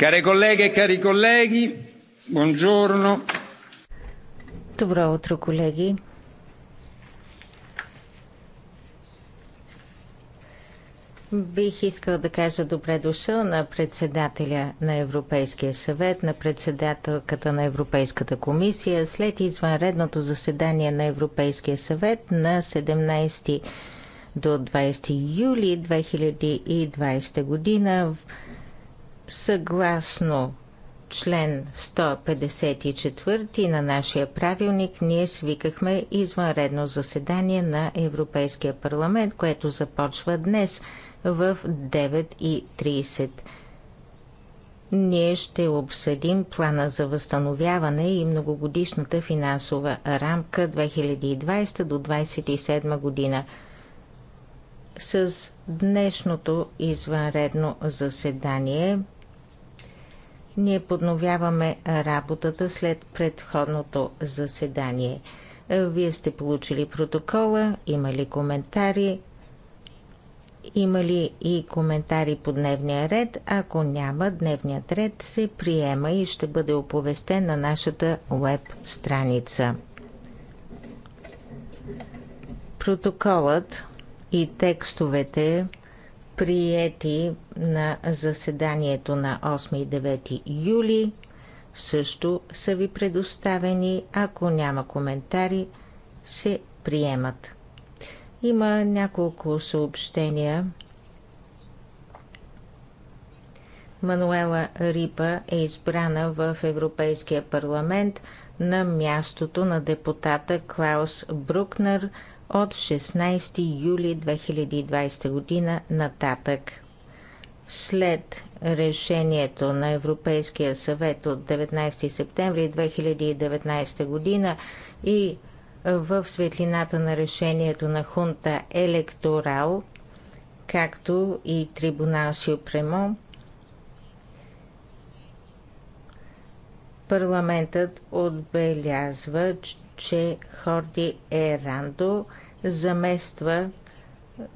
Care колеги кари колеги, бонжурно. Добро утро, колеги. Бих искал да кажа добре дошъл на председателя на Европейския съвет, на председателката на Европейската комисия след извънредното заседание на Европейския съвет на 17 до 20 юли 2020 година Съгласно член 154 на нашия правилник ние свикахме извънредно заседание на Европейския парламент, което започва днес в 9.30. Ние ще обсъдим плана за възстановяване и многогодишната финансова рамка 2020 до 2027 година. С днешното извънредно заседание ние подновяваме работата след предходното заседание. Вие сте получили протокола, има ли коментари? Има ли и коментари по дневния ред? Ако няма, дневният ред се приема и ще бъде оповестен на нашата веб страница. Протоколът и текстовете приети на заседанието на 8 и 9 юли, също са ви предоставени. Ако няма коментари, се приемат. Има няколко съобщения. Мануела Рипа е избрана в Европейския парламент на мястото на депутата Клаус Брукнер – от 16 юли 2020 година нататък. След решението на Европейския съвет от 19 септември 2019 година и в светлината на решението на хунта електорал, както и трибунал Сюпремо, парламентът отбелязва, че Хорди Ерандо – замества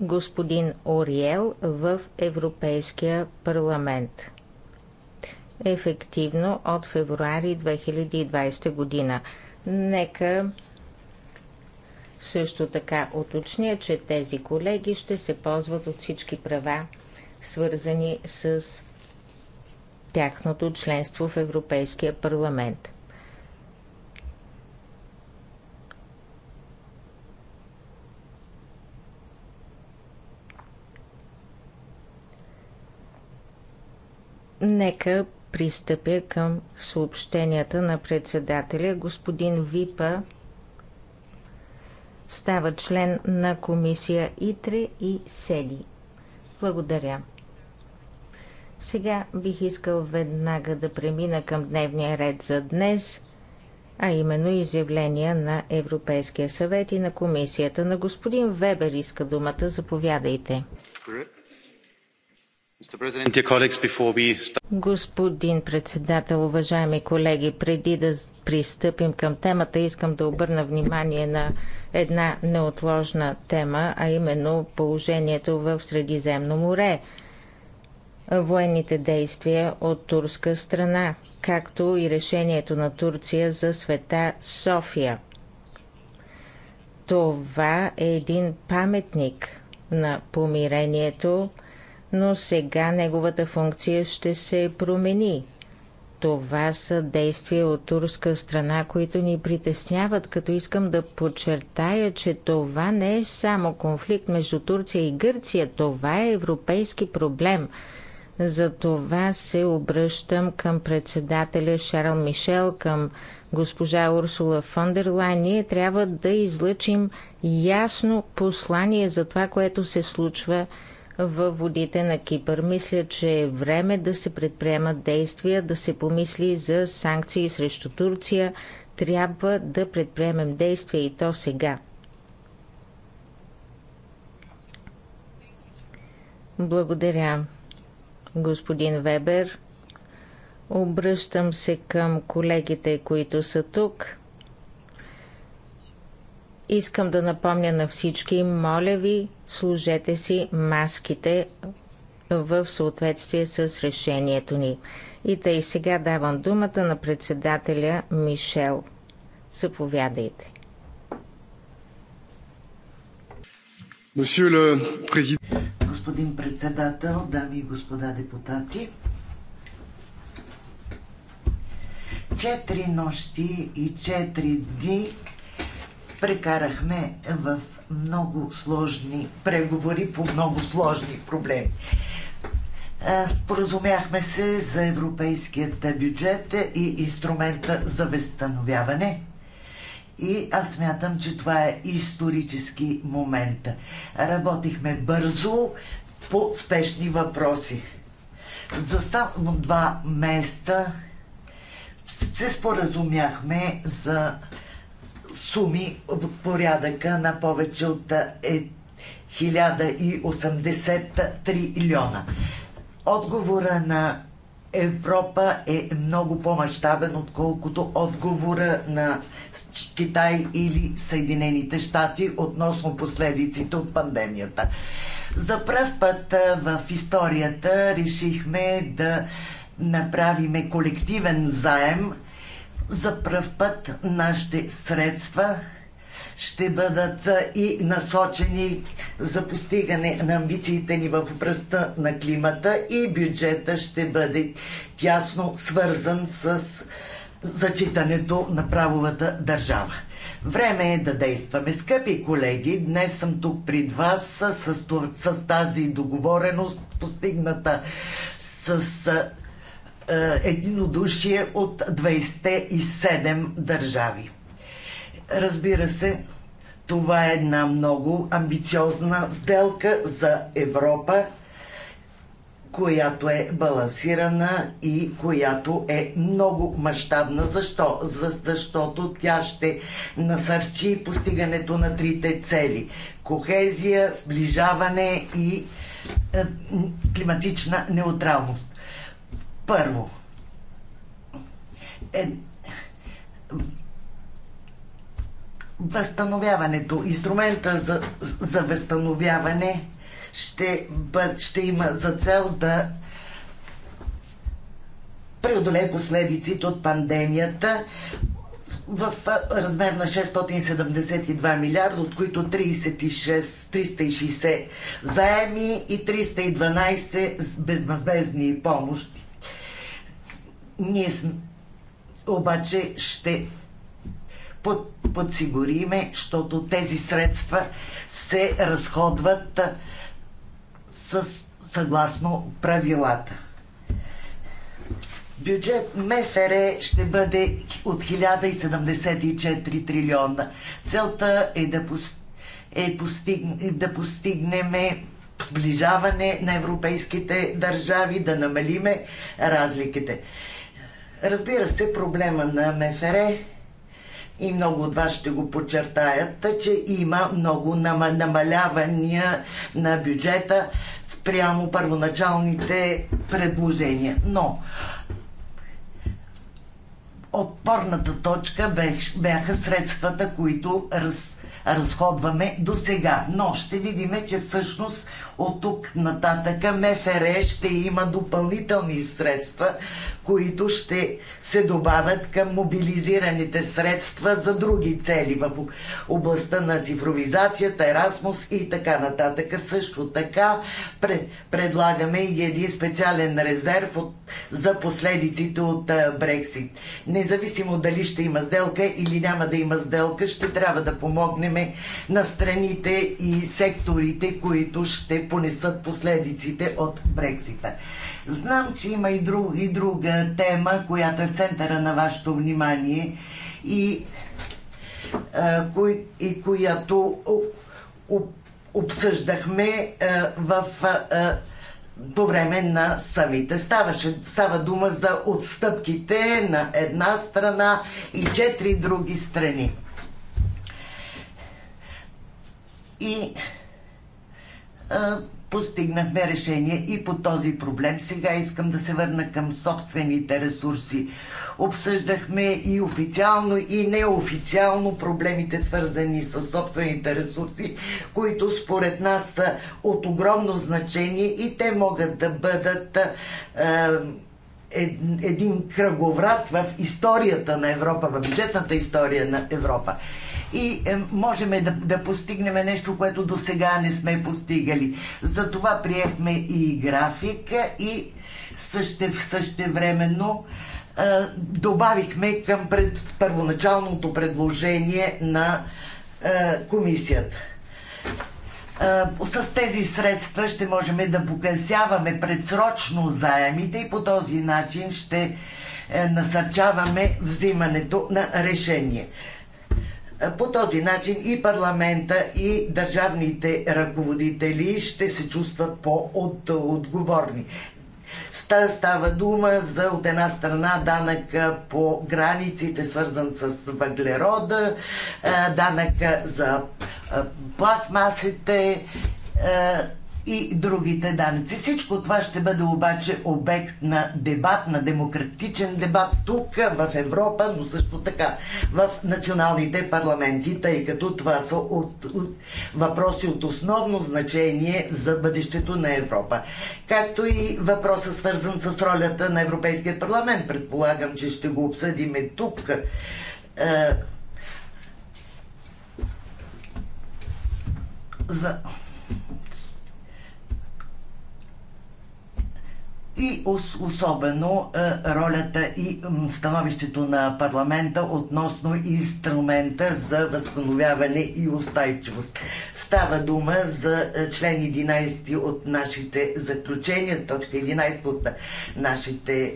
господин Ориел в Европейския парламент ефективно от февруари 2020 година. Нека също така уточня, че тези колеги ще се ползват от всички права, свързани с тяхното членство в Европейския парламент. Нека пристъпя към съобщенията на председателя. Господин Випа става член на комисия ИТРЕ и СЕДИ. Благодаря. Сега бих искал веднага да премина към дневния ред за днес, а именно изявления на Европейския съвет и на комисията. На господин Вебер иска думата. Заповядайте. Correct. Господин председател, уважаеми колеги, преди да пристъпим към темата, искам да обърна внимание на една неотложна тема, а именно положението в Средиземно море. Военните действия от турска страна, както и решението на Турция за света София. Това е един паметник на помирението – но сега неговата функция ще се промени. Това са действия от турска страна, които ни притесняват, като искам да подчертая, че това не е само конфликт между Турция и Гърция, това е европейски проблем. За това се обръщам към председателя Шарл Мишел, към госпожа Урсула Фондерлайн. Ние трябва да излъчим ясно послание за това, което се случва във водите на Кипър. Мисля, че е време да се предприемат действия, да се помисли за санкции срещу Турция. Трябва да предприемем действия и то сега. Благодаря, господин Вебер. Обръщам се към колегите, които са тук. Искам да напомня на всички, моля ви, служете си маските в съответствие с решението ни. И тъй сега давам думата на председателя Мишел. Заповядайте. Господин председател, дами и господа депутати, четири нощи и четири дни прекарахме в много сложни преговори по много сложни проблеми. Споразумяхме се за европейският бюджет и инструмента за възстановяване. И аз смятам, че това е исторически момент. Работихме бързо по спешни въпроси. За само два места се споразумяхме за суми от порядъка на повече от 1080 е, трилиона. Отговора на Европа е много по-мащабен, отколкото отговора на Китай или Съединените щати относно последиците от пандемията. За прав път е, в историята решихме да направиме колективен заем за пръв път нашите средства ще бъдат и насочени за постигане на амбициите ни в областта на климата и бюджета ще бъде тясно свързан с зачитането на правовата държава. Време е да действаме. Скъпи колеги, днес съм тук пред вас с, с, с тази договореност, постигната с е, единодушие от 27 държави. Разбира се, това е една много амбициозна сделка за Европа, която е балансирана и която е много мащабна. Защо? За, защото тя ще насърчи постигането на трите цели кохезия, сближаване и е, климатична неутралност. Първо, е, възстановяването, инструмента за, за възстановяване ще, бъд, ще има за цел да преодолее последиците от пандемията в размер на 672 милиарда, от които 36, 360 заеми и 312 безвъзмезни помощи. Ние обаче ще под, подсигуриме, защото тези средства се разходват с, съгласно правилата. Бюджет МФР ще бъде от 1074 трилиона. Целта е да, пост, е постиг, е да постигнем сближаване на европейските държави, да намалиме разликите. Разбира се, проблема на МФР и много от вас ще го подчертаят, че има много намалявания на бюджета спрямо първоначалните предложения. Но отпорната точка бяха средствата, които раз, разходваме до сега. Но ще видим, че всъщност от тук нататъка МФР ще има допълнителни средства които ще се добавят към мобилизираните средства за други цели в областта на цифровизацията, Ерасмус и така нататък. Също така предлагаме и един специален резерв от, за последиците от Брексит. Независимо дали ще има сделка или няма да има сделка, ще трябва да помогнем на страните и секторите, които ще понесат последиците от Брексита. Знам, че има и, друг, и друга тема, която е в центъра на вашето внимание и, а, кои, и която обсъждахме а, в. А, по време на самите. Ставаше, става дума за отстъпките на една страна и четири други страни. И а, постигнахме решение и по този проблем. Сега искам да се върна към собствените ресурси. Обсъждахме и официално, и неофициално проблемите, свързани с собствените ресурси, които според нас са от огромно значение и те могат да бъдат е, един кръговрат в историята на Европа, в бюджетната история на Европа и е, можем да, да постигнем нещо, което до сега не сме постигали. Затова приехме и график и също същевременно е, добавихме към пред, първоначалното предложение на е, комисията е, с тези средства ще можем да погасяваме предсрочно заемите и по този начин ще насърчаваме взимането на решение. Е, по този начин и парламента, и държавните ръководители ще се чувстват по-отговорни. Става дума за от една страна данък е, по границите, свързан с въглерода, е, данък за пластмасите, и другите данъци. Всичко това ще бъде обаче обект на дебат, на демократичен дебат тук в Европа, но също така в националните парламенти, тъй като това са от, от, въпроси от основно значение за бъдещето на Европа. Както и въпроса свързан с ролята на Европейския парламент. Предполагам, че ще го обсъдиме тук. Е, за... и ос, особено е, ролята и становището на парламента относно инструмента за възстановяване и устойчивост. Става дума за е, член 11 от нашите заключения, точка 11 от нашите е,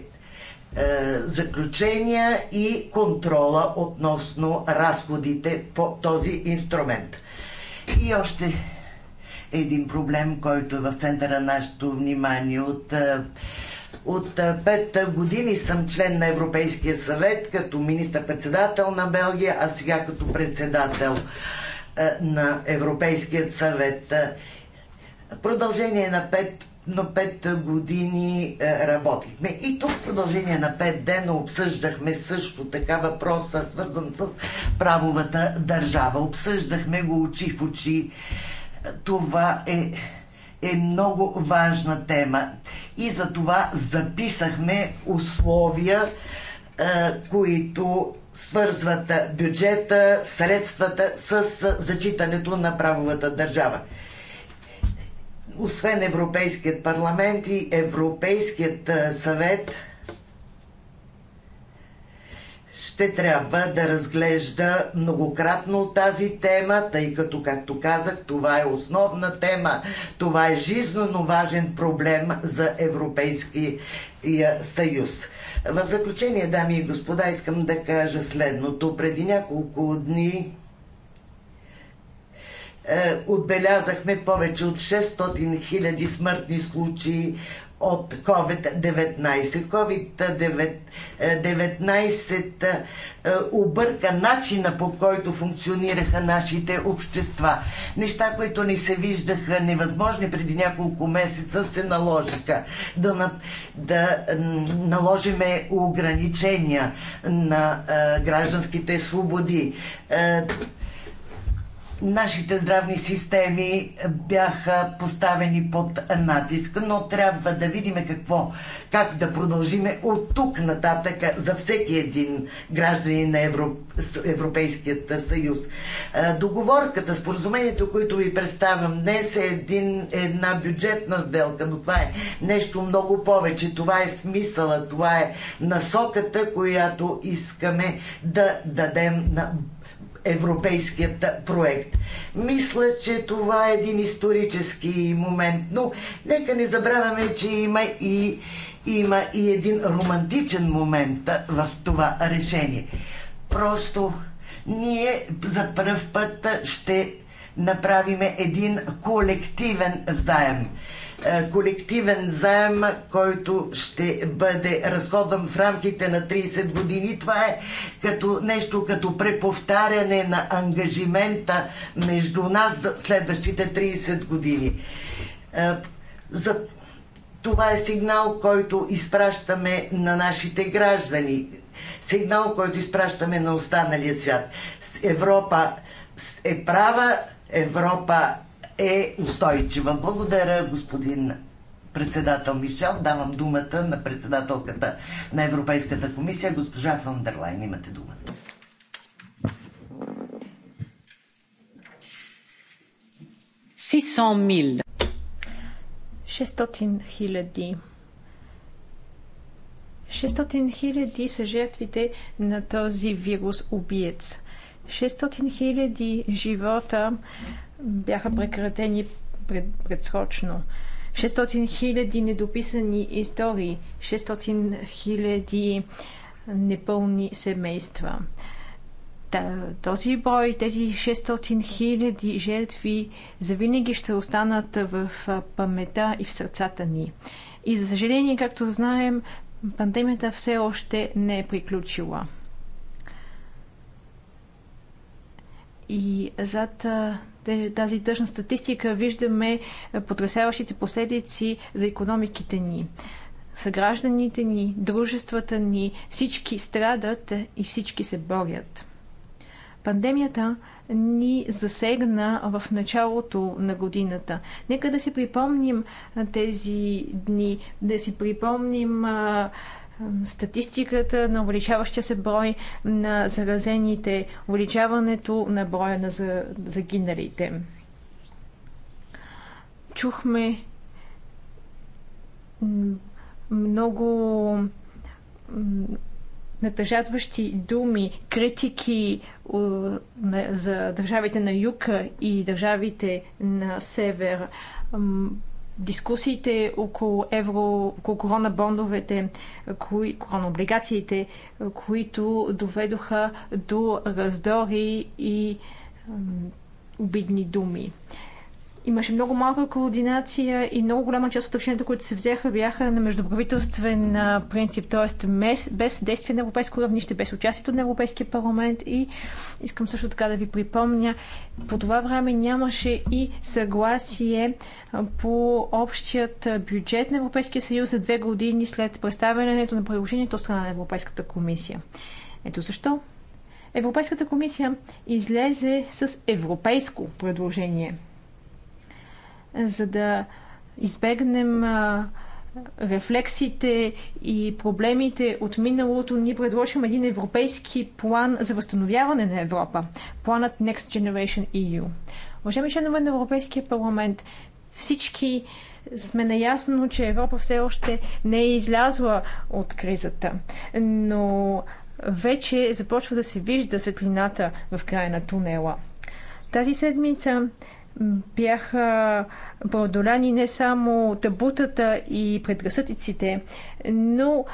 заключения и контрола относно разходите по този инструмент. И още един проблем, който е в центъра на нашето внимание от е, от е, пет години съм член на Европейския съвет като министър-председател на Белгия, а сега като председател е, на Европейският съвет. Продължение на пет но пет години работихме. И тук в продължение на пет дена обсъждахме също така въпроса, свързан с правовата държава. Обсъждахме го очи в очи това е, е много важна тема. И за това записахме условия, е, които свързват бюджета, средствата с зачитането на правовата държава. Освен Европейският парламент и Европейският е, съвет – ще трябва да разглежда многократно тази тема, тъй като, както казах, това е основна тема, това е жизненно важен проблем за Европейския съюз. В заключение, дами и господа, искам да кажа следното. Преди няколко дни е, отбелязахме повече от 600 000 смъртни случаи от COVID-19. COVID-19 е, обърка начина по който функционираха нашите общества. Неща, които ни се виждаха невъзможни преди няколко месеца, се наложиха. Да, да наложиме ограничения на е, гражданските свободи. Е, Нашите здравни системи бяха поставени под натиск, но трябва да видим какво, как да продължиме от тук нататък за всеки един гражданин на Европ... Европейският съюз. Договорката, споразумението, което ви представям днес е един, една бюджетна сделка, но това е нещо много повече. Това е смисъла, това е насоката, която искаме да дадем на европейският проект. Мисля, че това е един исторически момент, но нека не забравяме, че има и, има и един романтичен момент в това решение. Просто ние за първ път ще направиме един колективен заем. Е, колективен заем, който ще бъде разходван в рамките на 30 години. Това е като нещо като преповтаряне на ангажимента между нас за следващите 30 години. Е, за това е сигнал, който изпращаме на нашите граждани. Сигнал, който изпращаме на останалия свят. Европа е права, Европа е устойчива. Благодаря, господин председател Мишел. Давам думата на председателката на Европейската комисия, госпожа Фандерлайн. Имате думата. мил. 600 хиляди. 600 хиляди са жертвите на този вирус убиец. 600 хиляди живота бяха прекратени пред, предсрочно. 600 хиляди недописани истории, 600 хиляди непълни семейства. Този брой, тези 600 хиляди жертви завинаги ще останат в памета и в сърцата ни. И за съжаление, както знаем, пандемията все още не е приключила. И зад тази тъжна статистика виждаме е, потрясяващите последици за економиките ни. Съгражданите ни, дружествата ни, всички страдат и всички се борят. Пандемията ни засегна в началото на годината. Нека да си припомним тези дни, да си припомним а, статистиката на увеличаващия се брой на заразените, увеличаването на броя на загиналите. Чухме много натъжатващи думи, критики за държавите на юг и държавите на север дискусиите около евро, около коронабондовете, кои, коронооблигациите, които доведоха до раздори и обидни думи. Имаше много малка координация и много голяма част от решенията, които се взеха, бяха на междуправителствен принцип, т.е. без действие на европейско равнище, без участието на Европейския парламент. И искам също така да ви припомня, по това време нямаше и съгласие по общият бюджет на Европейския съюз за две години след представянето на приложението от страна на Европейската комисия. Ето защо Европейската комисия излезе с европейско предложение – за да избегнем рефлексите и проблемите от миналото, ние предложим един европейски план за възстановяване на Европа. Планът Next Generation EU. Уважаеми членове на Европейския парламент, всички сме наясно, че Европа все още не е излязла от кризата. Но вече започва да се вижда светлината в края на тунела. Тази седмица бяха преодоляни не само табутата и предразсъдиците, но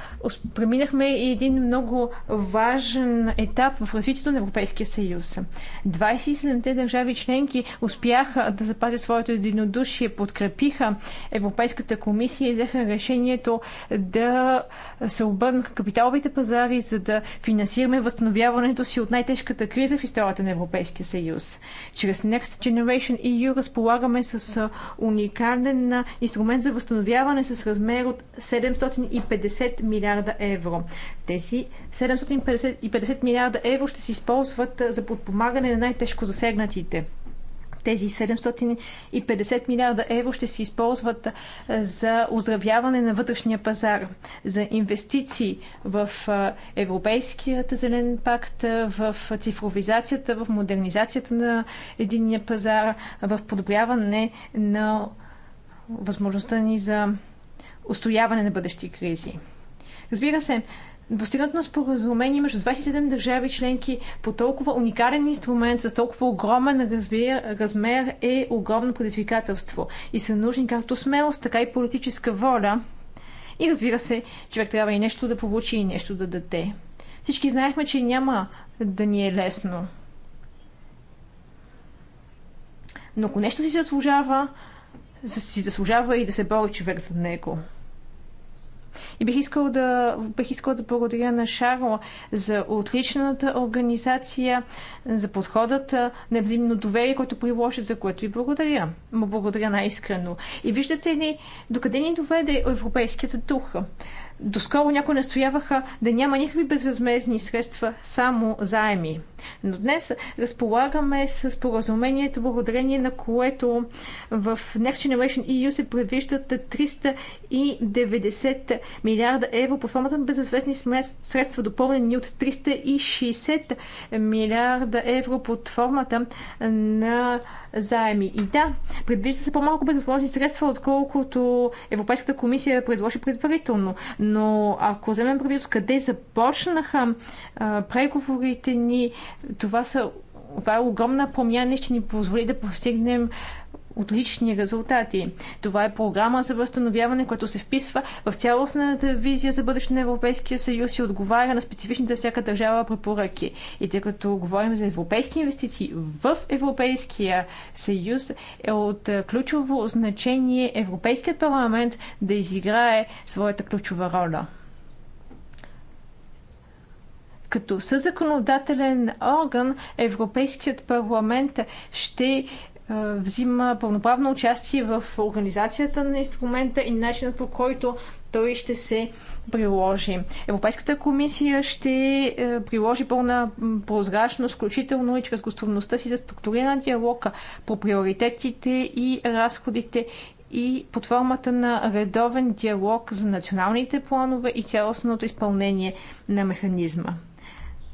преминахме и един много важен етап в развитието на Европейския съюз. 27-те държави членки успяха да запазят своето единодушие, подкрепиха Европейската комисия и взеха решението да се обърнат капиталовите пазари, за да финансираме възстановяването си от най-тежката криза в историята на Европейския съюз. Чрез Next Generation EU разполагаме с уникален инструмент за възстановяване с размер от 700 750 милиарда евро. Тези 750 милиарда евро ще се използват за подпомагане на най-тежко засегнатите тези 750 милиарда евро ще се използват за оздравяване на вътрешния пазар, за инвестиции в Европейският зелен пакт, в цифровизацията, в модернизацията на единния пазар, в подобряване на възможността ни за устояване на бъдещи кризи. Разбира се, Постигнато на споразумение между 27 държави членки по толкова уникален инструмент с толкова огромен размер е огромно предизвикателство и са нужни както смелост, така и политическа воля. И разбира се, човек трябва и нещо да получи и нещо да даде. Всички знаехме, че няма да ни е лесно. Но ако нещо си заслужава, си заслужава и да се бори човек за него. И бих искала да, бих искала да благодаря на Шарло за отличната организация, за подходът на взаимно доверие, който приложи, за което ви благодаря. Му благодаря най-искрено. И виждате ли, докъде ни доведе европейският дух? Доскоро някои настояваха да няма никакви безвъзмезни средства, само заеми. Но днес разполагаме с споразумението, благодарение на което в Next Generation EU се предвиждат 390 милиарда евро по формата на безвъзмезни средства, допълнени от 360 милиарда евро под формата на заеми. И да, предвижда се по-малко безвъзможни средства, отколкото Европейската комисия предложи предварително. Но ако вземем правил, къде започнаха а, преговорите ни, това са това е огромна промяна и ще ни позволи да постигнем отлични резултати. Това е програма за възстановяване, която се вписва в цялостната визия за бъдеще на Европейския съюз и отговаря на специфичните всяка държава препоръки. И тъй като говорим за европейски инвестиции в Европейския съюз, е от ключово значение Европейският парламент да изиграе своята ключова роля като съзаконодателен орган Европейският парламент ще е, взима пълноправно участие в организацията на инструмента и начинът по който той ще се приложи. Европейската комисия ще е, приложи пълна прозрачност, включително и чрез готовността си за структурирана диалог по приоритетите и разходите и под формата на редовен диалог за националните планове и цялостното изпълнение на механизма.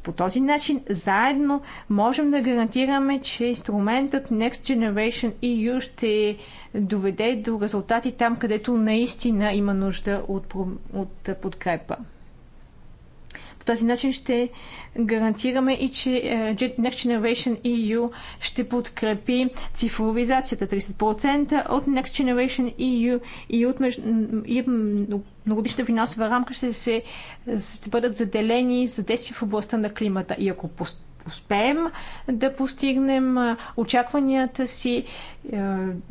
По този начин заедно можем да гарантираме, че инструментът Next Generation EU ще доведе до резултати там, където наистина има нужда от, от подкрепа този начин ще гарантираме и че е, Next Generation EU ще подкрепи цифровизацията. 30% от Next Generation EU и от меж... и многодишна финансова рамка ще, се... ще бъдат заделени за действия в областта на климата. И ако успеем да постигнем е, очакванията си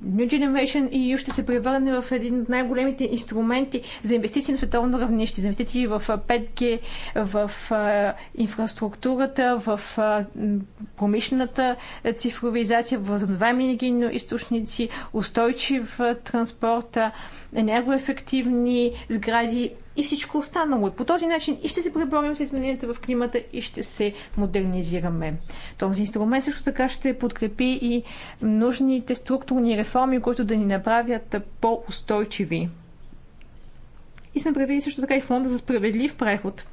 New Generation EU ще се превърне в един от най-големите инструменти за инвестиции на световно равнище, за инвестиции в 5G, в инфраструктурата, в промишлената цифровизация, в възобновяеми енергийни източници, устойчив транспорт, енергоефективни сгради и всичко останало. И по този начин и ще се преборим с измененията в климата и ще се модернизираме. Този инструмент също така ще подкрепи и нужните структурни реформи, които да ни направят по-устойчиви. И сме правили също така и фонда за справедлив преход,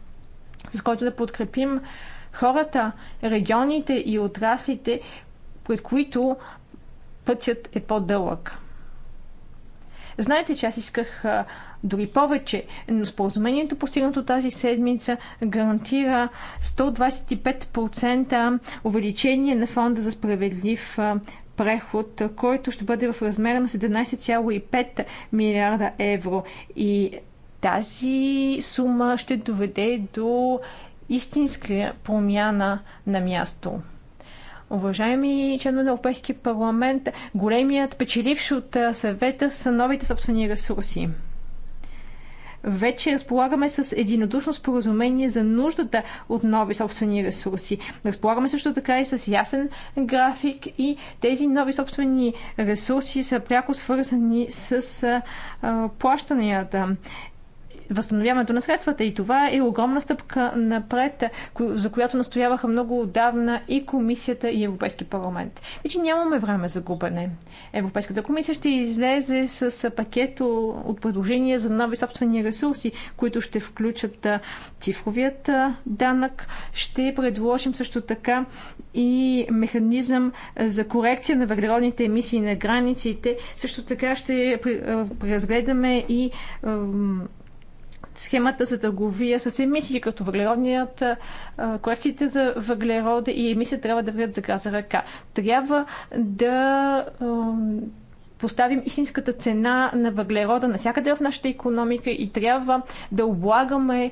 с който да подкрепим хората, регионите и отраслите, пред които пътят е по-дълъг. Знаете, че аз исках дори повече, но споразумението постигнато тази седмица гарантира 125% увеличение на фонда за справедлив преход, който ще бъде в размера на 17,5 милиарда евро. И тази сума ще доведе до истинска промяна на място. Уважаеми членове на Европейския парламент, големият печеливш от съвета са новите собствени ресурси вече разполагаме с единодушно споразумение за нуждата от нови собствени ресурси. Разполагаме също така и с ясен график и тези нови собствени ресурси са пряко свързани с плащанията възстановяването на средствата. И това е огромна стъпка напред, за която настояваха много отдавна и комисията, и Европейски парламент. Вече нямаме време за губене. Европейската комисия ще излезе с пакет от предложения за нови собствени ресурси, които ще включат цифровият данък. Ще предложим също така и механизъм за корекция на въглеродните емисии на границите. Също така ще преразгледаме и схемата за търговия с емисии, като въглеродният, корекциите за въглерода и емисия трябва да вървят за газа ръка. Трябва да поставим истинската цена на въглерода навсякъде в нашата економика и трябва да облагаме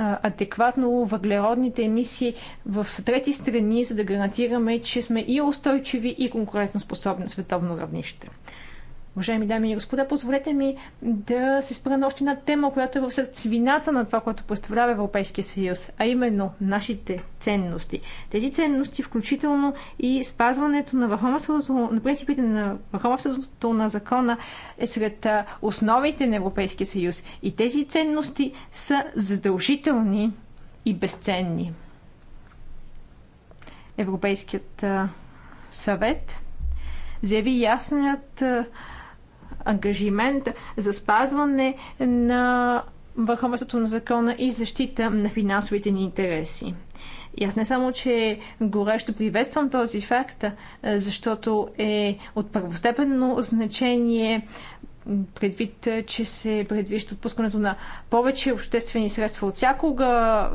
адекватно въглеродните емисии в трети страни, за да гарантираме, че сме и устойчиви и конкурентоспособни на световно равнище. Уважаеми дами и господа, позволете ми да се спра на още една тема, която е в сърцевината на това, което представлява Европейския съюз, а именно нашите ценности. Тези ценности, включително и спазването на на принципите на върховенството на закона е сред основите на Европейския съюз. И тези ценности са задължителни и безценни. Европейският съвет заяви ясният ангажимент за спазване на върховенството на закона и защита на финансовите ни интереси. И аз не само, че горещо приветствам този факт, защото е от първостепенно значение предвид, е, че се предвижда отпускането на повече обществени средства от всякога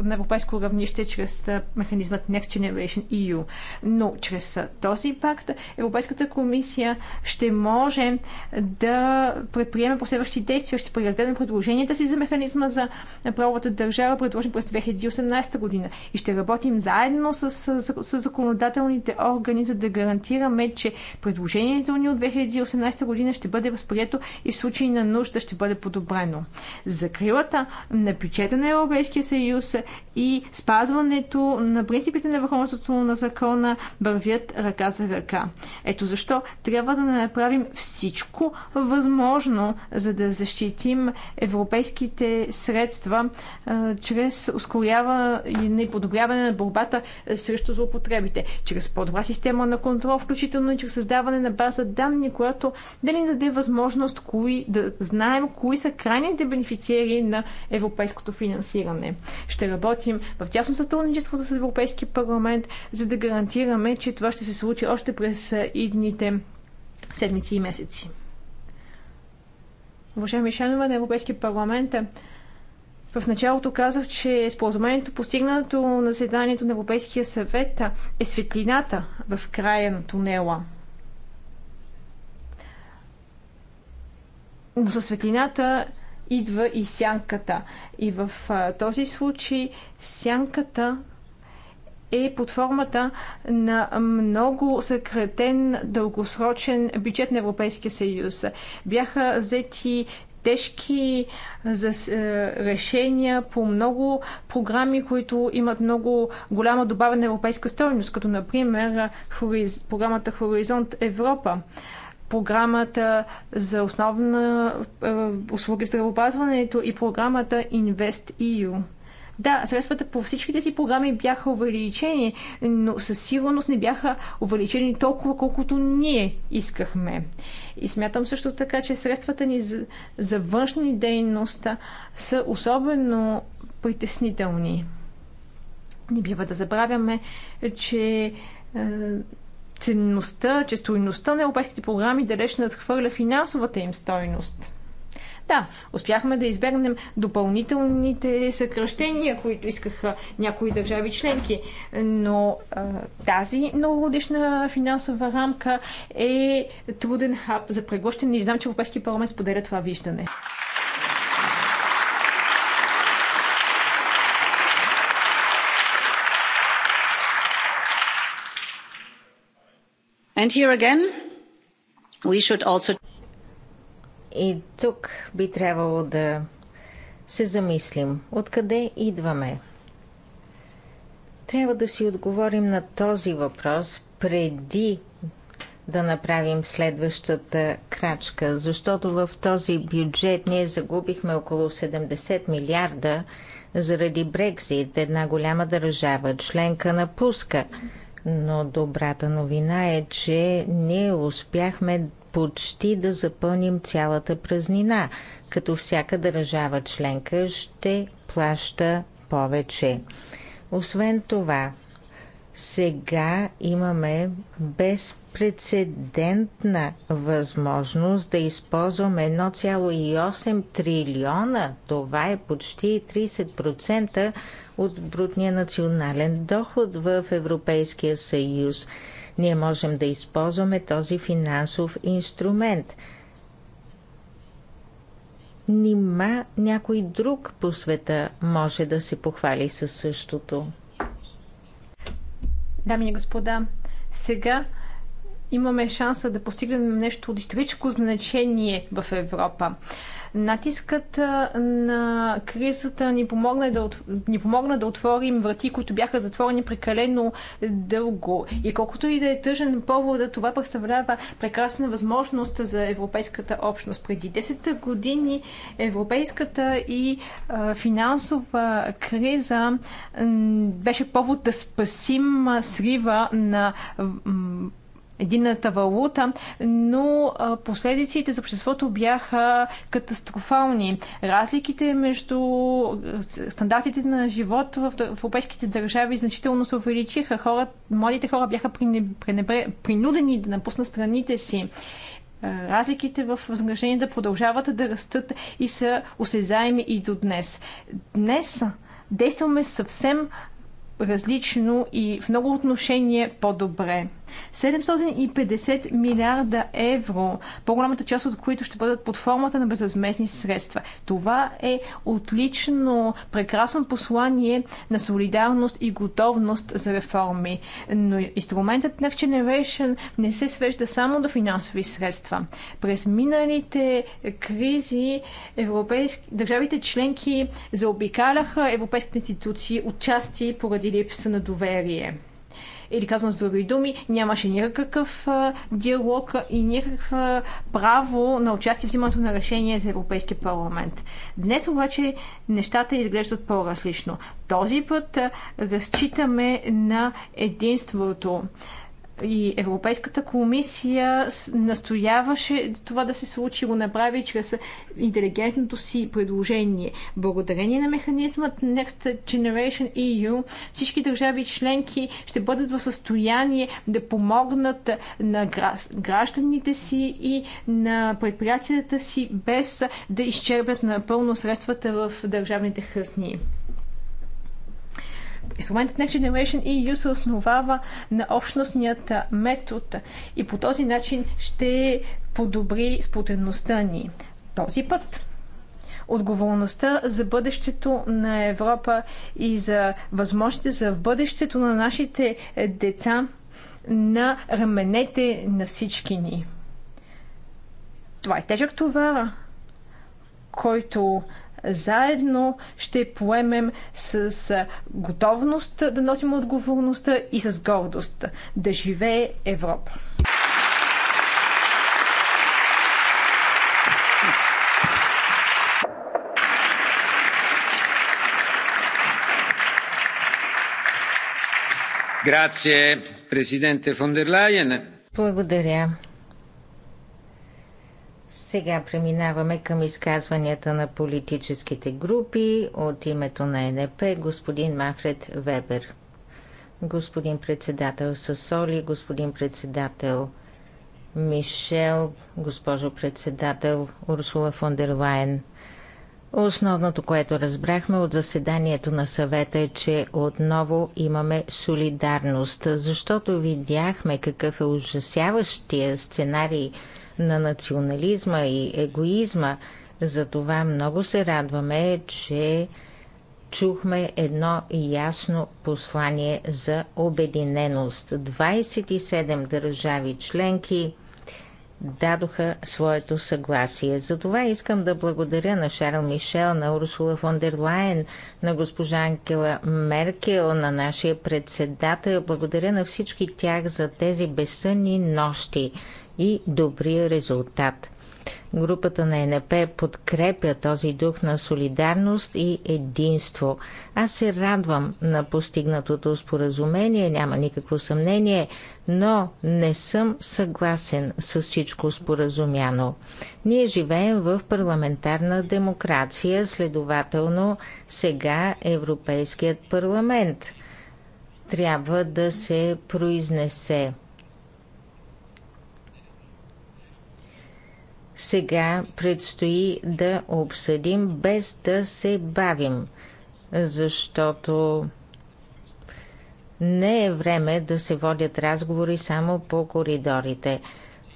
на европейско равнище чрез е, механизмът Next Generation EU. Но чрез е, този пакт Европейската комисия ще може да предприеме последващи действия. Ще преразгледаме предложенията си за механизма за правовата държава, предложен през 2018 година. И ще работим заедно с, с, с законодателните органи, за да гарантираме, че предложението ни от 2018 година ще бъде възприето и в случай на нужда ще бъде подобрено. Закрилата на бюджета на Европейския съюз и спазването на принципите на върховенството на закона вървят ръка за ръка. Ето защо трябва да направим всичко възможно, за да защитим европейските средства а, чрез ускоряване и подобряване на борбата срещу злоупотребите, чрез по-добра система на контрол, включително и чрез създаване на база данни, която да ни даде възможност кои, да знаем кои са крайните бенефициери на европейското финансиране. Ще работим в тясно сътрудничество с Европейски парламент, за да гарантираме, че това ще се случи още през идните седмици и месеци. Уважаеми членове на Европейския парламент, в началото казах, че споразумението, постигнато на заседанието на Европейския съвет, е светлината в края на тунела – но със светлината идва и сянката. И в а, този случай сянката е под формата на много съкретен дългосрочен бюджет на Европейския съюз. Бяха взети тежки за, решения по много програми, които имат много голяма добавена европейска стойност, като например програмата Хоризонт Европа програмата за основна е, услуги в здравеопазването и програмата InvestEU. Да, средствата по всички тези програми бяха увеличени, но със сигурност не бяха увеличени толкова, колкото ние искахме. И смятам също така, че средствата ни за, за външни дейности са особено притеснителни. Не бива да забравяме, че е, ценността, че стойността на европейските програми далеч надхвърля финансовата им стойност. Да, успяхме да избегнем допълнителните съкръщения, които искаха някои държави членки, но а, тази многогодишна финансова рамка е труден хаб за преглъщане и знам, че Европейски парламент споделя това виждане. And here again, we should also... И тук би трябвало да се замислим откъде идваме. Трябва да си отговорим на този въпрос преди да направим следващата крачка, защото в този бюджет ние загубихме около 70 милиарда заради Брекзит. Една голяма държава членка напуска но добрата новина е, че ние успяхме почти да запълним цялата празнина, като всяка държава членка ще плаща повече. Освен това, сега имаме без безпредседентна възможност да използваме 1,8 трилиона. Това е почти 30% от брутния национален доход в Европейския съюз. Ние можем да използваме този финансов инструмент. Нима някой друг по света може да се похвали със същото. Дами и господа, сега имаме шанса да постигнем нещо от историческо значение в Европа. Натискът на кризата ни помогна, да, ни помогна да отворим врати, които бяха затворени прекалено дълго. И колкото и да е тъжен повода, това представлява прекрасна възможност за европейската общност. Преди 10 години европейската и финансова криза беше повод да спасим срива на единната валута, но последиците за обществото бяха катастрофални. Разликите между стандартите на живот в европейските държави значително се увеличиха. Хора, младите хора бяха принудени да напуснат страните си разликите в възнагражденията да продължават да растат и са осезаеми и до днес. Днес действаме съвсем различно и в много отношение по-добре. 750 милиарда евро, по-голямата част от които ще бъдат под формата на безразместни средства. Това е отлично, прекрасно послание на солидарност и готовност за реформи. Но инструментът Next Generation не се свежда само до финансови средства. През миналите кризи европейски, държавите членки заобикаляха европейските институции отчасти поради липса на доверие. Или казвам с други думи, нямаше никакъв диалог и никакво право на участие в взимането на решение за Европейския парламент. Днес обаче нещата изглеждат по-различно. Този път разчитаме на единството и Европейската комисия настояваше това да се случи, го направи чрез интелигентното си предложение. Благодарение на механизмът Next Generation EU, всички държави членки ще бъдат в състояние да помогнат на гражданите си и на предприятията си без да изчерпят напълно средствата в държавните хъсни. Инструментът Next Generation EU се основава на общностният метод и по този начин ще подобри сплотеността ни. Този път отговорността за бъдещето на Европа и за възможностите за бъдещето на нашите деца на раменете на всички ни. Това е тежък товар, който заедно ще поемем с готовност да носим отговорността и с гордост. Да живее Европа! Благодаря, Благодаря, сега преминаваме към изказванията на политическите групи от името на НП господин Мафред Вебер. Господин председател Сасоли, господин председател Мишел, госпожо председател Урсула фон дер Лайен. Основното, което разбрахме от заседанието на съвета е, че отново имаме солидарност, защото видяхме какъв е ужасяващия сценарий – на национализма и егоизма. Затова много се радваме, че чухме едно ясно послание за обединеност. 27 държави членки дадоха своето съгласие. Затова искам да благодаря на Шарл Мишел, на Урсула фон дер Лайен, на госпожа Анкела Меркел, на нашия председател. Благодаря на всички тях за тези безсънни нощи, и добрия резултат. Групата на НП подкрепя този дух на солидарност и единство. Аз се радвам на постигнатото споразумение, няма никакво съмнение, но не съм съгласен с всичко споразумяно. Ние живеем в парламентарна демокрация, следователно сега Европейският парламент трябва да се произнесе Сега предстои да обсъдим без да се бавим, защото не е време да се водят разговори само по коридорите.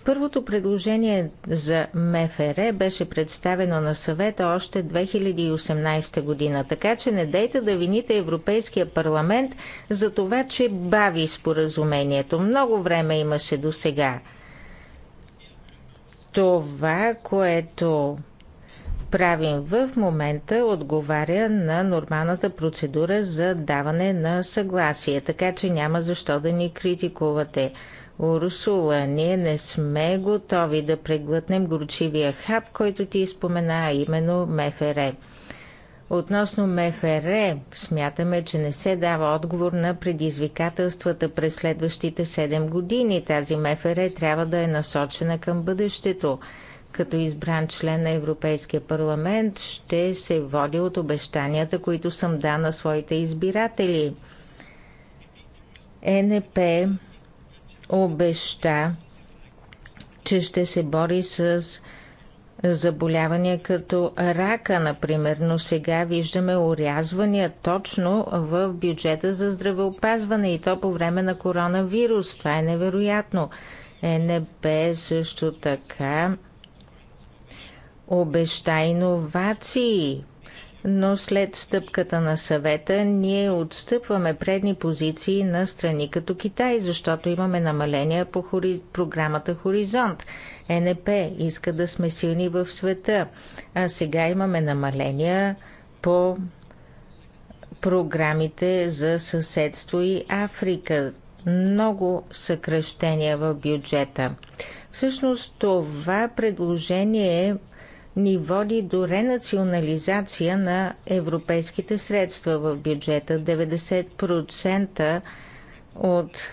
Първото предложение за МФР беше представено на съвета още 2018 година, така че не дейте да вините Европейския парламент за това, че бави споразумението. Много време имаше до сега. Това, което правим в момента, отговаря на нормалната процедура за даване на съгласие, така че няма защо да ни критикувате. Урсула, ние не сме готови да преглътнем горчивия хап, който ти спомена, а именно МФР. Относно МФР, смятаме, че не се дава отговор на предизвикателствата през следващите 7 години. Тази МФР трябва да е насочена към бъдещето. Като избран член на Европейския парламент ще се води от обещанията, които съм да на своите избиратели. ЕНП обеща, че ще се бори с заболявания като рака, например, но сега виждаме урязвания точно в бюджета за здравеопазване и то по време на коронавирус. Това е невероятно. ЕНП също така обеща иновации, но след стъпката на съвета ние отстъпваме предни позиции на страни като Китай, защото имаме намаления по програмата Хоризонт. ЕНП иска да сме силни в света. А сега имаме намаления по програмите за съседство и Африка. Много съкръщения в бюджета. Всъщност това предложение ни води до ренационализация на европейските средства в бюджета. 90% от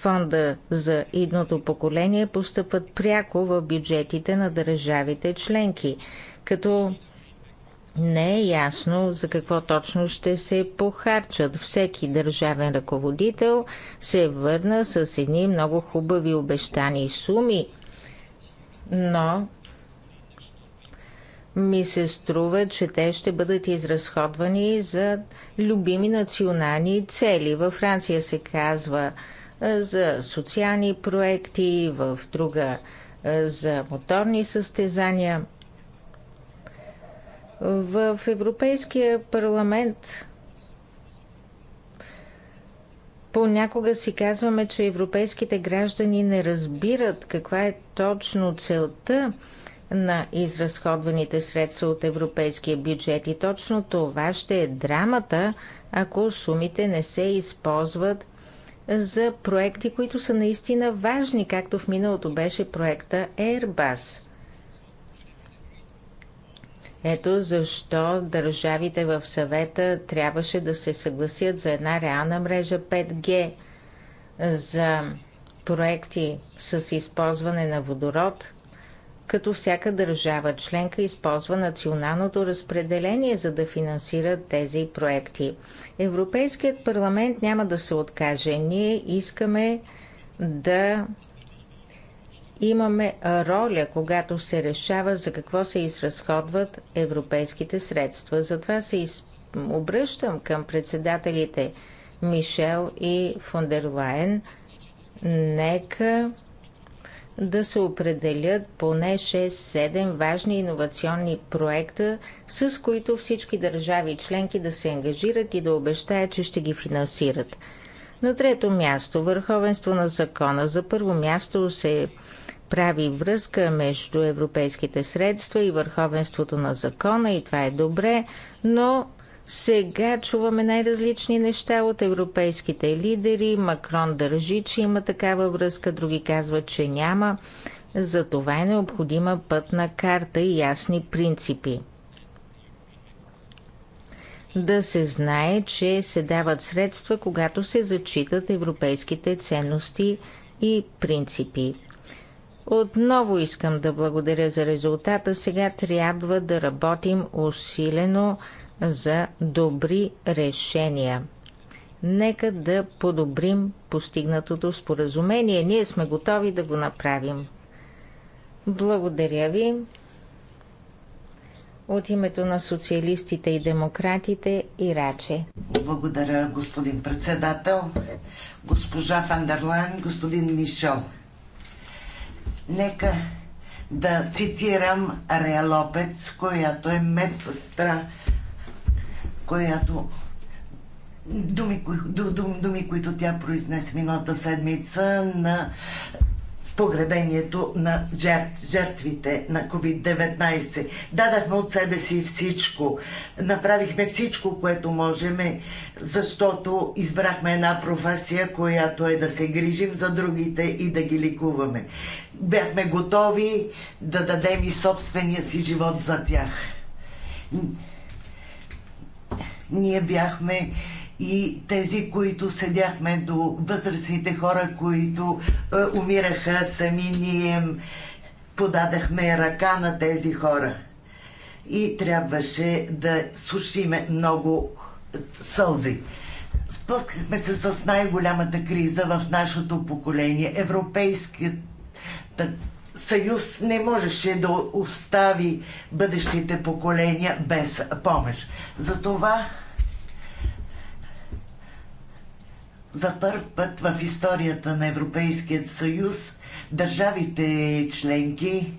фонда за идното поколение постъпват пряко в бюджетите на държавите членки, като не е ясно за какво точно ще се похарчат. Всеки държавен ръководител се върна с едни много хубави обещани суми, но ми се струва, че те ще бъдат изразходвани за любими национални цели. Във Франция се казва – е, за социални проекти, в друга е, за моторни състезания. В Европейския парламент понякога си казваме, че европейските граждани не разбират каква е точно целта на изразходваните средства от европейския бюджет. И точно това ще е драмата, ако сумите не се използват за проекти, които са наистина важни, както в миналото беше проекта Airbus. Ето защо държавите в съвета трябваше да се съгласят за една реална мрежа 5G, за проекти с използване на водород – като всяка държава членка използва националното разпределение, за да финансира тези проекти. Европейският парламент няма да се откаже. Ние искаме да имаме роля, когато се решава за какво се изразходват европейските средства. Затова се из... обръщам към председателите Мишел и Фондерлайн. Нека да се определят поне 6-7 важни иновационни проекта, с които всички държави членки да се ангажират и да обещаят, че ще ги финансират. На трето място, върховенство на закона. За първо място се прави връзка между европейските средства и върховенството на закона и това е добре, но сега чуваме най-различни неща от европейските лидери. Макрон държи, че има такава връзка, други казват, че няма. За това е необходима пътна карта и ясни принципи. Да се знае, че се дават средства, когато се зачитат европейските ценности и принципи. Отново искам да благодаря за резултата. Сега трябва да работим усилено за добри решения. Нека да подобрим постигнатото споразумение. Ние сме готови да го направим. Благодаря ви. От името на социалистите и демократите Ираче. Благодаря, господин председател, госпожа Фандерлайн, господин Мишел. Нека да цитирам Рея Лопец, която е медсестра която думи, дум, думи, които тя произнесе миналата седмица на погребението на жертв, жертвите на COVID-19. Дадахме от себе си всичко. Направихме всичко, което можем, защото избрахме една професия, която е да се грижим за другите и да ги ликуваме. Бяхме готови да дадем и собствения си живот за тях ние бяхме и тези, които седяхме до възрастните хора, които е, умираха сами, ние подадахме ръка на тези хора. И трябваше да сушиме много сълзи. Спускахме се с най-голямата криза в нашето поколение. Европейската съюз не можеше да остави бъдещите поколения без помощ. Затова за първ път в историята на Европейският съюз държавите членки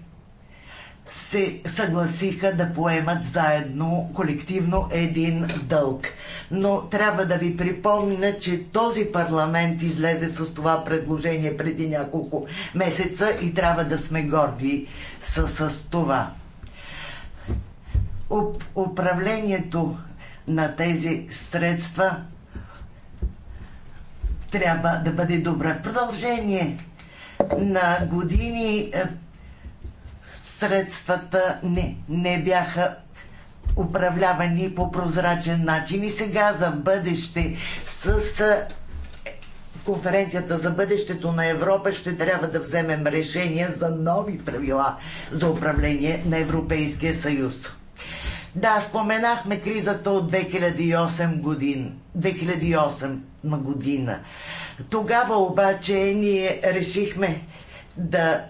се съгласиха да поемат заедно, колективно един дълг. Но трябва да ви припомня, че този парламент излезе с това предложение преди няколко месеца и трябва да сме горди с, с това. Об управлението на тези средства трябва да бъде добре. В продължение на години е, средствата не, не бяха управлявани по прозрачен начин. И сега за бъдеще с конференцията за бъдещето на Европа ще трябва да вземем решение за нови правила за управление на Европейския съюз. Да, споменахме кризата от 2008 година. 2008 година. Тогава обаче ние решихме да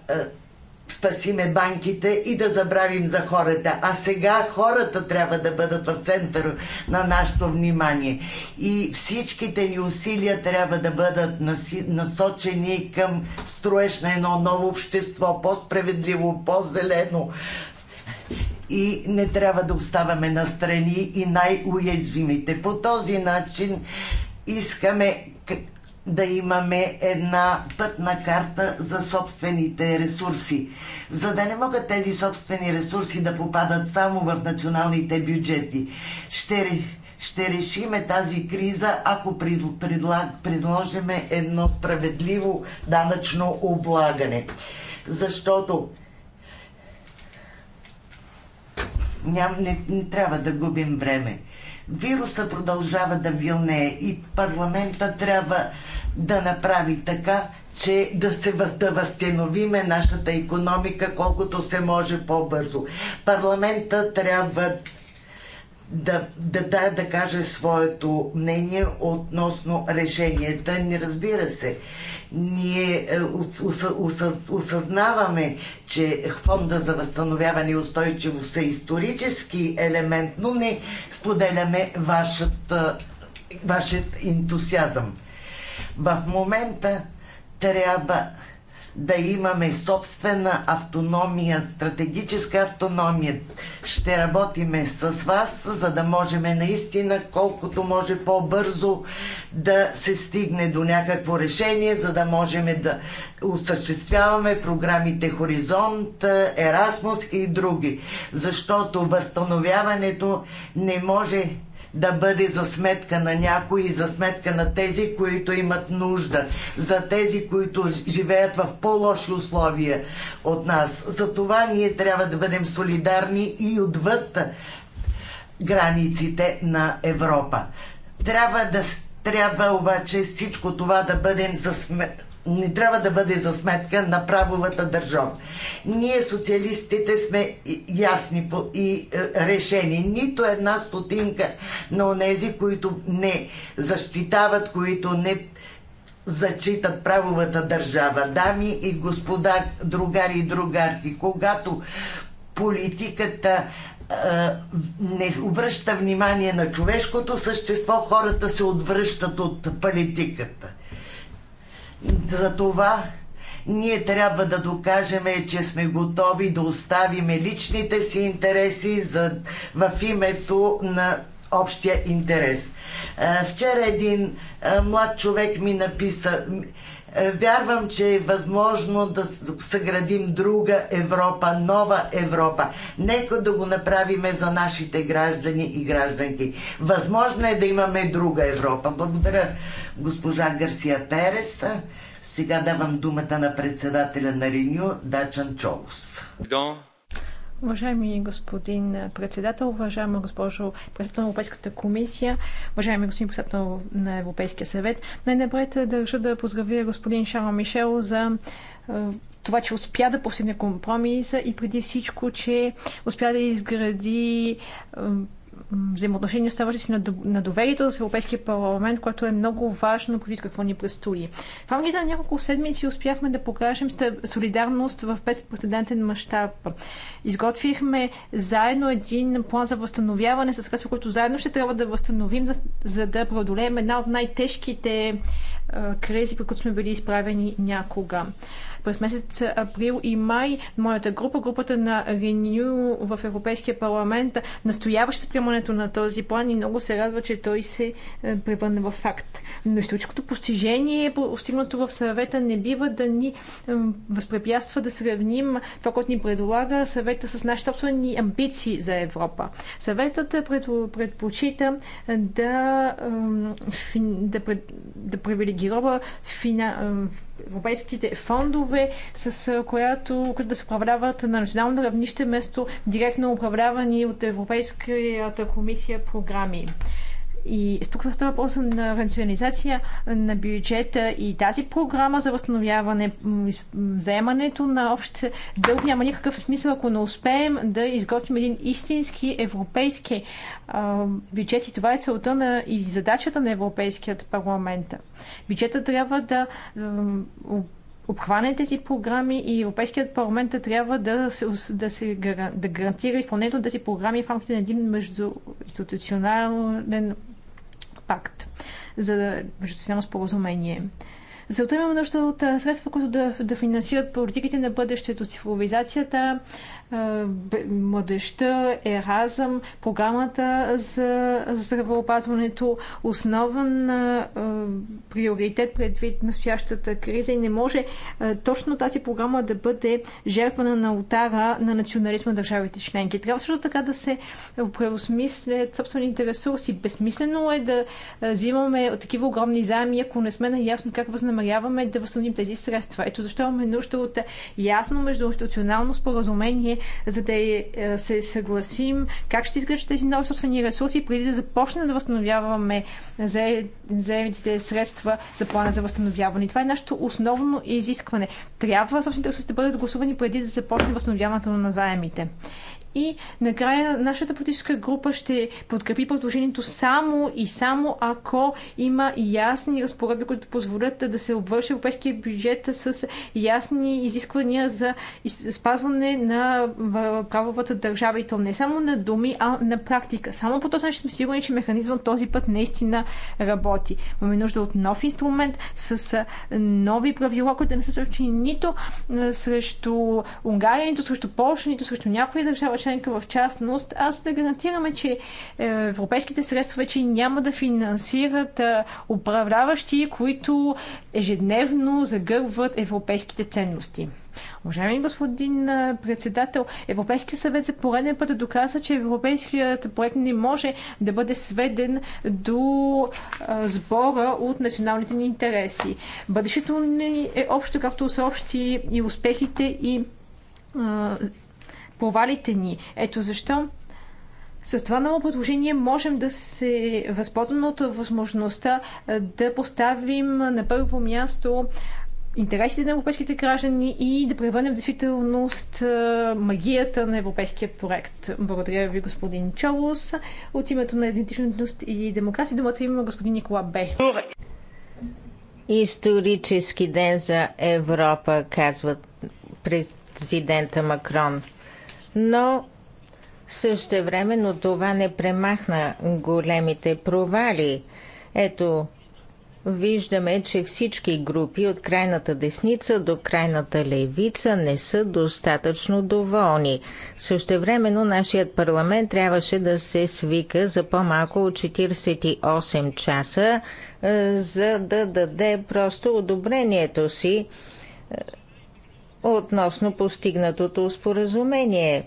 спасиме банките и да забравим за хората. А сега хората трябва да бъдат в център на нашето внимание. И всичките ни усилия трябва да бъдат насочени към строеж на едно ново общество, по-справедливо, по-зелено. И не трябва да оставаме настрани и най-уязвимите. По този начин искаме да имаме една пътна карта за собствените ресурси, за да не могат тези собствени ресурси да попадат само в националните бюджети. Ще, ще решиме тази криза, ако предлаг, предложиме едно справедливо данъчно облагане. Защото ням, не, не трябва да губим време вируса продължава да вилнее и парламента трябва да направи така, че да се да възстановиме нашата економика колкото се може по-бързо. Парламента трябва да, да, да, да каже своето мнение относно решенията Не разбира се. Ние осъзнаваме, е, че Фонда за възстановяване и устойчивост е исторически елемент, но не споделяме вашият, вашият ентусиазъм. В момента трябва да имаме собствена автономия, стратегическа автономия. Ще работиме с вас, за да можем наистина колкото може по-бързо да се стигне до някакво решение, за да можем да осъществяваме програмите Хоризонт, Ерасмус и други. Защото възстановяването не може да бъде за сметка на някои, и за сметка на тези, които имат нужда, за тези, които живеят в по-лоши условия от нас. За това ние трябва да бъдем солидарни и отвъд границите на Европа. Трябва да трябва обаче всичко това да бъде за сметка не трябва да бъде за сметка на правовата държава. Ние, социалистите, сме ясни и е, решени. Нито една стотинка на онези, които не защитават, които не зачитат правовата държава. Дами и господа, другари и другарки, когато политиката е, не обръща внимание на човешкото същество, хората се отвръщат от политиката. За това ние трябва да докажем, че сме готови да оставим личните си интереси за, в името на общия интерес. Е, вчера един е, млад човек ми написа, е, вярвам, че е възможно да съградим друга Европа, нова Европа. Нека да го направиме за нашите граждани и гражданки. Възможно е да имаме друга Европа. Благодаря, госпожа Гарсия Перес. Сега давам думата на председателя на Реню Дачан Чолос. Дон. Уважаеми господин председател, уважаема госпожо председател на Европейската комисия, уважаеми господин председател на Европейския съвет, най-напред държа да поздравя господин Шарл Мишел за е, това, че успя да постигне компромиса и преди всичко, че успя да изгради е, взаимоотношения, оставаше си на доверието с Европейския парламент, което е много важно, вид какво ни предстои. В рамките на няколко седмици успяхме да покажем солидарност в безпредседентен мащаб. Изготвихме заедно един план за възстановяване, с средства, заедно ще трябва да възстановим, за, за да преодолеем една от най-тежките кризи, при които сме били изправени някога. През месец април и май моята група, групата на Renew в Европейския парламент, настояваше с приемането на този план и много се радва, че той се е, превърне в факт. Но историческото постижение, постигнато в съвета, не бива да ни е, възпрепятства да сравним това, което ни предлага съвета с нашите собствени амбиции за Европа. Съветът предпочита е, да, да, да привилегирова фина, европейските фондове, с която, които да се управляват на национално равнище, вместо директно управлявани от Европейската комисия програми. И тук става въпрос на рационализация на бюджета и тази програма за възстановяване, вземането на общ дълг няма никакъв смисъл, ако не успеем да изготвим един истински европейски а, бюджет. И това е целта на, и задачата на Европейският парламент. Бюджета трябва да обхване тези програми и Европейският парламент трябва да, се, да, се, да гарантира изпълнението на тези програми в рамките на един междуинституционален пакт за междусистемно споразумение. Целта имаме нужда от средства, които да, да финансират политиките на бъдещето, цифровизацията, е, младеща, еразъм, програмата за здравеопазването, основен е, приоритет предвид настоящата криза и не може е, точно тази програма да бъде жертвана на отара на национализма на държавите членки. Трябва също така да се преосмислят собствените ресурси. Безсмислено е да взимаме такива огромни заеми, ако не сме наясно как възнамеряваме да възстановим тези средства. Ето защо имаме нужда от ясно междуинституционално споразумение за да е, е, се съгласим как ще изглеждат тези нови собствени ресурси, преди да започнем да възстановяваме заемите средства за плана за възстановяване. Това е нашето основно изискване. Трябва собствените ресурси да бъдат гласувани преди да започне възстановяването на заемите. И накрая нашата политическа група ще подкрепи предложението само и само ако има ясни разпоредби, които позволят да се обвърши европейския бюджет с ясни изисквания за спазване на правовата държава и то не само на думи, а на практика. Само по този начин сме сигурни, че механизмът този път наистина работи. Имаме нужда от нов инструмент с нови правила, които не са срещу нито срещу Унгария, нито срещу Польша, нито срещу някоя държава членка в частност, аз да гарантираме, че е, европейските средства вече няма да финансират е, управляващи, които ежедневно загърват европейските ценности. Уважаеми господин е, председател, Европейския съвет за пореден път доказа, че европейският проект не може да бъде сведен до сбора от националните ни интереси. Бъдещето ни е общо, както са общи и успехите и провалите ни. Ето защо с това ново предложение можем да се възползваме от възможността да поставим на първо място интересите на европейските граждани и да превърнем в действителност магията на европейския проект. Благодаря ви, господин Чолос. От името на идентичност и демокрация думата има господин Никола Б. Исторически ден за Европа, казват президента Макрон но същевременно това не премахна големите провали. Ето, виждаме, че всички групи от крайната десница до крайната левица не са достатъчно доволни. Същевременно нашият парламент трябваше да се свика за по-малко от 48 часа, е, за да даде просто одобрението си е, относно постигнатото споразумение.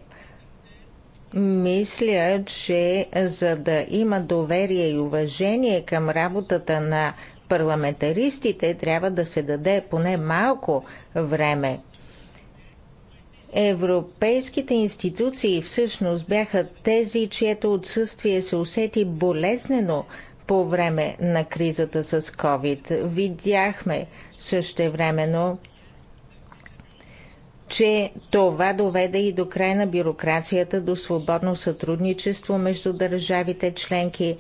Мисля, че за да има доверие и уважение към работата на парламентаристите, трябва да се даде поне малко време. Европейските институции всъщност бяха тези, чието отсъствие се усети болезнено по време на кризата с COVID. Видяхме същевременно времено че това доведе и до край на бюрокрацията, до свободно сътрудничество между държавите членки.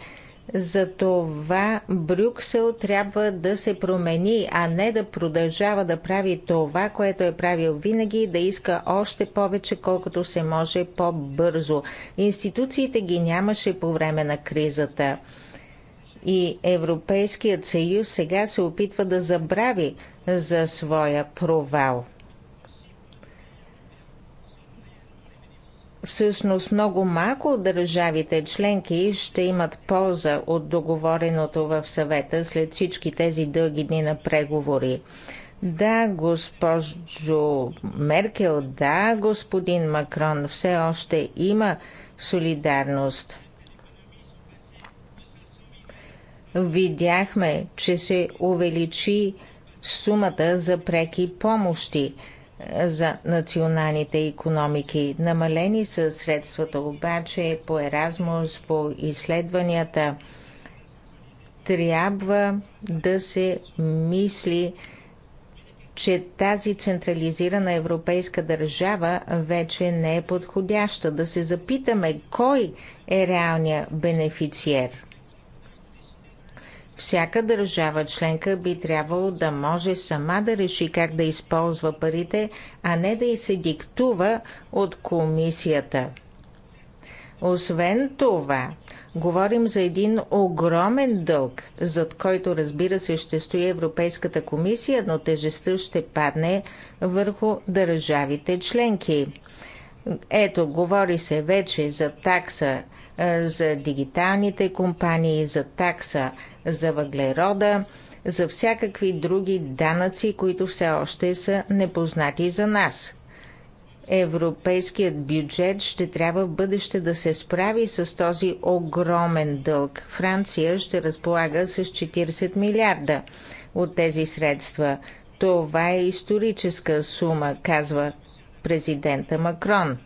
Затова Брюксел трябва да се промени, а не да продължава да прави това, което е правил винаги и да иска още повече, колкото се може по-бързо. Институциите ги нямаше по време на кризата. И Европейският съюз сега се опитва да забрави за своя провал. Всъщност много малко от държавите членки ще имат полза от договореното в съвета след всички тези дълги дни на преговори. Да, госпожо Меркел, да, господин Макрон, все още има солидарност. Видяхме, че се увеличи сумата за преки помощи за националните економики. Намалени са средствата обаче по Еразмус, по изследванията. Трябва да се мисли, че тази централизирана европейска държава вече не е подходяща. Да се запитаме кой е реалният бенефициер. Всяка държава членка би трябвало да може сама да реши как да използва парите, а не да й се диктува от комисията. Освен това, говорим за един огромен дълг, зад който разбира се ще стои Европейската комисия, но тежестта ще падне върху държавите членки. Ето, говори се вече за такса за дигиталните компании, за такса за въглерода, за всякакви други данъци, които все още са непознати за нас. Европейският бюджет ще трябва в бъдеще да се справи с този огромен дълг. Франция ще разполага с 40 милиарда от тези средства. Това е историческа сума, казва президента Макрон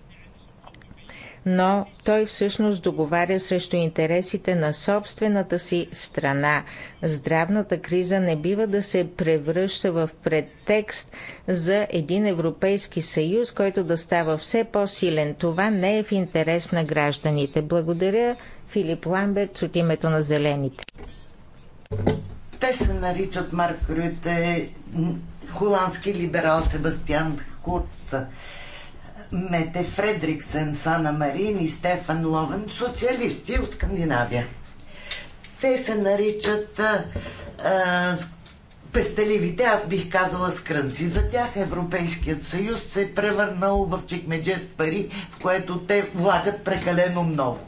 но той всъщност договаря срещу интересите на собствената си страна. Здравната криза не бива да се превръща в претекст за един Европейски съюз, който да става все по-силен. Това не е в интерес на гражданите. Благодаря Филип Ламберт от името на Зелените. Те се наричат Марк Рюте, холандски либерал Себастиан Курца. Мете Фредриксен, Сана Марин и Стефан Ловен, социалисти от Скандинавия. Те се наричат а, а, пестеливите, аз бих казала скрънци. За тях Европейският съюз се е превърнал в чекмедже с пари, в което те влагат прекалено много.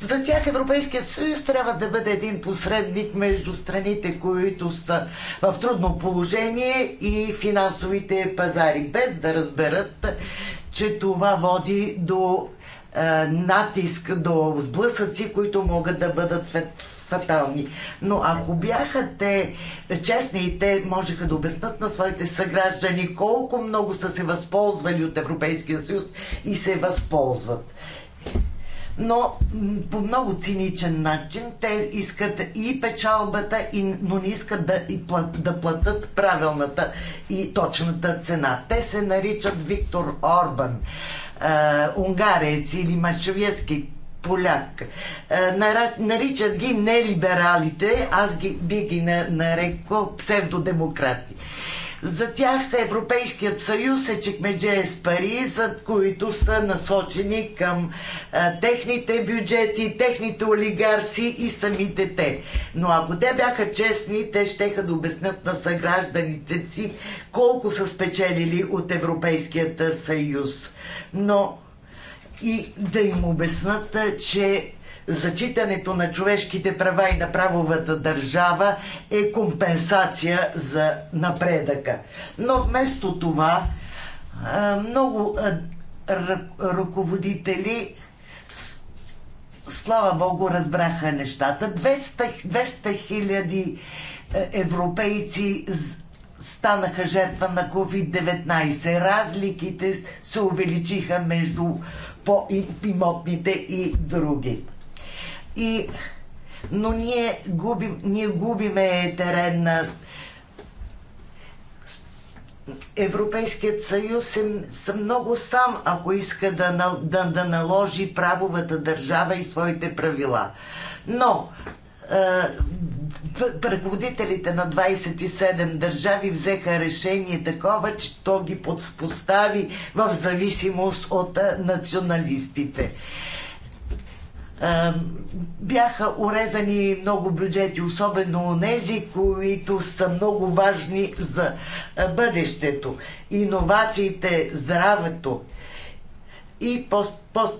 За тях Европейския съюз трябва да бъде един посредник между страните, които са в трудно положение и финансовите пазари, без да разберат, че това води до е, натиск, до сблъсъци, които могат да бъдат фатални. Но ако бяха те честни и те можеха да обяснат на своите съграждани колко много са се възползвали от Европейския съюз и се възползват но по много циничен начин те искат и печалбата, и, но не искат да, и плат, да платят правилната и точната цена. Те се наричат Виктор Орбан, е, унгарец или машевски поляк. Наричат ги нелибералите, аз ги, би ги нарекла псевдодемократи. За тях Европейският съюз е чекмедже с пари, за които са насочени към а, техните бюджети, техните олигарси и самите те. Но ако те бяха честни, те щеха да обяснят на съгражданите си колко са спечелили от Европейският съюз. Но и да им обяснат, че зачитането на човешките права и на правовата държава е компенсация за напредъка. Но вместо това много ръководители слава богу разбраха нещата. 200 хиляди е, европейци станаха жертва на COVID-19. Разликите се увеличиха между по-имотните и други. И, но ние, губим, ние губиме терен на Европейският съюз е, много сам, ако иска да, да, да наложи правовата държава и своите правила. Но е, ръководителите на 27 държави взеха решение такова, че то ги подспостави в зависимост от е, националистите бяха урезани много бюджети, особено тези, които са много важни за бъдещето. Иновациите, здравето и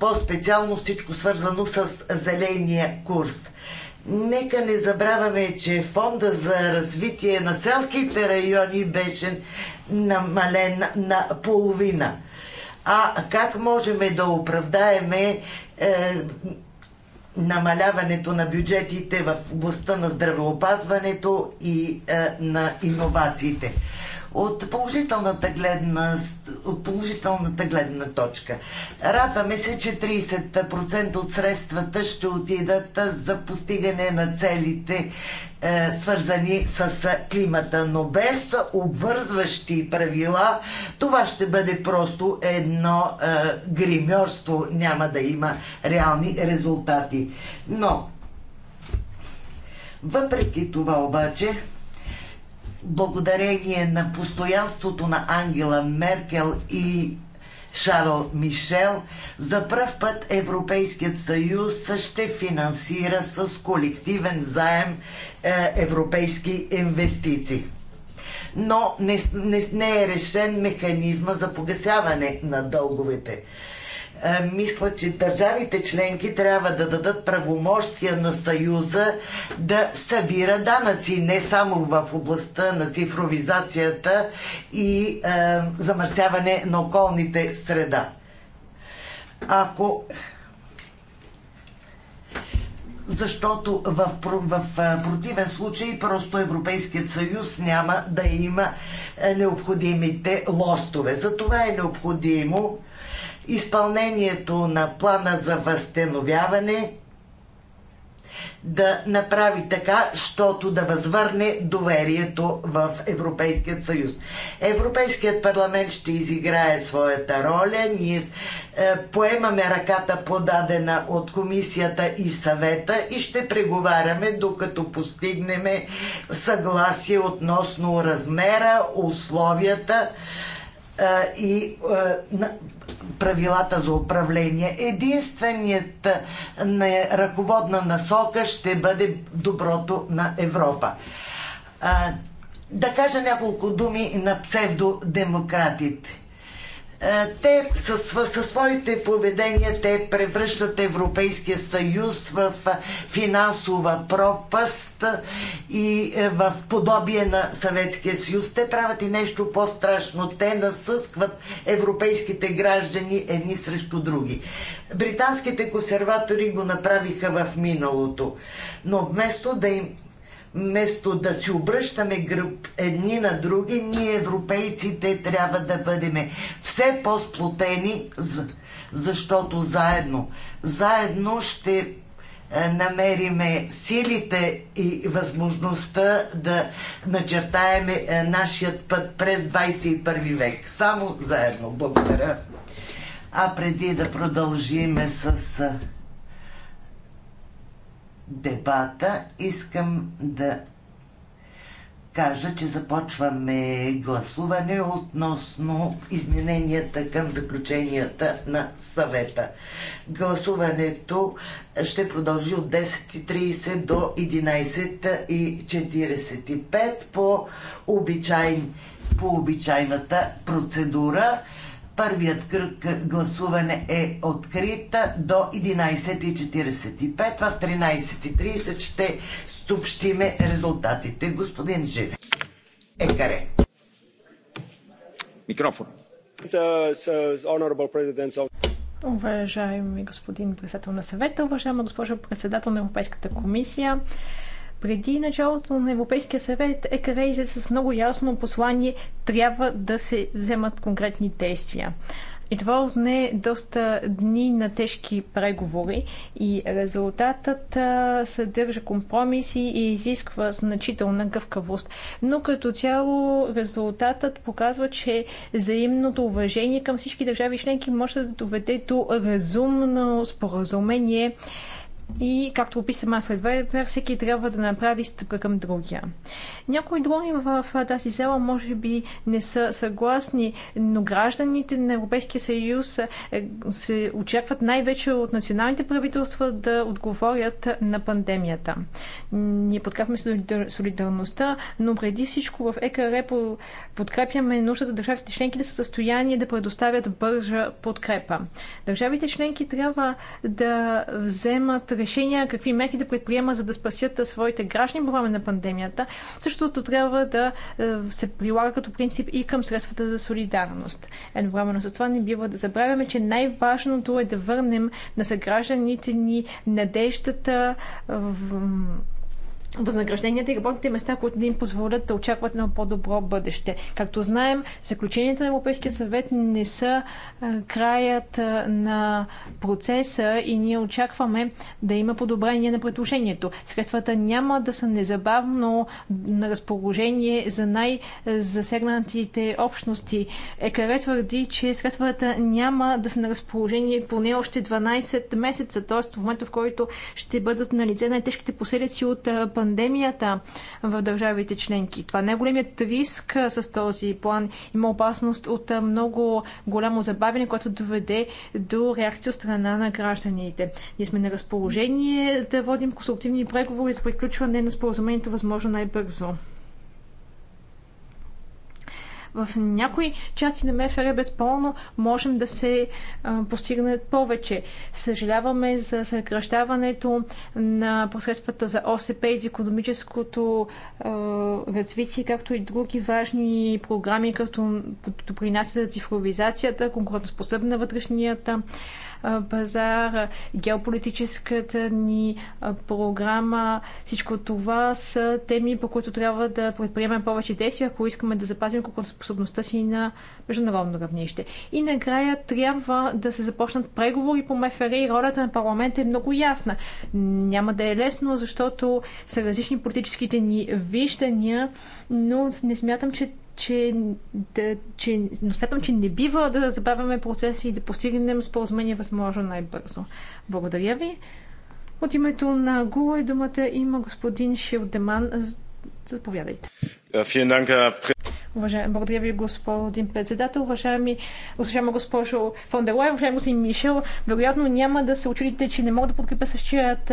по-специално -по -по всичко свързано с зеления курс. Нека не забравяме, че фонда за развитие на селските райони беше намален на половина. А как можем да оправдаеме е, намаляването на бюджетите в областта на здравеопазването и е, на иновациите от положителната гледна, от положителната гледна точка. Радваме се, че 30% от средствата ще отидат за постигане на целите е, свързани с климата, но без обвързващи правила това ще бъде просто едно е, гримьорство, няма да има реални резултати. Но, въпреки това обаче, благодарение на постоянството на Ангела Меркел и Шарл Мишел, за пръв път Европейският съюз ще финансира с колективен заем е, европейски инвестиции. Но не, не, не е решен механизма за погасяване на дълговете. Е, мисля, че държавите членки трябва да дадат правомощия на Съюза да събира данъци, не само в областта на цифровизацията и е, замърсяване на околните среда. Ако защото в, в, в е, противен случай просто Европейският съюз няма да има е, необходимите лостове. Затова е необходимо изпълнението на плана за възстановяване да направи така, щото да възвърне доверието в Европейският съюз. Европейският парламент ще изиграе своята роля. Ние е, поемаме ръката подадена от комисията и съвета и ще преговаряме докато постигнем съгласие относно размера, условията е, и е, правилата за управление. Единственият е, на ръководна насока ще бъде доброто на Европа. А, да кажа няколко думи на псевдодемократите. Е, те със, със своите поведения те превръщат Европейския съюз в е, финансова пропаст и е, в подобие на Съветския съюз. Те правят и нещо по-страшно. Те насъскват европейските граждани едни срещу други. Британските консерватори го направиха в миналото. Но вместо да им вместо да си обръщаме гръб едни на други, ние европейците трябва да бъдем все по-сплотени, защото заедно, заедно ще е, намериме силите и възможността да начертаеме е, нашият път през 21 век. Само заедно. Благодаря. А преди да продължиме с е, дебата. Искам да кажа, че започваме гласуване относно измененията към заключенията на съвета. Гласуването ще продължи от 10.30 до 11.45 по, обичай, по обичайната процедура. Първият кръг гласуване е открит до 11.45. В 13.30 ще стопщиме резултатите. Господин Живе. Екаре. Микрофон. Uh, uh, Уважаеми господин председател на съвета, уважаема госпожа председател на Европейската комисия, преди началото на Европейския съвет е излезе с много ясно послание трябва да се вземат конкретни действия. И това отне доста дни на тежки преговори и резултатът съдържа компромиси и изисква значителна гъвкавост. Но като цяло резултатът показва, че взаимното уважение към всички държави членки може да доведе до разумно споразумение и, както описа Мафред Вейбер, всеки трябва да направи стъпка към другия. Някои други в тази зала може би не са съгласни, но гражданите на Европейския съюз е, се очакват най-вече от националните правителства да отговорят на пандемията. Ние подкрепяме солидарността, но преди всичко в ЕКР подкрепяме нуждата държавите членки да са в състояние да предоставят бърза подкрепа. Държавите членки трябва да вземат решения какви мерки да предприема, за да спасят своите граждани по време на пандемията. Същото трябва да е, се прилага като принцип и към средствата за солидарност. Едновременно за това не бива да забравяме, че най-важното е да върнем на съгражданите ни надеждата в възнагражденията и работните места, които да им позволят да очакват на по-добро бъдеще. Както знаем, заключенията на Европейския съвет не са краят на процеса и ние очакваме да има подобрение на предложението. Средствата няма да са незабавно на разположение за най-засегнатите общности. Екаре твърди, че средствата няма да са на разположение поне още 12 месеца, т.е. в момента, в който ще бъдат на лице най-тежките последици от пандемията пандемията в държавите членки. Това не е големият риск с този план. Има опасност от много голямо забавяне, което доведе до реакция от страна на гражданите. Ние сме на разположение да водим консултивни преговори за приключване на споразумението възможно най-бързо. В някои части на МФР безпълно можем да се постигне повече. Съжаляваме за съкръщаването на посредствата за ОСП и за економическото развитие, както и други важни програми, като допринася за цифровизацията, конкурентоспособна вътрешнията пазар, геополитическата ни програма. Всичко това са теми, по които трябва да предприемем повече действия, ако искаме да запазим конкурентоспособността си на международно равнище. И накрая трябва да се започнат преговори по МФР и ролята на парламента е много ясна. Няма да е лесно, защото са различни политическите ни виждания, но не смятам, че че, да, че, но смятам, че не бива да забавяме процеси и да постигнем споразумение възможно най-бързо. Благодаря ви. От името на Гула и думата има господин Шилдеман. Заповядайте. Уважаем, благодаря ви, господин председател. Уважаеми, уважаема госпожо Фонделай, уважаеми господин Мишел, вероятно няма да се очудите, че не мога да подкрепя същият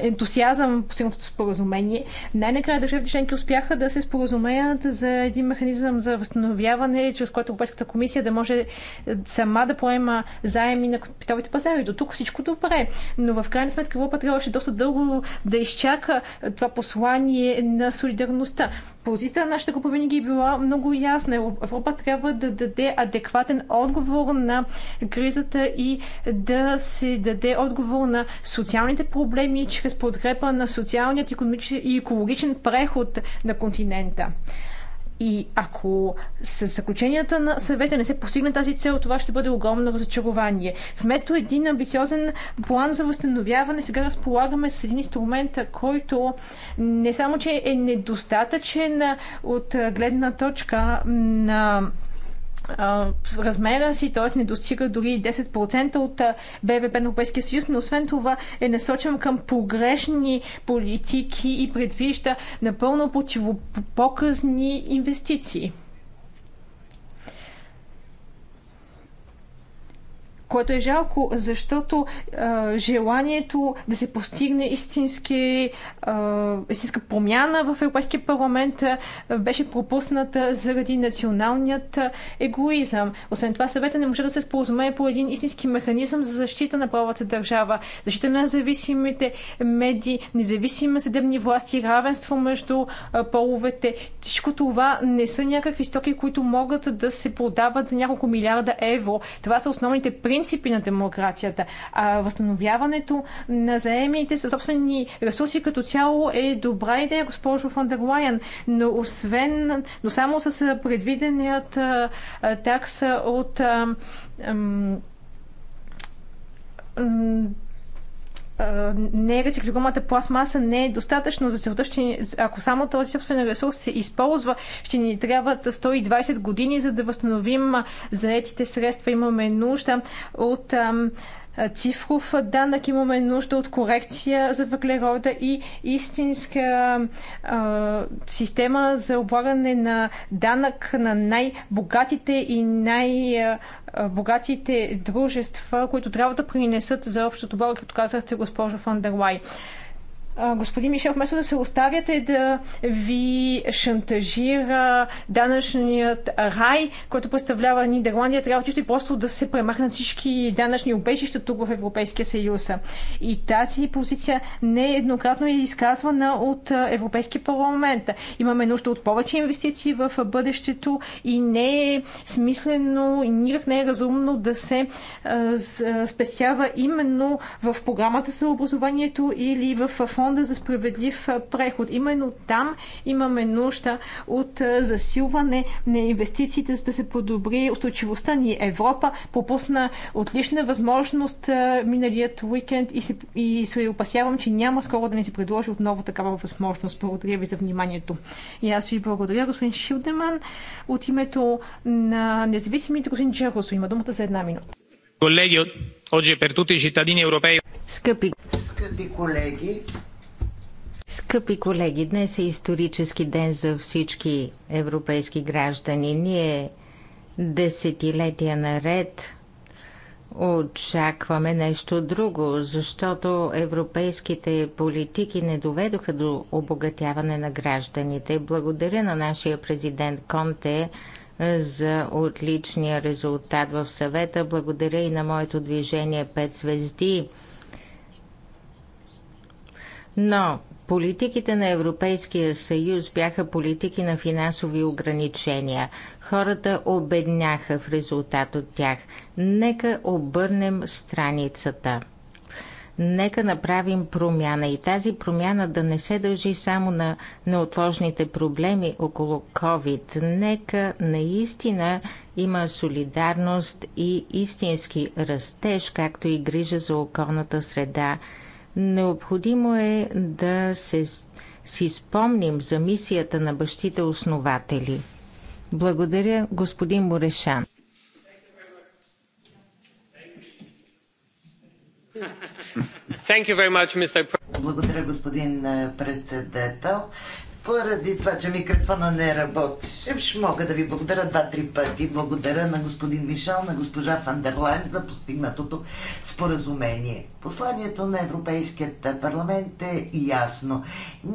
ентусиазъм по постигнатото споразумение. Най-накрая държавите членки успяха да се споразумеят за един механизъм за възстановяване, чрез който Европейската комисия да може сама да поема заеми на капиталовите пазари. До тук всичко добре. Но в крайна сметка Европа трябваше доста дълго да изчака това послание на солидарността позицията на нашата група винаги е била много ясна. Европа трябва да даде адекватен отговор на кризата и да се даде отговор на социалните проблеми чрез подкрепа на социалният и екологичен преход на континента. И ако с заключенията на съвета не се постигне тази цел, това ще бъде огромно разочарование. Вместо един амбициозен план за възстановяване, сега разполагаме с един инструмент, който не само, че е недостатъчен от гледна точка на размера си, т.е. не достига дори 10% от БВП на Европейския съюз, но освен това е насочен към погрешни политики и предвижда напълно противопоказни инвестиции. което е жалко, защото е, желанието да се постигне истински, е, истинска промяна в Европейския парламент беше пропусната заради националният егоизъм. Освен това, съвета не може да се споразумее по един истински механизъм за защита на правата държава, защита на независимите медии, независими съдебни власти, равенство между половете. Всичко това не са някакви стоки, които могат да се продават за няколко милиарда евро. Това са основните принципи принципи на демокрацията. А възстановяването на заемите със собствени ресурси като цяло е добра идея, госпожо фон но освен, но само с предвиденият а, такса от а, рециклируемата е пластмаса не е достатъчно за целта. Ще, ако само този собствен ресурс се използва, ще ни трябват 120 години, за да възстановим заетите средства. Имаме нужда от ам, цифров данък, имаме нужда от корекция за въглерода и истинска а, система за облагане на данък на най-богатите и най- богатите дружества, които трябва да принесат за общото благо, като казахте, госпожо Фандерлай господин Мишел, вместо да се оставяте да ви шантажира данъчният рай, който представлява Нидерландия, трябва чисто и просто да се премахнат всички данъчни обежища тук в Европейския съюз. И тази позиция не е еднократно изказвана от Европейския парламент. Имаме нужда от повече инвестиции в бъдещето и не е смислено и никак не е разумно да се спестява именно в програмата за образованието или в фонд фонда за справедлив преход. Именно там имаме нужда от засилване на инвестициите, за да се подобри устойчивостта ни. Европа пропусна отлична възможност миналият уикенд и се, и се опасявам, че няма скоро да ни се предложи отново такава възможност. Благодаря ви за вниманието. И аз ви благодаря, господин Шилдеман. От името на независимите господин Джерусо има думата за една минута. Колеги, oggi per tutti i cittadini europei. Скъпи, скъпи колеги, Скъпи колеги, днес е исторически ден за всички европейски граждани. Ние десетилетия наред очакваме нещо друго, защото европейските политики не доведоха до обогатяване на гражданите. Благодаря на нашия президент Конте за отличния резултат в съвета. Благодаря и на моето движение 5 звезди. Но Политиките на Европейския съюз бяха политики на финансови ограничения. Хората обедняха в резултат от тях. Нека обърнем страницата. Нека направим промяна и тази промяна да не се дължи само на неотложните проблеми около COVID. Нека наистина има солидарност и истински растеж, както и грижа за околната среда – Необходимо е да се, си спомним за мисията на бащите основатели. Благодаря, господин Морешан. Благодаря, господин е, председател поради това, че микрофона не работи, ще мога да ви благодаря два-три пъти. Благодаря на господин Мишел, на госпожа Фандерлайн за постигнатото споразумение. Посланието на Европейският парламент е ясно.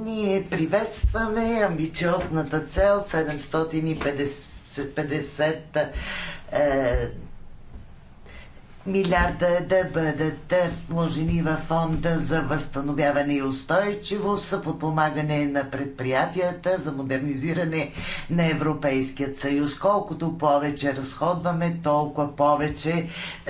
Ние приветстваме амбициозната цел 750 50, милиарда да бъдат вложени във фонда за възстановяване и устойчивост, подпомагане на предприятията, за модернизиране на Европейският съюз. Колкото повече разходваме, толкова повече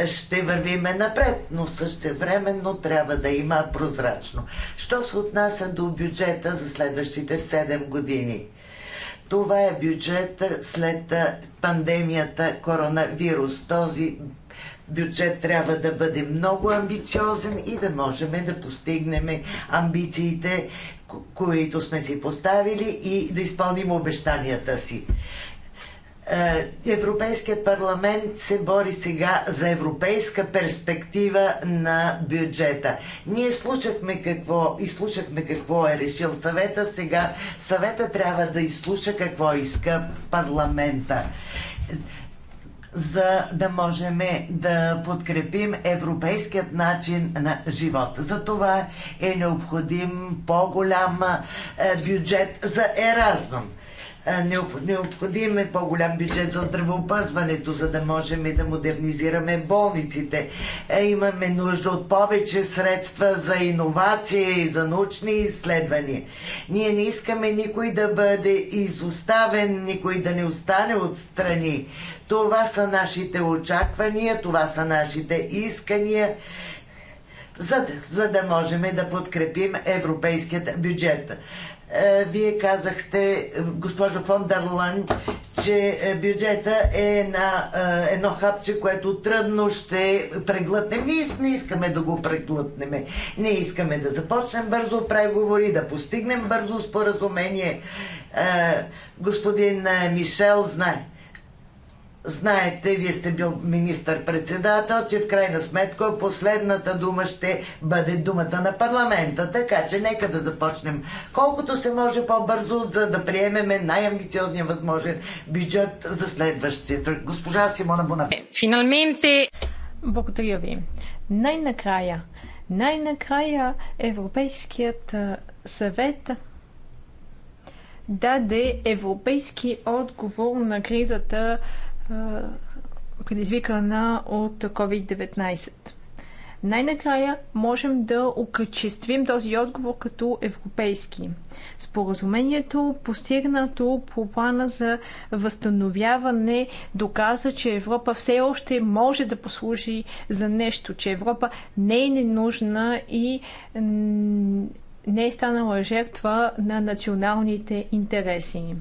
ще вървиме напред, но същевременно трябва да има прозрачно. Що се отнася до бюджета за следващите 7 години? Това е бюджет след пандемията коронавирус. Този бюджет трябва да бъде много амбициозен и да можем да постигнем амбициите, които сме си поставили и да изпълним обещанията си. Е, Европейският парламент се бори сега за европейска перспектива на бюджета. Ние слушахме какво, изслушахме какво е решил съвета, сега съвета трябва да изслуша какво иска парламента за да можем да подкрепим европейският начин на живот. За това е необходим по-голям е, бюджет за Еразъм. Е, необходим е по-голям бюджет за здравеопазването, за да можем да модернизираме болниците. Е, имаме нужда от повече средства за иновация и за научни изследвания. Ние не искаме никой да бъде изоставен, никой да не остане отстрани. Това са нашите очаквания, това са нашите искания за, за да можем да подкрепим европейският бюджет. Е, вие казахте, госпожо фон дер Лайн, че е, бюджета е на е, едно хапче, което трудно ще преглътнем. Ние не искаме да го преглътнем. Не искаме да започнем бързо преговори, да постигнем бързо споразумение. Господин Мишел знае, Знаете, вие сте бил министър-председател, че в крайна сметка последната дума ще бъде думата на парламента. Така че нека да започнем колкото се може по-бързо, за да приемеме най-амбициозния възможен бюджет за следващия. Госпожа Симона Бонаве. Финалменте. Благодаря ви. Най-накрая, най-накрая Европейският съвет даде европейски отговор на кризата предизвикана от COVID-19. Най-накрая можем да окачествим този отговор като европейски. Споразумението, постигнато по плана за възстановяване, доказа, че Европа все още може да послужи за нещо, че Европа не е ненужна и не е станала жертва на националните интереси.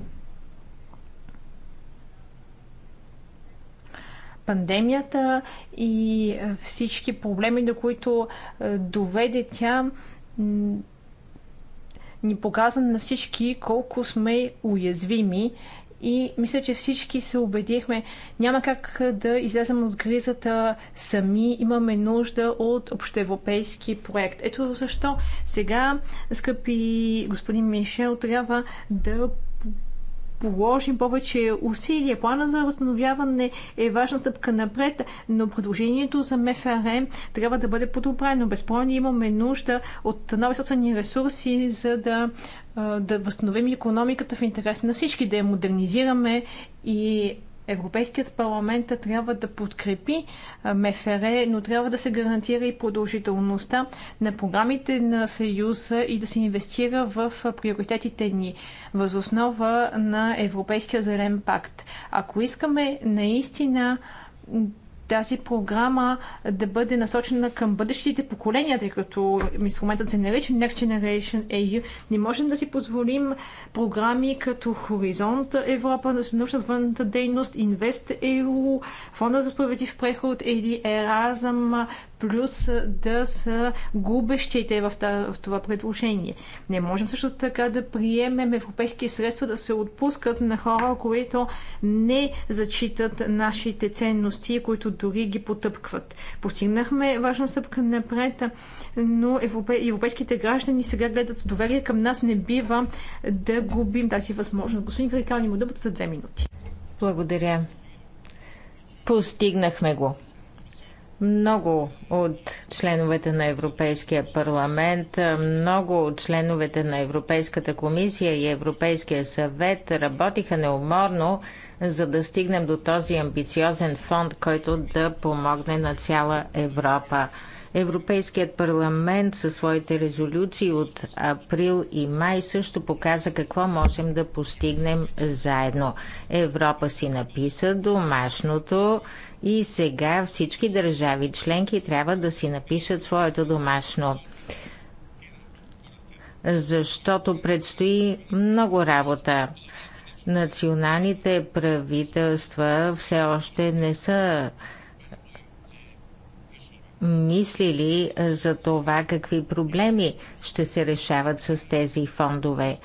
пандемията и е, всички проблеми, до които е, доведе тя, ни показа на всички колко сме уязвими и мисля, че всички се убедихме, няма как е, да излезем от кризата сами, имаме нужда от общоевропейски проект. Ето защо сега, скъпи господин Мишел, трябва да положим повече усилия. Плана за възстановяване е важна стъпка напред, но предложението за МФР трябва да бъде подобрено. Безпълно имаме нужда от нови собствени ресурси, за да, да възстановим економиката в интерес на всички, да я модернизираме и Европейският парламент трябва да подкрепи МФР, но трябва да се гарантира и продължителността на програмите на Съюза и да се инвестира в приоритетите ни възоснова на Европейския зелен пакт. Ако искаме наистина тази програма да бъде насочена към бъдещите поколения, тъй като инструментът се нарича Next Generation EU. Не можем да си позволим програми като Хоризонт Европа, научно-звънната дейност, Инвест EU, Фонда за справедлив преход или Еразъм плюс да са губещите в това предложение. Не можем също така да приемем европейски средства да се отпускат на хора, които не зачитат нашите ценности, които дори ги потъпкват. Постигнахме важна стъпка напред, но европейските граждани сега гледат с доверие към нас. Не бива да губим тази възможност. Господин Карикал, има думата за две минути. Благодаря. Постигнахме го. Много от членовете на Европейския парламент, много от членовете на Европейската комисия и Европейския съвет работиха неуморно, за да стигнем до този амбициозен фонд, който да помогне на цяла Европа. Европейският парламент със своите резолюции от април и май също показа какво можем да постигнем заедно. Европа си написа домашното и сега всички държави членки трябва да си напишат своето домашно защото предстои много работа. Националните правителства все още не са мислили е, за това какви проблеми ще се решават с тези фондове.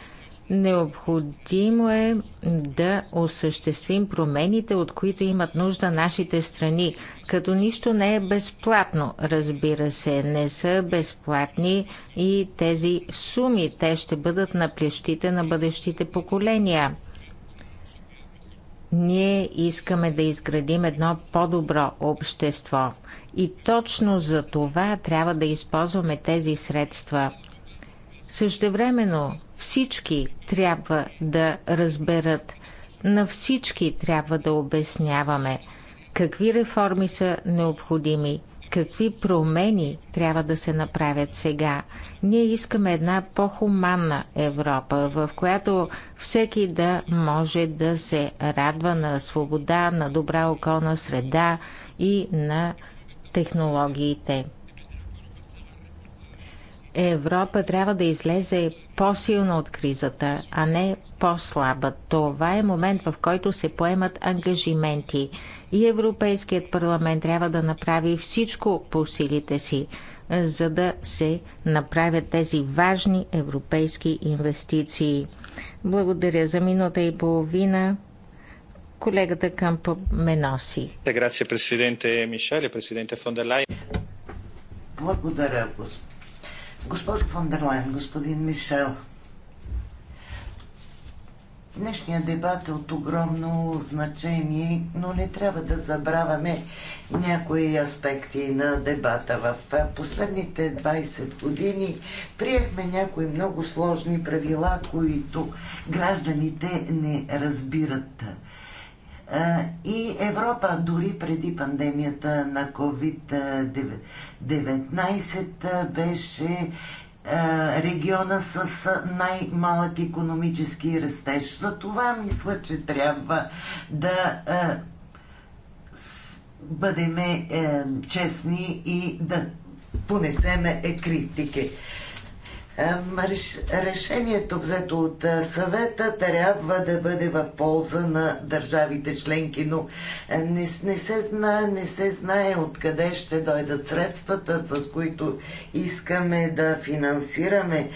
Необходимо е да осъществим промените, от които имат нужда нашите страни, като нищо не е безплатно, разбира се, не са безплатни и тези суми, те ще бъдат на плещите на бъдещите поколения. Ние искаме да изградим едно по-добро общество и точно за това трябва да използваме тези средства. Същевременно всички трябва да разберат, на всички трябва да обясняваме какви реформи са необходими, какви промени трябва да се направят сега. Ние искаме една по-хуманна Европа, в която всеки да може да се радва на свобода, на добра околна среда и на технологиите. Европа трябва да излезе по-силно от кризата, а не по-слаба. Това е момент, в който се поемат ангажименти и Европейският парламент трябва да направи всичко по силите си, за да се направят тези важни европейски инвестиции. Благодаря за минута и половина колегата Кампо Меноси. Благодаря, госп... госпожо фон дер Лайн, господин Мишел. Днешният дебат е от огромно значение, но не трябва да забравяме някои аспекти на дебата. В последните 20 години приехме някои много сложни правила, които гражданите не разбират. Е, и Европа, дори преди пандемията на COVID-19, е, беше е, региона с най-малък економически растеж. За това мисля, че трябва да бъдеме честни и да понесеме критики решението взето от съвета трябва да бъде в полза на държавите членки, но не, не, се, знае, не се знае откъде ще дойдат средствата, с които искаме да финансираме е,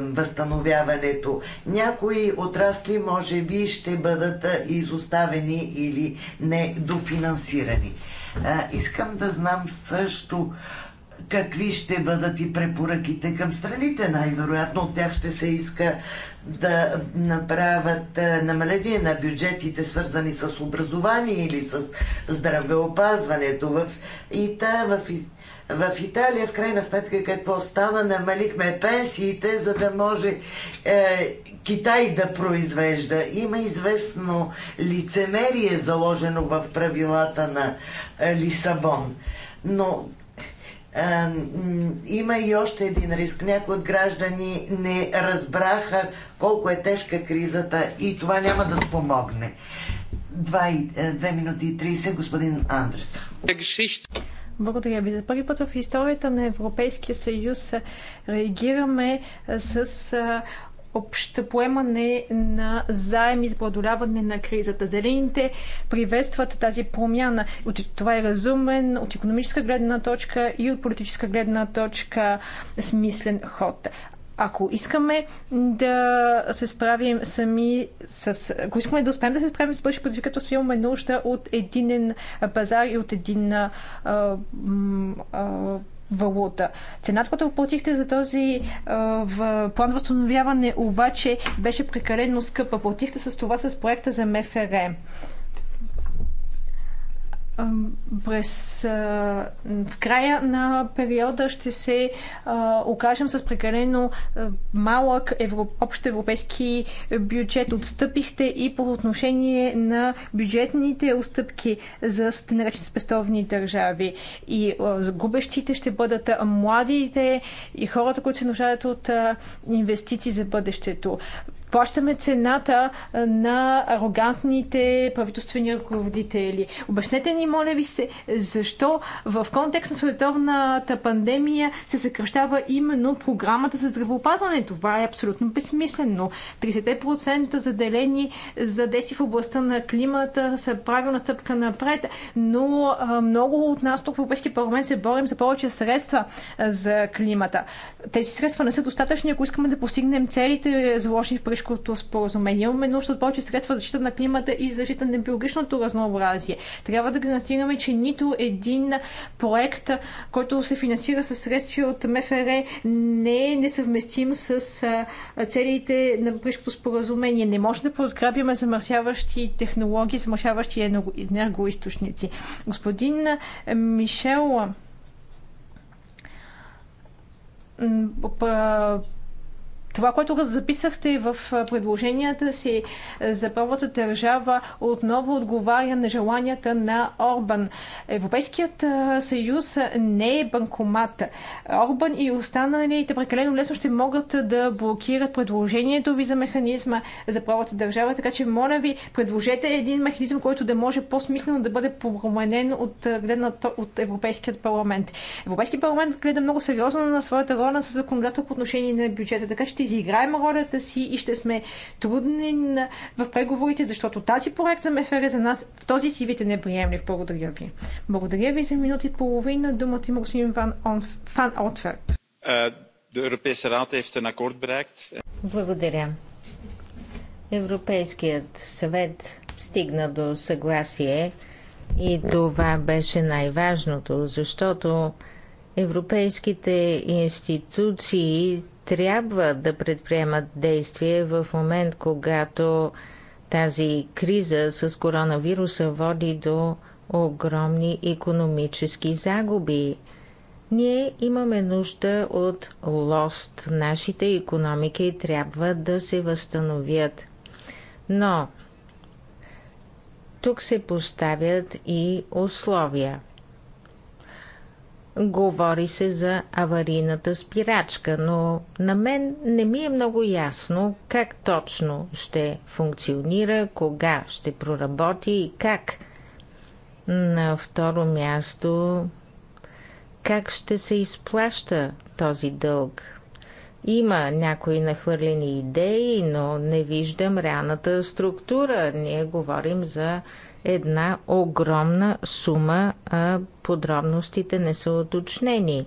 възстановяването. Някои отрасли може би ще бъдат изоставени или недофинансирани. Е, искам да знам също какви ще бъдат и препоръките към страните. Най-вероятно от тях ще се иска да направят е, намаление на бюджетите, свързани с образование или с здравеопазването. В, Ита, в, в Италия, в крайна сметка, какво стана? Намалихме пенсиите, за да може е, Китай да произвежда. Има известно лицемерие, заложено в правилата на е, Лисабон. Но има и още един риск. Някои от граждани не разбраха колко е тежка кризата и това няма да спомогне. Е, две минути и 30, господин Андрес. Благодаря ви. За първи път в историята на Европейския съюз реагираме с общ поемане на заеми за преодоляване на кризата. Зелените приветстват тази промяна. Това е разумен от економическа гледна точка и от политическа гледна точка смислен ход ако искаме да се справим сами с... Ако искаме да успеем да се справим с бъдещи предизвикателства, имаме нужда от единен пазар и от един а, а, валута. Цената, която платихте за този в план възстановяване, обаче беше прекалено скъпа. Платихте с това с проекта за МФР през в края на периода ще се окажем с прекалено малък евро, общ европейски бюджет. Отстъпихте и по отношение на бюджетните отстъпки за наречени спестовни държави. И губещите ще бъдат младите и хората, които се нуждаят от инвестиции за бъдещето. Плащаме цената на арогантните правителствени ръководители. Обяснете ни, моля ви се, защо в контекст на световната пандемия се съкръщава именно програмата за здравеопазване. Това е абсолютно безсмислено. 30% заделени за действи в областта на климата са правилна стъпка напред, но много от нас тук в Европейския парламент се борим за повече средства за климата. Тези средства не са достатъчни, ако искаме да постигнем целите, заложени в Парижкото споразумение. Имаме нужда от повече средства за защита на климата и защита на биологичното разнообразие. Трябва да гарантираме, че нито един проект, който се финансира със средства от МФР, не е несъвместим с целите на Парижкото споразумение. Не може да подкрепяме замърсяващи технологии, замърсяващи енергоисточници. Господин Мишел, това, което записахте в предложенията си е, за първата държава, отново отговаря на желанията на Орбан. Европейският съюз не е банкомат. Орбан и останалите прекалено лесно ще могат да блокират предложението ви за механизма за правата държава, така че моля ви, предложете един механизъм, който да може по-смислено да бъде променен от, от Европейският парламент. Европейският парламент гледа много сериозно на своята роля с законодателство по отношение на бюджета, така че изиграем ролята си и ще сме трудни в преговорите, защото тази проект за МФР за нас в този си вид е неприемлив. Благодаря ви. Благодаря ви за минути и половина. Думата има господин Ван, Он, Ван Отверт. Благодаря. Европейският съвет стигна до съгласие и това беше най-важното, защото европейските институции трябва да предприемат действие в момент, когато тази криза с коронавируса води до огромни економически загуби. Ние имаме нужда от лост. Нашите економики трябва да се възстановят. Но тук се поставят и условия. Говори се за аварийната спирачка, но на мен не ми е много ясно как точно ще функционира, кога ще проработи и как. На второ място, как ще се изплаща този дълг? Има някои нахвърлени идеи, но не виждам реалната структура. Ние говорим за една огромна сума, а подробностите не са уточнени.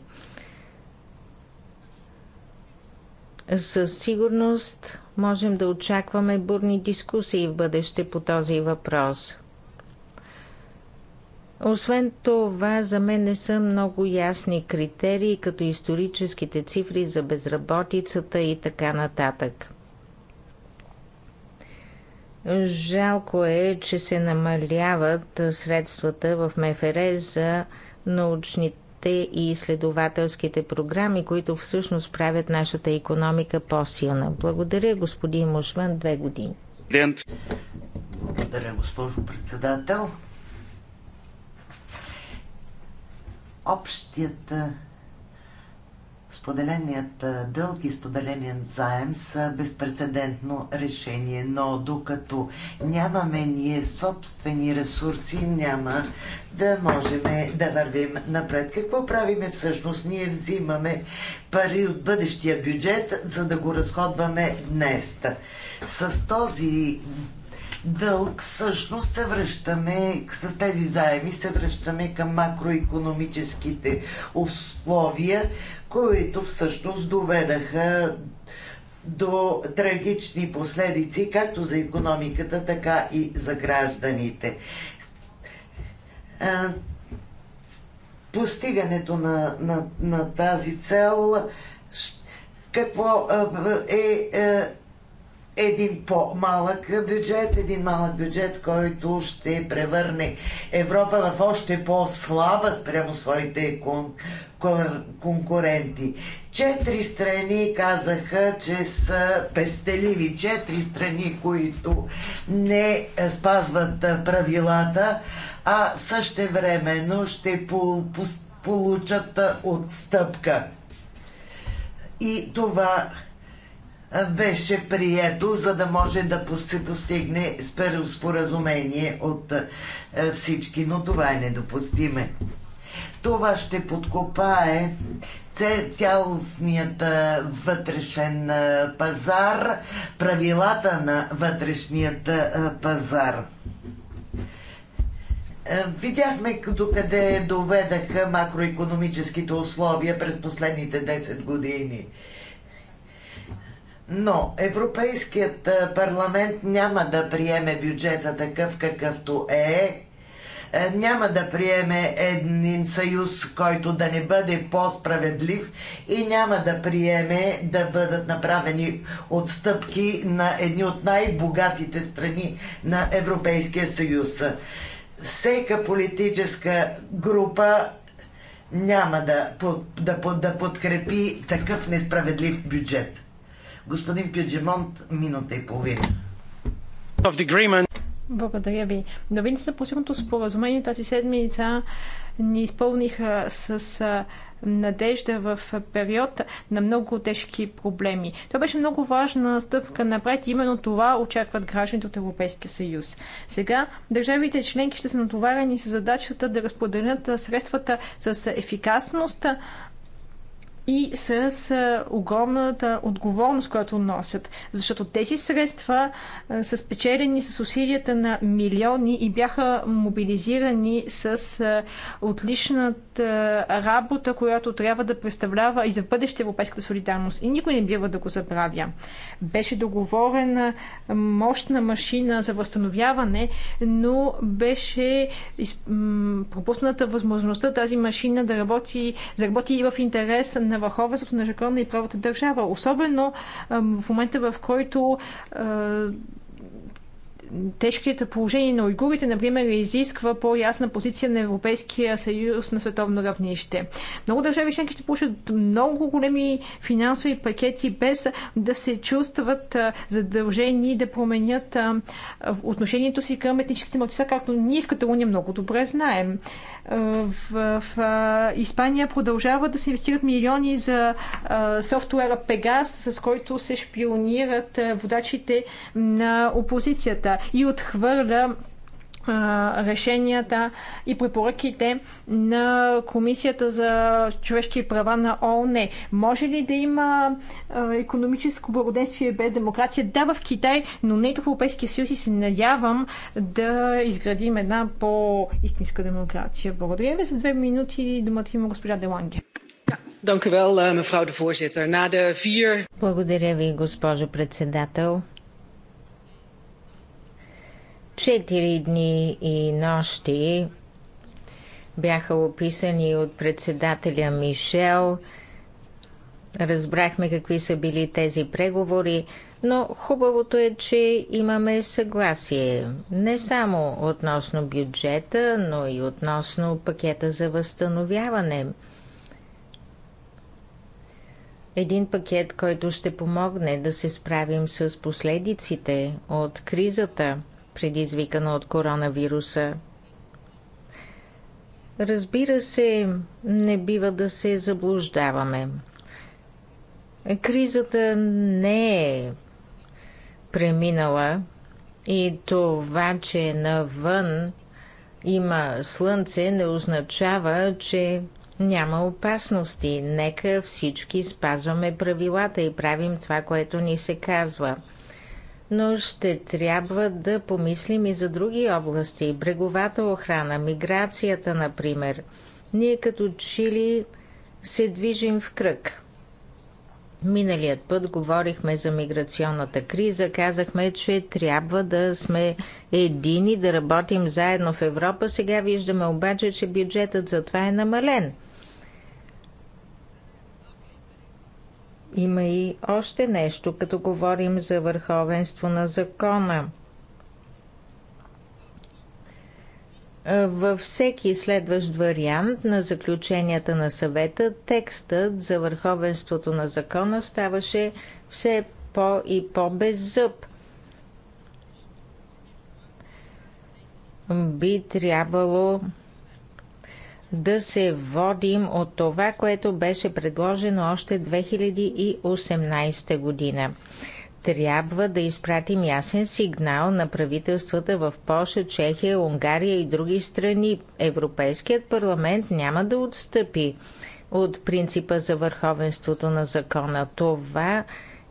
Със сигурност можем да очакваме бурни дискусии в бъдеще по този въпрос. Освен това, за мен не са много ясни критерии, като историческите цифри за безработицата и така нататък. Жалко е, че се намаляват средствата в МФР за научните и изследователските програми, които всъщност правят нашата економика по-силна. Благодаря, господин Мушман, две години. Благодаря, госпожо председател. Общията. Споделеният дълг и споделеният заем са безпредседентно решение, но докато нямаме ние собствени ресурси, няма да можем да вървим напред. Какво правиме всъщност? Ние взимаме пари от бъдещия бюджет, за да го разходваме днес. С този дълг, всъщност се връщаме с тези заеми, се връщаме към макроекономическите условия, които всъщност доведаха до трагични последици както за економиката, така и за гражданите. Постигането на, на, на тази цел какво е, е един по-малък бюджет, един малък бюджет, който ще превърне Европа в още по-слаба спрямо своите кон, конкуренти. Четири страни казаха, че са пестеливи. Четири страни, които не спазват правилата, а също времено ще по, получат отстъпка. И това беше прието, за да може да се постигне споразумение от е, всички, но това е недопустиме. Това ще подкопае цялостният е, вътрешен е, пазар, правилата на вътрешният пазар. Видяхме докъде доведаха макроекономическите условия през последните 10 години. Но Европейският парламент няма да приеме бюджета такъв какъвто е. е. Няма да приеме един съюз, който да не бъде по-справедлив и няма да приеме да бъдат направени отстъпки на едни от най-богатите страни на Европейския съюз. Всека политическа група няма да, да, да подкрепи такъв несправедлив бюджет. Господин Пюджемонт, минута и половина. Благодаря ви. Новините за постигнато споразумение тази седмица ни изпълниха с надежда в период на много тежки проблеми. Това беше много важна стъпка напред. Именно това очакват гражданите от Европейския съюз. Сега държавите членки ще са натоварени с задачата да разподелят средствата с ефикасност, и с огромната отговорност, която носят. Защото тези средства са спечелени с усилията на милиони и бяха мобилизирани с отличната работа, която трябва да представлява и за бъдеще европейската солидарност. И никой не бива да го забравя. Беше договорена мощна машина за възстановяване, но беше пропусната възможността тази машина да работи, да работи и в интерес на на върховенството на закона и правата държава. Особено в момента, в който тежкият положение на уйгурите, например, изисква по-ясна позиция на Европейския съюз на световно равнище. Много държави членки ще получат много големи финансови пакети без да се чувстват задължени да променят отношението си към етническите младсица, както ние в Каталуния много добре знаем. Е, в, в е, Испания продължават да се инвестират милиони за а, е, софтуера Пегас, с който се шпионират водачите на опозицията и отхвърля решенията и препоръките на Комисията за човешки права на ООН. Може ли да има економическо благоденствие без демокрация? Да, в Китай, но не и в Европейския съюз и се надявам да изградим една по-истинска демокрация. Благодаря ви за две минути. Думата има госпожа Деланге. Eh, Благодаря ви, госпожо председател. Четири дни и нощи бяха описани от председателя Мишел. Разбрахме какви са били тези преговори, но хубавото е, че имаме съгласие не само относно бюджета, но и относно пакета за възстановяване. Един пакет, който ще помогне да се справим с последиците от кризата – предизвикано от коронавируса. Разбира се, не бива да се заблуждаваме. Кризата не е преминала и това, че навън има слънце, не означава, че няма опасности. Нека всички спазваме правилата и правим това, което ни се казва но ще трябва да помислим и за други области. Бреговата охрана, миграцията, например. Ние като Чили се движим в кръг. Миналият път говорихме за миграционната криза, казахме, че трябва да сме едини, да работим заедно в Европа. Сега виждаме обаче, че бюджетът за това е намален – Има и още нещо, като говорим за върховенство на закона. Във всеки следващ вариант на заключенията на съвета, текстът за върховенството на закона ставаше все по и по-беззъб. Би трябвало да се водим от това, което беше предложено още 2018 година. Трябва да изпратим ясен сигнал на правителствата в Польша, Чехия, Унгария и други страни. Европейският парламент няма да отстъпи от принципа за върховенството на закона. Това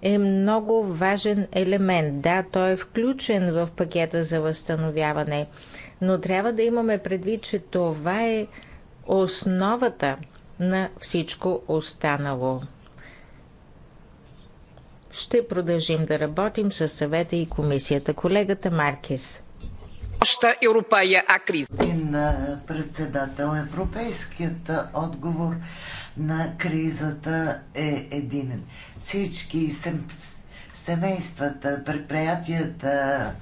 е много важен елемент. Да, той е включен в пакета за възстановяване, но трябва да имаме предвид, че това е основата на всичко останало. Ще продължим да работим с съвета и комисията. Колегата Маркис. Обща Европея Председател, европейският отговор на кризата е един. Всички семействата, предприятията,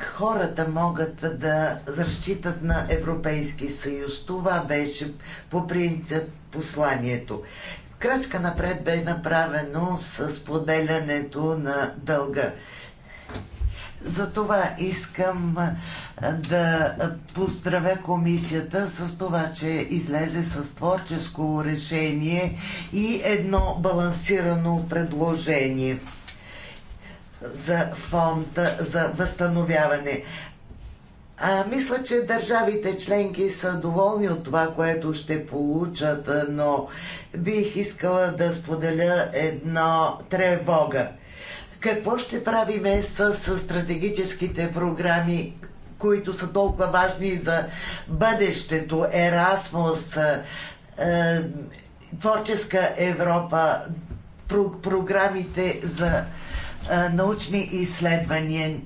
хората могат да разчитат на Европейски съюз. Това беше по принцип посланието. Крачка напред бе направено с поделянето на дълга. Затова искам да поздравя комисията с това, че излезе с творческо решение и едно балансирано предложение за фонд за възстановяване. А, мисля, че държавите членки са доволни от това, което ще получат, но бих искала да споделя едно тревога. Какво ще правиме с, с стратегическите програми, които са толкова важни за бъдещето, Ерасмус, е, Творческа Европа, про, програмите за научни изследвания.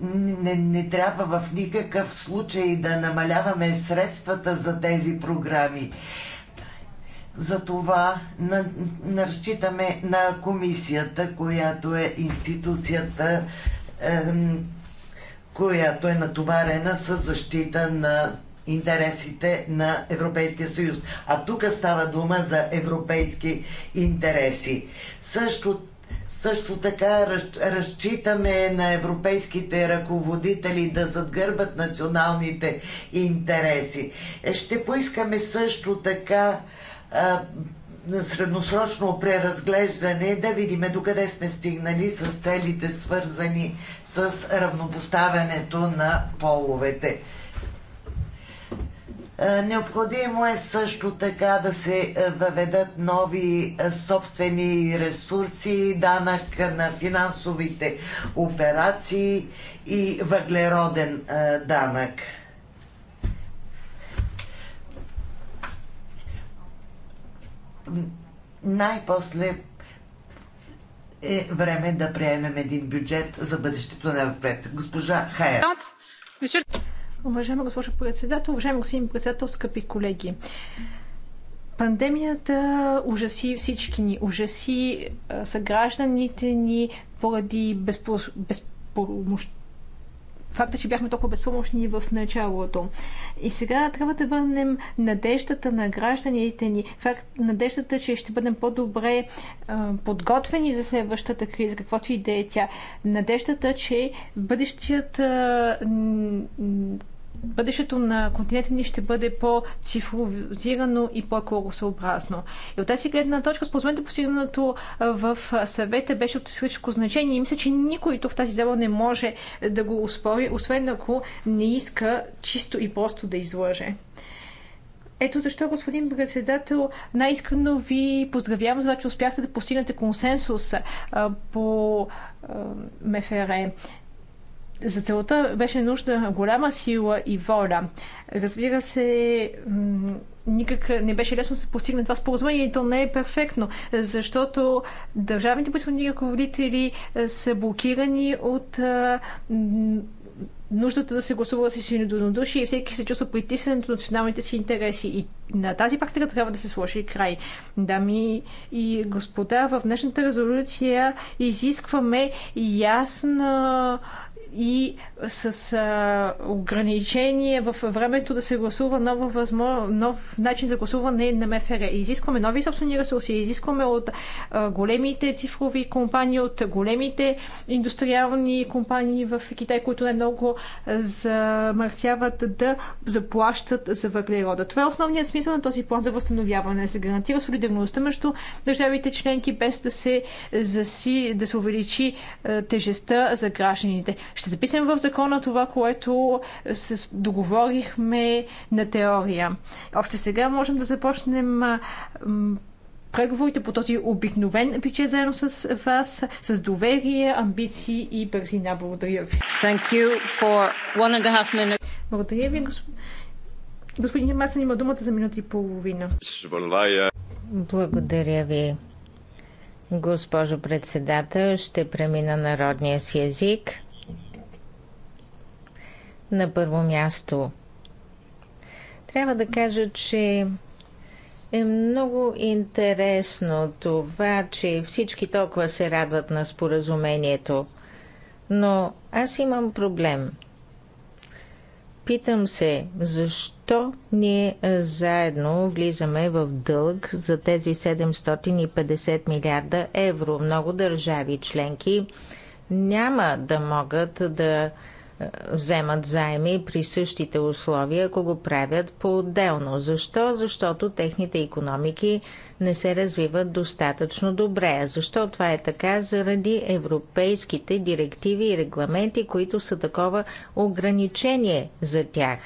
Не, не трябва в никакъв случай да намаляваме средствата за тези програми. Затова на, на разчитаме на комисията, която е институцията, е, която е натоварена с защита на интересите на Европейския съюз. А тук става дума за европейски интереси. Също също така разчитаме на европейските ръководители да задгърбат националните интереси. Е, ще поискаме също така средносрочно преразглеждане, да видим докъде сме стигнали с целите свързани с равнопоставянето на половете. Е, необходимо е също така да се е, въведат нови е, собствени ресурси, данък на финансовите операции и въглероден данък. Най-после е време да приемем един бюджет за бъдещето на напред. Госпожа Хайер. Уважаема госпожо председател, уважаеми господин председател, скъпи колеги. Пандемията ужаси всички ни, ужаси съгражданите ни поради безпо... факта, че бяхме толкова безпомощни в началото. И сега трябва да върнем надеждата на гражданите ни, факт, надеждата, че ще бъдем по-добре подготвени за следващата криза, каквото и да е тя. Надеждата, че бъдещият бъдещето на континента ни ще бъде по-цифровизирано и по-екологосъобразно. И от тази гледна точка, мен, постигнато в съвета беше от всичко значение и мисля, че никой тук в тази зала не може да го успори, освен ако не иска чисто и просто да излъже. Ето защо, господин председател, най-искрено ви поздравявам за това, че успяхте да постигнете консенсус по МФР за целта беше нужда голяма сила и воля. Разбира се, никак не беше лесно да се постигне това споразумение и то не е перфектно, защото държавните присъдни ръководители е, са блокирани от е, нуждата да се гласува с единодушие и всеки се чувства притиснен от националните си интереси. И на тази практика трябва да се сложи край. Дами и господа, в днешната резолюция изискваме ясна и с а, ограничение в времето да се гласува нова възмо... нов начин за гласуване на МФР. Изискваме нови собствени ресурси, изискваме от а, големите цифрови компании, от големите индустриални компании в Китай, които не много замърсяват да заплащат за въглерода. Това е основният смисъл на този план за възстановяване. се гарантира солидарността между държавите членки, без да се, заси... да се увеличи тежестта за гражданите. Ще ще записам в закона това, което се договорихме на теория. Още сега можем да започнем преговорите по този обикновен бюджет заедно с вас, с доверие, амбиции и бързина. Благодаря ви. Thank you for one and a half Благодаря ви, госп... господин Масен има думата за минута и половина. Благодаря ви. Госпожо председател, ще премина народния си език. На първо място, трябва да кажа, че е много интересно това, че всички толкова се радват на споразумението. Но аз имам проблем. Питам се, защо ние заедно влизаме в дълг за тези 750 милиарда евро? Много държави членки няма да могат да вземат заеми при същите условия, ако го правят по-отделно. Защо? Защото техните економики не се развиват достатъчно добре. Защо това е така? Заради европейските директиви и регламенти, които са такова ограничение за тях.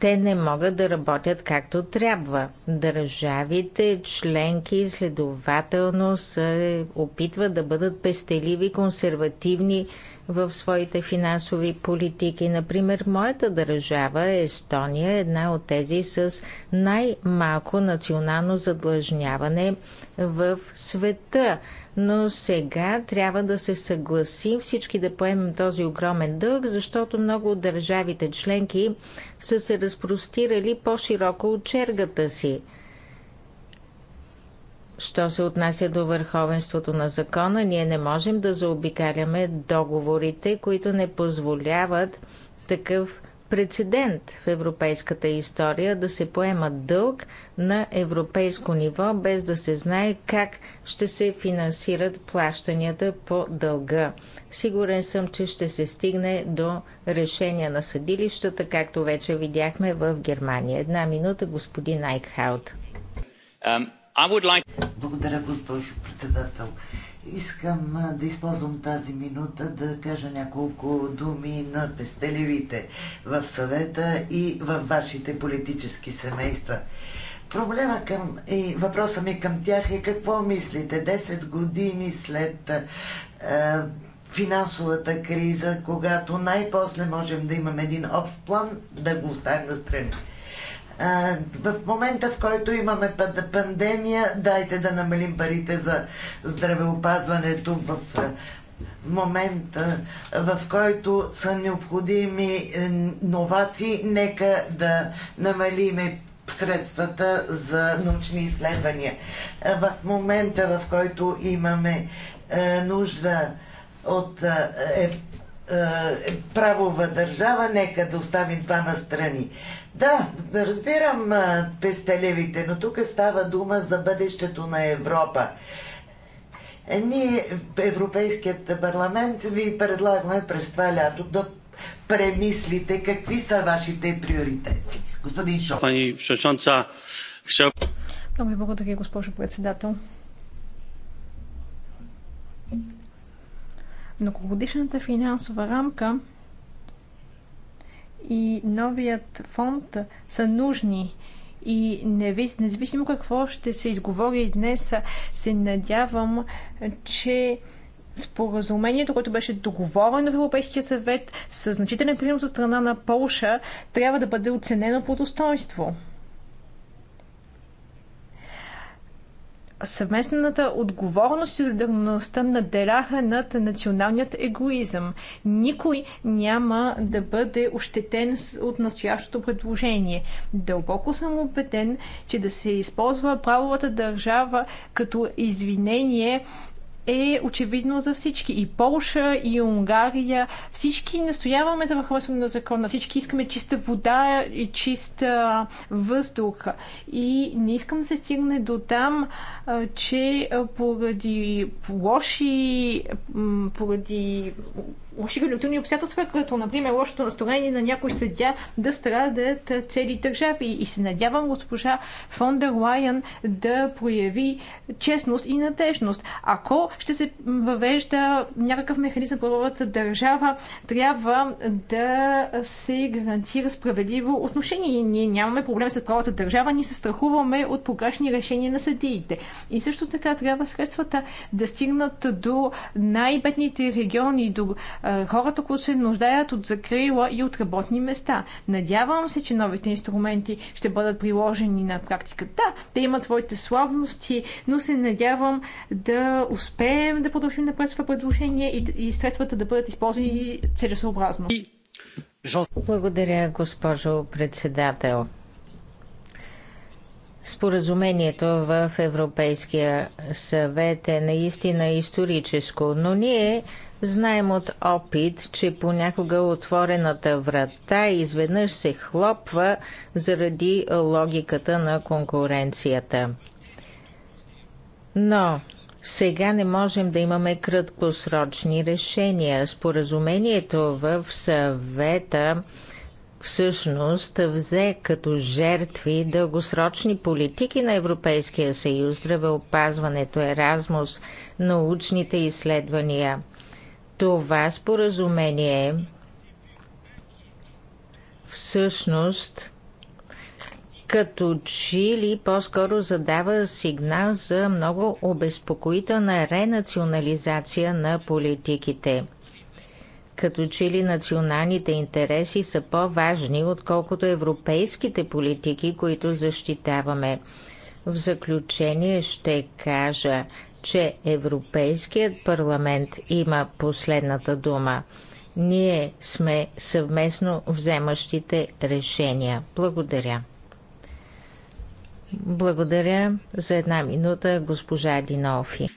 Те не могат да работят както трябва. Държавите, членки, следователно се опитват да бъдат пестеливи, консервативни, в своите финансови политики. Например, моята държава, Естония, е една от тези с най-малко национално задлъжняване в света. Но сега трябва да се съгласим всички да поемем този огромен дълг, защото много от държавите членки са се разпростирали по-широко от чергата си. Що се отнася до върховенството на закона, ние не можем да заобикаляме договорите, които не позволяват такъв прецедент в европейската история да се поема дълг на европейско ниво, без да се знае как ще се финансират плащанията по дълга. Сигурен съм, че ще се стигне до решения на съдилищата, както вече видяхме в Германия. Една минута, господин Айкхаут. Благодаря, госпожо председател. Искам да използвам тази минута да кажа няколко думи на пестеливите в съвета и в вашите политически семейства. Проблема към и въпроса ми към тях е какво мислите 10 години след е, финансовата криза, когато най-после можем да имаме един общ план, да го оставим на страни в момента, в който имаме пандемия, дайте да намалим парите за здравеопазването в момента, в който са необходими е, новации, нека да намалиме средствата за научни изследвания. В момента, в който имаме е, нужда от е, правова държава, нека да оставим това на страни. Да, да разбирам пестелевите, но тук става дума за бъдещето на Европа. Ние, Европейският парламент, ви предлагаме през това лято да премислите какви са вашите приоритети. Господин Шо. Пани Шашонца, Много ви благодаря, госпожо председател. Многогодишната финансова рамка и новият фонд са нужни. И независимо какво ще се изговори днес, се надявам, че споразумението, което беше договорено в Европейския съвет с значителен принос от страна на Полша, трябва да бъде оценено по достоинство. съвместната отговорност и солидарността наделяха над националният егоизъм. Никой няма да бъде ощетен от настоящото предложение. Дълбоко съм убеден, че да се използва правовата държава като извинение е очевидно за всички. И Полша, и Унгария, всички настояваме за върховенство на закона, всички искаме чиста вода и чиста въздух. И не искам да се стигне до там, че поради лоши, поради лоши релятивни обстоятелства, като, например, лошото настроение на някой съдя да страдат цели държави. И се надявам госпожа фон дер Лайен да прояви честност и надежност. Ако ще се въвежда някакъв механизъм правовата държава, трябва да се гарантира справедливо отношение. Ние нямаме проблем с правата държава, ние се страхуваме от погрешни решения на съдиите. И също така трябва средствата да стигнат до най-бедните региони, до хората, които се нуждаят от закрила и от работни места. Надявам се, че новите инструменти ще бъдат приложени на практиката. Да, да имат своите слабности, но се надявам да успеем да продължим на това предложение и, и средствата да бъдат използвани целесообразно. Благодаря, госпожо председател. Споразумението в Европейския съвет е наистина историческо, но ние Знаем от опит, че понякога отворената врата изведнъж се хлопва заради логиката на конкуренцията. Но сега не можем да имаме краткосрочни решения. Споразумението в съвета всъщност взе като жертви дългосрочни политики на Европейския съюз, здравеопазването, Еразмус, научните изследвания – това споразумение всъщност като Чили по-скоро задава сигнал за много обезпокоителна ренационализация на политиките. Като Чили националните интереси са по-важни, отколкото европейските политики, които защитаваме. В заключение ще кажа, че Европейският парламент има последната дума. Ние сме съвместно вземащите решения. Благодаря. Благодаря за една минута, госпожа Динофи.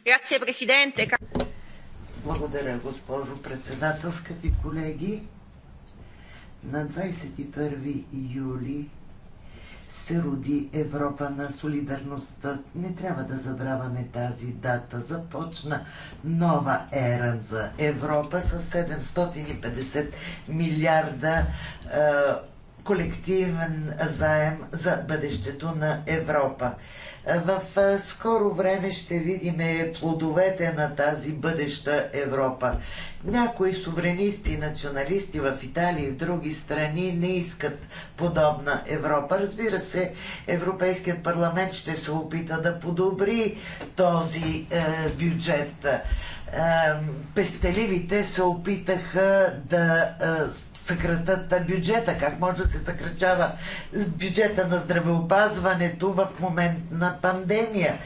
Благодаря, госпожо председател, скъпи колеги. На 21 юли се роди Европа на солидарността. Не трябва да забравяме тази дата. Започна нова ера за Европа с 750 милиарда е, колективен заем за бъдещето на Европа. В скоро време ще видим плодовете на тази бъдеща Европа. Някои суверенисти и националисти в Италия и в други страни не искат подобна Европа. Разбира се, Европейският парламент ще се опита да подобри този е, бюджет пестеливите се опитаха да съкратат бюджета. Как може да се съкрачава бюджета на здравеопазването в момент на пандемия?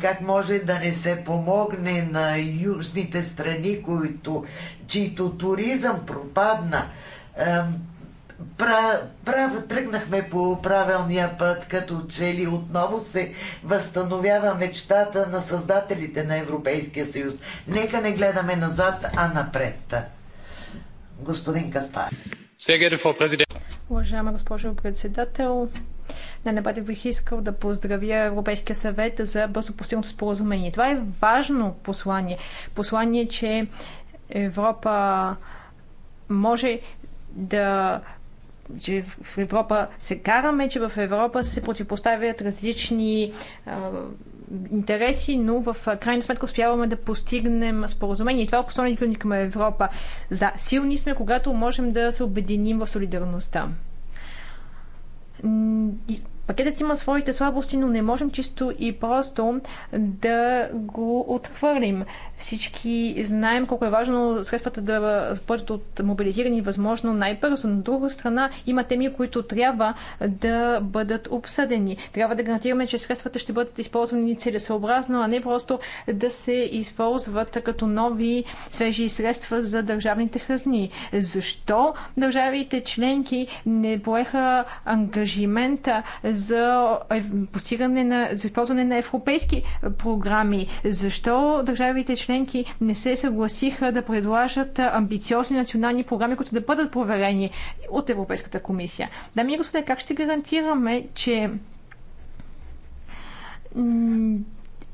Как може да не се помогне на южните страни, които, чието туризъм пропадна? Право тръгнахме по правилния път, като че ли отново се възстановява мечтата на създателите на Европейския съюз. Нека не гледаме назад, а напред. Господин Каспар. Уважаема госпожо председател, на дебата бих искал да поздравя Европейския съвет за бързо постигнато споразумение. Това е важно послание. Послание, че Европа може да че в Европа се караме, че в Европа се противопоставят различни а, интереси, но в крайна сметка успяваме да постигнем споразумение. И това е посланието ни към Европа. За силни сме, когато можем да се обединим в солидарността Пакетът има своите слабости, но не можем чисто и просто да го отхвърлим. Всички знаем колко е важно средствата да бъдат от мобилизирани възможно най-бързо. На друга страна има теми, които трябва да бъдат обсъдени. Трябва да гарантираме, че средствата ще бъдат използвани целесообразно, а не просто да се използват като нови свежи средства за държавните хазни. Защо държавите членки не поеха ангажимента за е, постигане на, за използване на европейски е, програми. Защо държавите членки не се съгласиха да предложат е, амбициозни национални програми, които да бъдат проверени от Европейската комисия? Дами и господа, как ще гарантираме, че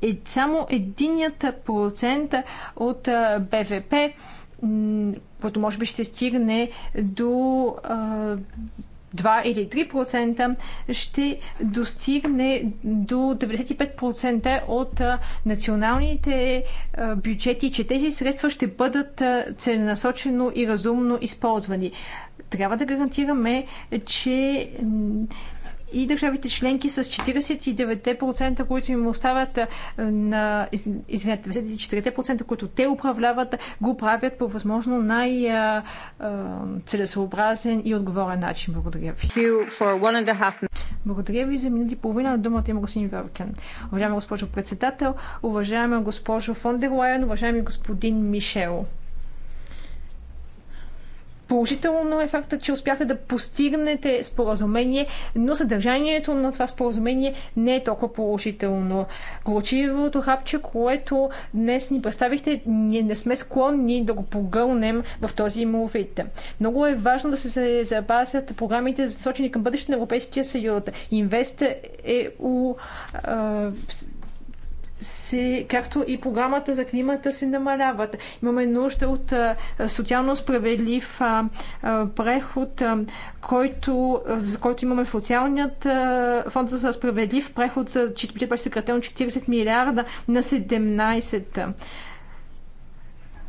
е само единият процент от БВП, който може би ще стигне до 2 или 3%, ще достигне до 95% от националните бюджети, че тези средства ще бъдат целенасочено и разумно използвани. Трябва да гарантираме, че и държавите членки с 49%, които им остават на, извинете, 94%, които те управляват, го правят по възможно най-целесообразен и отговорен начин. Благодаря ви. Благодаря ви за минути и половина. Думата има господин Веркен. Уважаема госпожо председател, уважаема госпожо Фондерлайен, уважаеми господин Мишел. Положително е факта, че успяхте да постигнете споразумение, но съдържанието на това споразумение не е толкова положително. Горчивото хапче, което днес ни представихте, ние не сме склонни да го погълнем в този му вид. Много е важно да се запазят програмите, засочени към бъдещето на Европейския съюз. Инвест е у, а, се, както и програмата за климата се намаляват. Имаме нужда от социално справедлив преход, който, за който имаме в социалният фонд за справедлив преход, за чието бюджет беше съкратен 40 милиарда на 17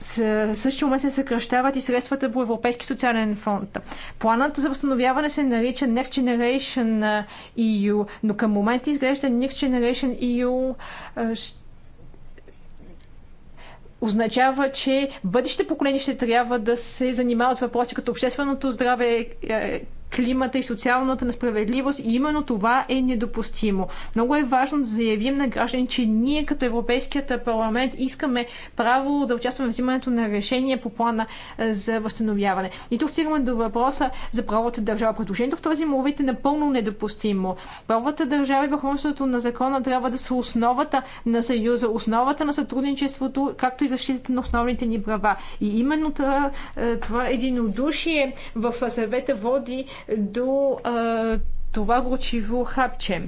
същия момент се съкръщават и средствата по Европейски социален фонд. Планът за възстановяване се нарича Next Generation EU, но към момента изглежда Next Generation EU означава, че бъдещите поколения ще трябва да се занимават с въпроси като общественото здраве, е, е, климата и социалната несправедливост и именно това е недопустимо. Много е важно да заявим на граждани, че ние като Европейският парламент искаме право да участваме в взимането на решение по плана за възстановяване. И тук стигаме до въпроса за правовата държава. Предложението в този му вид е напълно недопустимо. Правовата държава и върховенството на закона трябва да са основата на съюза, основата на сътрудничеството, както и защитата на основните ни права. И именно това, това единодушие в съвета води до а, това горчиво хапче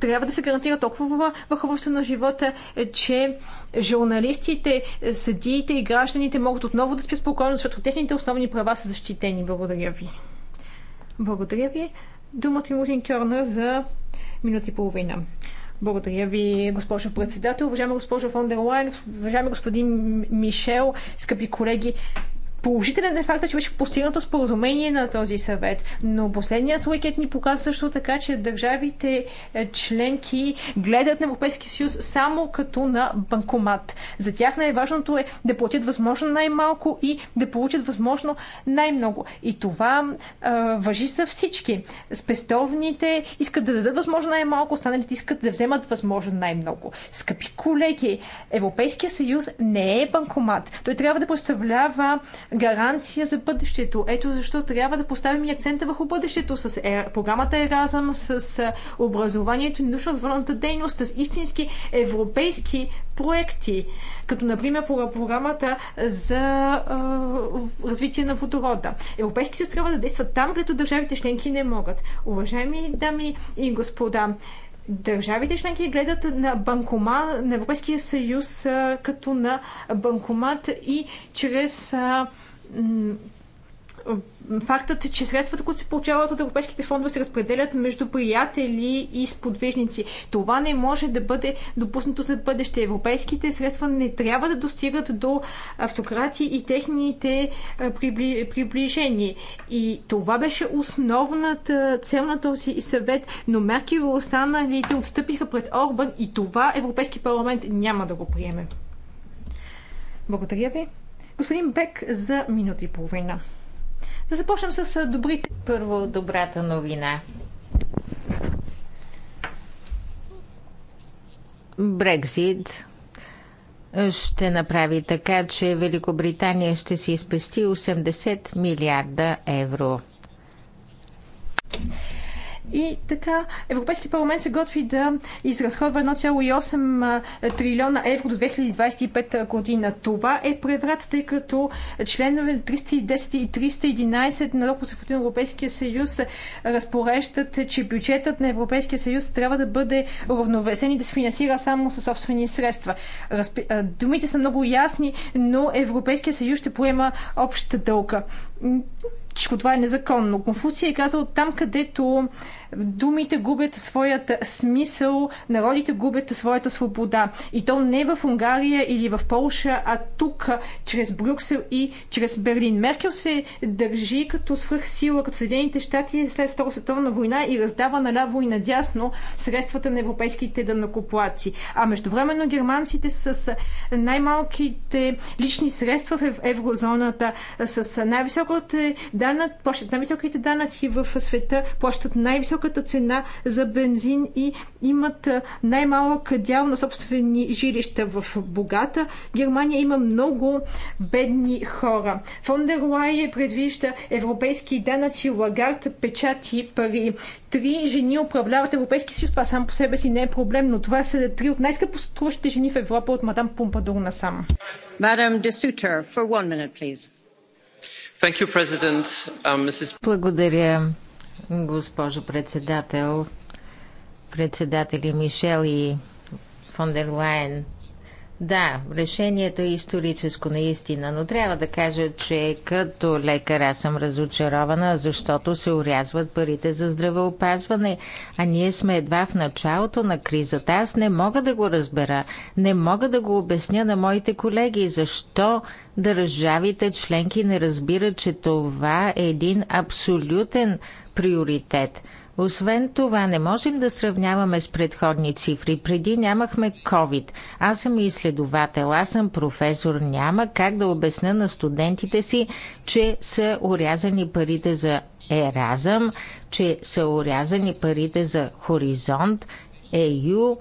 трябва да се гарантира толкова върховността на живота, че журналистите, съдиите и гражданите могат отново да спят спокойно, защото техните основни права са защитени. Благодаря ви. Благодаря ви. Думата Мутин Кьорна за минути и половина. Благодаря ви, госпожо председател, уважаема госпожо Фондерлайн, уважаема уважаеми господин Мишел, скъпи колеги. Положителен е факта, че беше постигнато споразумение на този съвет, но последният уикет ни показва също така, че държавите е, членки гледат на Европейския съюз само като на банкомат. За тях най-важното е да платят възможно най-малко и да получат възможно най-много. И това а, въжи за всички. Спестовните искат да дадат възможно най-малко, останалите искат да вземат възможно най-много. Скъпи колеги, Европейския съюз не е банкомат. Той трябва да представлява гаранция за бъдещето. Ето защо трябва да поставим и акцента върху бъдещето с е, програмата Еразъм, с, с образованието и научно-развойната дейност, с истински европейски проекти, като например програмата за е, развитие на водорода. Европейски съюз трябва да действа там, където държавите членки не могат. Уважаеми дами и господа, Държавите членки гледат на банкомат на Европейския съюз като на банкомат и чрез фактът, е, че средствата, които се получават от европейските фондове, се разпределят между приятели и сподвижници. Това не може да бъде допуснато за бъдеще. Европейските средства не трябва да достигат до автократи и техните прибли... приближени. И това беше основната цел на този съвет, но мерки останалите отстъпиха пред Орбан и това Европейски парламент няма да го приеме. Благодаря ви. Господин Бек за минути и половина. Да започнем с добрите. Първо добрата новина. Брекзит ще направи така, че Великобритания ще си изпести 80 милиарда евро. И така, Европейския парламент се готви да изразходва 1,8 трилиона евро до 2025 година. Това е преврат, тъй като членове 310 и 311 на Рокосъфът на Европейския съюз разпореждат, че бюджетът на Европейския съюз трябва да бъде уравновесен и да се финансира само със собствени средства. Разпи... Думите са много ясни, но Европейския съюз ще поема обща дълга всичко това е незаконно. Конфуция е казал там, където думите губят своят смисъл, народите губят своята свобода. И то не в Унгария или в Полша, а тук, чрез Брюксел и чрез Берлин. Меркел се държи като свръхсила, като Съединените щати след Втората световна война и раздава наляво и надясно средствата на европейските данакоплаци. А междувременно германците с най-малките лични средства в еврозоната, с най-високите данъци, плащат най-високите данъци в света, плащат най високите най-високата цена за бензин и имат най-малък дял на собствени жилища в богата. Германия има много бедни хора. Фондер Лайе предвижда европейски данъци, лагард, печати, пари. Три жени управляват Европейски съюз. Това само по себе си не е проблем, но това са три от най-скъпоструващите жени в Европа от мадам Помпадур насам. Мадам Де Сутер, for one minute, please. Thank you, President. Um, Mrs. Благодаря, госпожо председател, председатели Мишел и дер Лайен. Да, решението е историческо наистина, но трябва да кажа, че като лекар аз съм разочарована, защото се урязват парите за здравеопазване, а ние сме едва в началото на кризата. Аз не мога да го разбера, не мога да го обясня на моите колеги, защо държавите членки не разбират, че това е един абсолютен приоритет. Освен това, не можем да сравняваме с предходни цифри. Преди нямахме COVID. Аз съм изследовател, аз съм професор. Няма как да обясня на студентите си, че са урязани парите за Еразъм, че са урязани парите за Хоризонт, ЕЮ.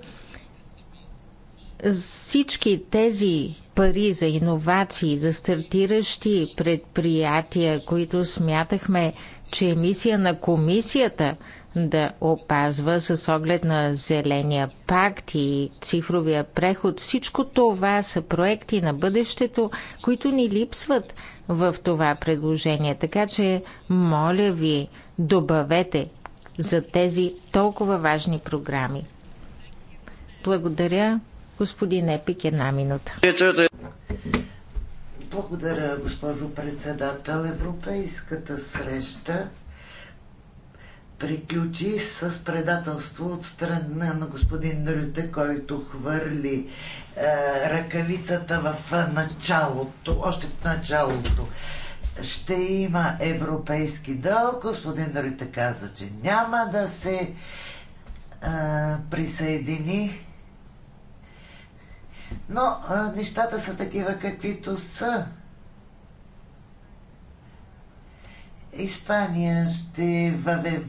Всички тези пари за иновации, за стартиращи предприятия, които смятахме, че е мисия на комисията да опазва с оглед на Зеления пакт и цифровия преход. Всичко това са проекти на бъдещето, които ни липсват в това предложение. Така че, моля ви, добавете за тези толкова важни програми. Благодаря, господин Епик, една минута. Благодаря, госпожо председател. Европейската среща приключи с предателство от страна на господин Рюте, който хвърли е, ръкавицата в началото, още в началото. Ще има европейски дълг. Господин Рюте каза, че няма да се е, присъедини но а, нещата са такива, каквито са. Испания ще въведе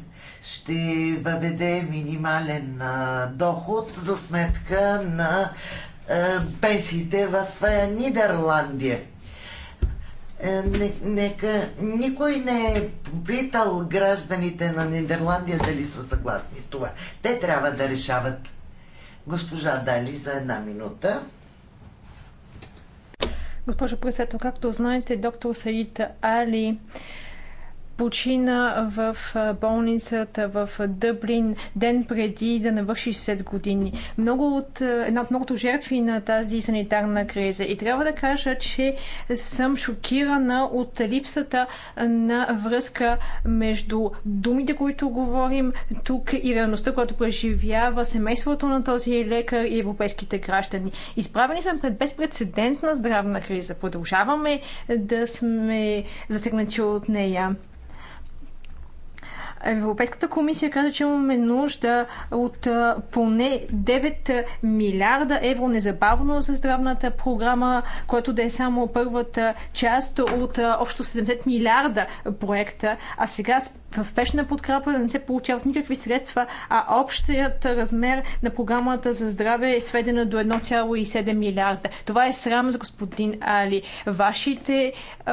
ще въведе минимален а, доход за сметка на а, пенсиите в а, Нидерландия. не, нека никой не е попитал гражданите на Нидерландия дали са съгласни с това. Те трябва да решават. Госпожа Дали за една минута. Госпожо председател, както знаете, доктор Саид Али почина в болницата в Дъблин ден преди да навърши 60 години. Много от, една от многото жертви на тази санитарна криза. И трябва да кажа, че съм шокирана от липсата на връзка между думите, които говорим тук и реалността, която преживява семейството на този лекар и европейските граждани. Изправени сме пред безпредседентна здравна криза. Продължаваме да сме засегнати от нея. Европейската комисия каза, че имаме нужда от поне 9 милиарда евро незабавно за здравната програма, което да е само първата част от общо 70 милиарда проекта, а сега в спешна подкрепа да не се получават никакви средства, а общият размер на програмата за здраве е сведена до 1,7 милиарда. Това е срам за господин Али. Вашите, а,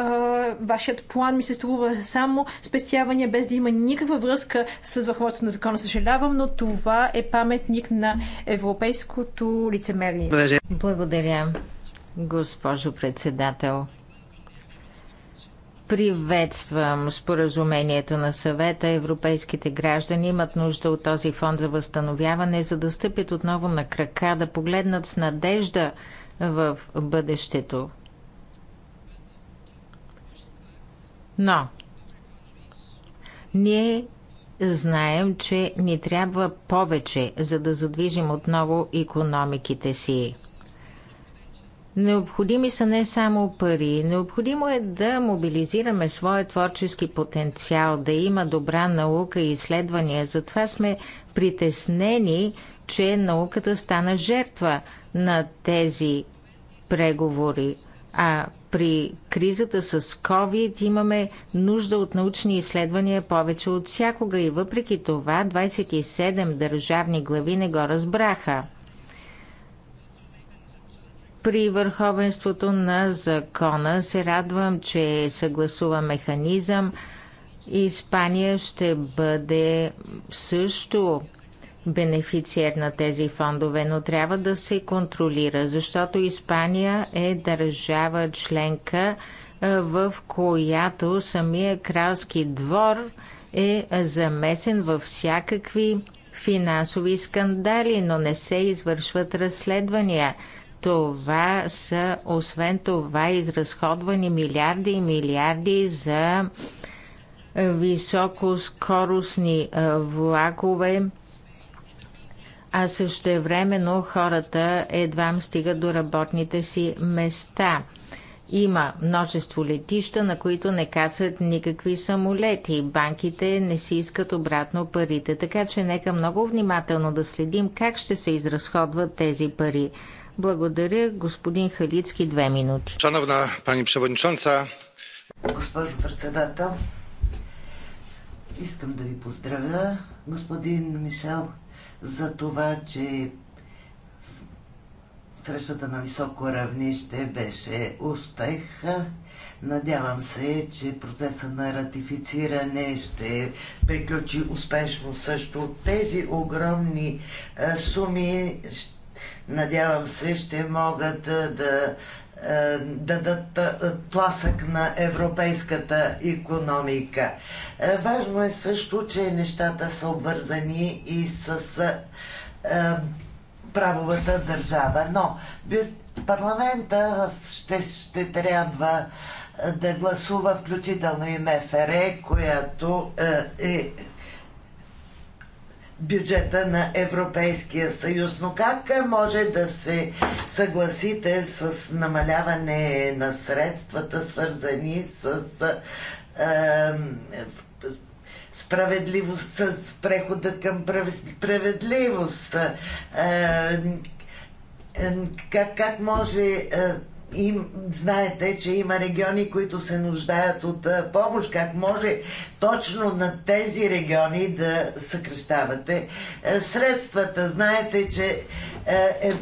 вашият план ми се струва само спестявания, без да има никаква връзка с върховата на закона. Съжалявам, но това е паметник на европейското лицемерие. Благодаря, госпожо председател. Приветствам споразумението на съвета. Европейските граждани имат нужда от този фонд за възстановяване, за да стъпят отново на крака, да погледнат с надежда в бъдещето. Но ние знаем, че ни трябва повече, за да задвижим отново економиките си. Необходими са не само пари, необходимо е да мобилизираме своя творчески потенциал, да има добра наука и изследвания. Затова сме притеснени, че науката стана жертва на тези преговори. А при кризата с COVID имаме нужда от научни изследвания повече от всякога и въпреки това 27 държавни глави не го разбраха при върховенството на закона. Се радвам, че съгласува механизъм. Испания ще бъде също бенефициер на тези фондове, но трябва да се контролира, защото Испания е държава членка, в която самия кралски двор е замесен във всякакви финансови скандали, но не се извършват разследвания това са, освен това, изразходвани милиарди и милиарди за високоскоростни влакове, а също времено хората едва стигат до работните си места. Има множество летища, на които не касат никакви самолети. Банките не си искат обратно парите, така че нека много внимателно да следим как ще се изразходват тези пари. Благодаря, господин Халицки, две минути. Шановна пани Преводничонца. Госпожо председател, искам да ви поздравя, господин Мишел, за това, че срещата на високо равнище беше успех. Надявам се, че процеса на ратифициране ще приключи успешно също. Тези огромни е, суми ще Надявам се, ще могат да, да е, дадат е, тласък на европейската економика. Е, важно е също, че нещата са обвързани и с правовата държава. Но парламента ще, ще трябва да гласува включително и МФР, която е бюджета на Европейския съюз. Но как може да се съгласите с намаляване на средствата, свързани с справедливост, с прехода към справедливост? как, как може е, и знаете, че има региони, които се нуждаят от помощ. Как може точно на тези региони да съкрещавате средствата? Знаете, че е,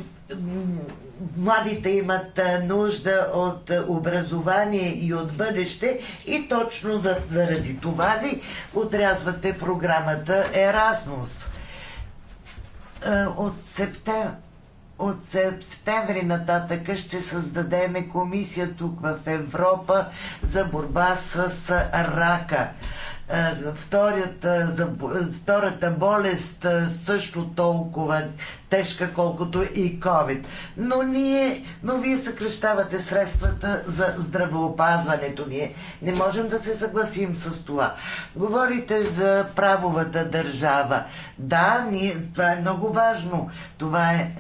младите имат нужда от образование и от бъдеще и точно заради това ли отрязвате програмата Ерасмус? От септември от септември нататък ще създадеме комисия тук в Европа за борба с рака. Е, втората, е, за, втората болест е, също толкова тежка, колкото и COVID. Но, ние, но вие съкрещавате средствата за здравеопазването. Ние не можем да се съгласим с това. Говорите за правовата държава. Да, ние, това е много важно. Това е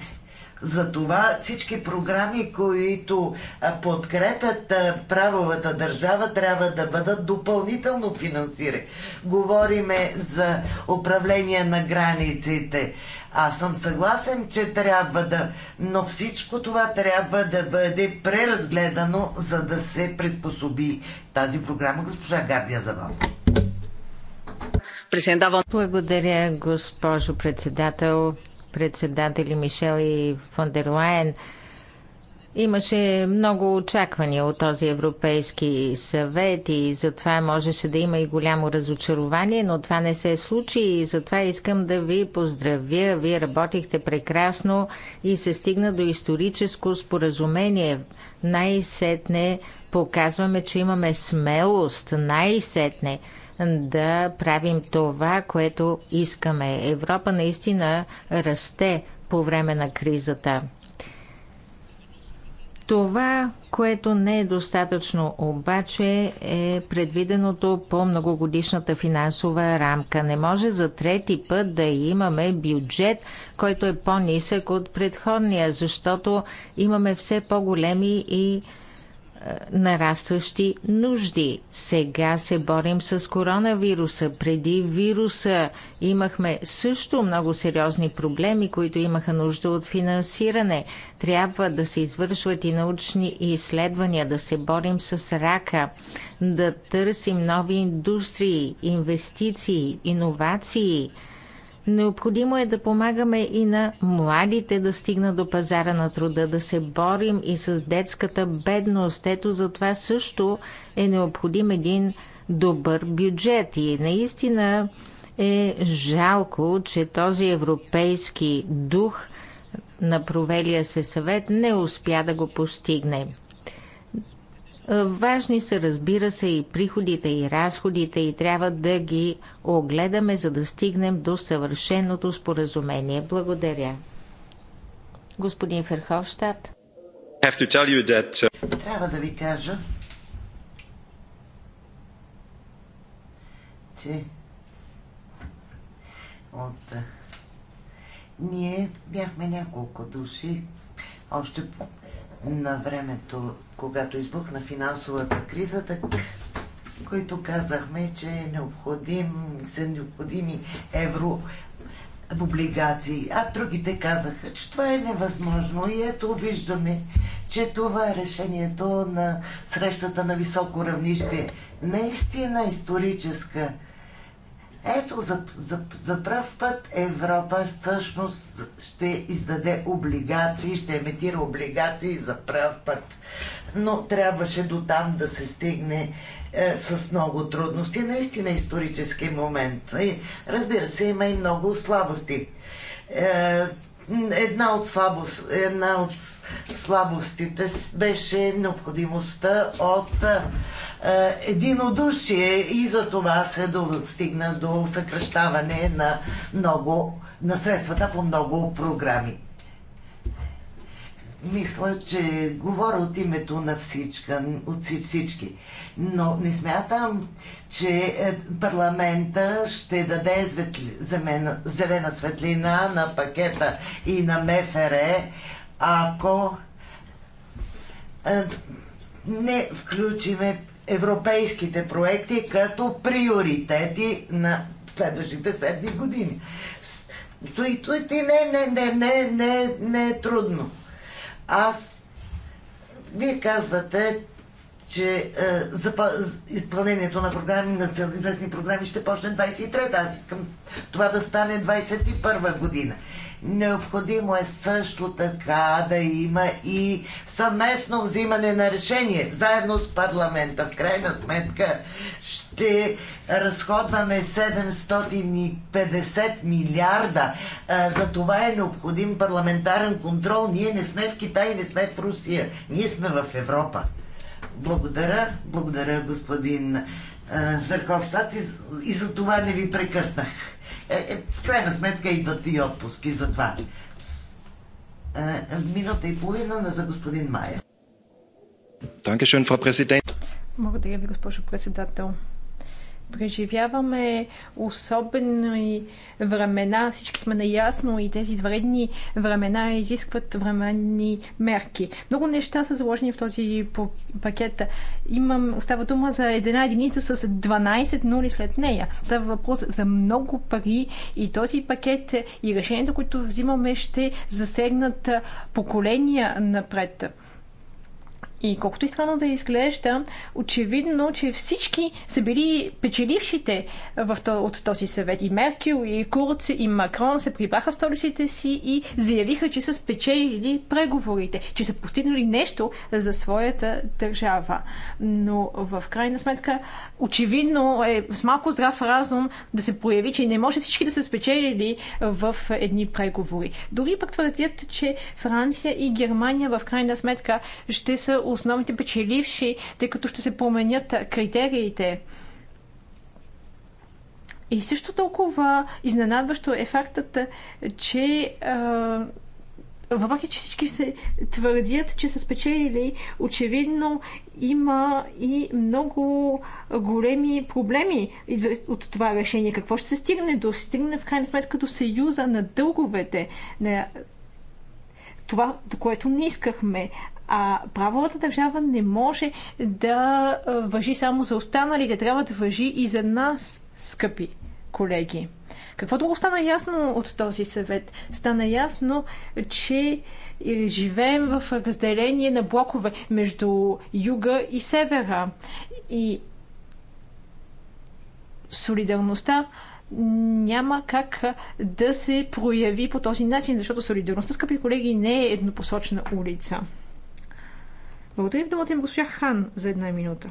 затова всички програми, които подкрепят правовата държава, трябва да бъдат допълнително финансирани. Говориме за управление на границите. Аз съм съгласен, че трябва да... Но всичко това трябва да бъде преразгледано, за да се приспособи тази програма. Госпожа Гардия вас. Благодаря, госпожо председател председатели Мишел и Лайен, Имаше много очаквания от този Европейски съвет и затова можеше да има и голямо разочарование, но това не се случи и затова искам да ви поздравя. Вие работихте прекрасно и се стигна до историческо споразумение. Най-сетне показваме, че имаме смелост. Най-сетне да правим това, което искаме. Европа наистина расте по време на кризата. Това, което не е достатъчно обаче е предвиденото по многогодишната финансова рамка. Не може за трети път да имаме бюджет, който е по-нисък от предходния, защото имаме все по-големи и нарастващи нужди. Сега се борим с коронавируса. Преди вируса имахме също много сериозни проблеми, които имаха нужда от финансиране. Трябва да се извършват и научни изследвания, да се борим с рака, да търсим нови индустрии, инвестиции, иновации – Необходимо е да помагаме и на младите да стигнат до пазара на труда, да се борим и с детската бедност. Ето за това също е необходим един добър бюджет. И наистина е жалко, че този европейски дух на провелия се съвет не успя да го постигне. Е, важни са, разбира се, и приходите и разходите и трябва да ги огледаме, за да стигнем до съвършеното споразумение. Благодаря. Господин Ферховщад. That... Uh, трябва да ви кажа, че от... Е, ние бяхме няколко души, още на времето, когато избухна финансовата криза, так, които казахме, че е необходим, са необходими евро облигации, а другите казаха, че това е невъзможно. И ето виждаме, че това е решението на срещата на високо равнище. Наистина историческа ето за, за, за пръв път Европа всъщност ще издаде облигации, ще емитира облигации за пръв път. Но трябваше до там да се стигне е, с много трудности. Наистина исторически момент. И, разбира се, има и много слабости. Е, една от, слабост, една от слабостите беше необходимостта от е, единодушие и за това се достигна до съкръщаване на, много, на средствата по много програми. Мисля, че говоря от името на всичка, от всички. Но не смятам, че е, парламента ще даде зелена, зелена светлина на пакета и на МФР, ако е, не включиме европейските проекти като приоритети на следващите седми години. Той, той, ти не, не, не, не, не, не е трудно. Аз, вие казвате, че е, за, изпълнението на програми, на известни програми ще почне 23-та. Аз искам това да стане 21-та година. Необходимо е също така да има и съвместно взимане на решение, заедно с парламента. В крайна сметка ще разходваме 750 милиарда. За това е необходим парламентарен контрол. Ние не сме в Китай, не сме в Русия. Ние сме в Европа. Благодаря, благодаря господин Верховщад и, и за това не ви прекъснах. Е, е, в крайна сметка идват и отпуски за това. Е, минута и половина на за господин Майер. Мога да я Благодаря ви, госпожо председател преживяваме особени времена, всички сме наясно и тези вредни времена изискват временни мерки. Много неща са заложени в този пакет. Имам, остава дума за една единица с 12 нули след нея. Става въпрос за много пари и този пакет и решението, които взимаме, ще засегнат поколения напред. И колкото и странно да изглежда, очевидно, че всички са били печелившите в, от този съвет. И Меркел, и Курц, и Макрон се прибраха в столиците си и заявиха, че са спечелили преговорите, че са постигнали нещо за своята държава. Но в крайна сметка, очевидно е с малко здрав разум да се прояви, че не може всички да са спечелили в едни преговори. Дори пък твърдят, че Франция и Германия в крайна сметка ще са основните печеливши, тъй като ще се променят критериите. И също толкова изненадващо е фактът, че въпреки, че всички се твърдят, че са спечелили, очевидно има и много големи проблеми от това решение. Какво ще се стигне до? Стигне в крайна сметка до съюза на дълговете, на това, до което не искахме, а правовата държава не може да въжи само за останалите, трябва да въжи и за нас, скъпи колеги. Какво друго стана ясно от този съвет? Стана ясно, че живеем в разделение на блокове между юга и севера. И солидарността няма как да се прояви по този начин, защото солидарността, скъпи колеги, не е еднопосочна улица. Благодаря ви, думата им госпожа Хан за една минута.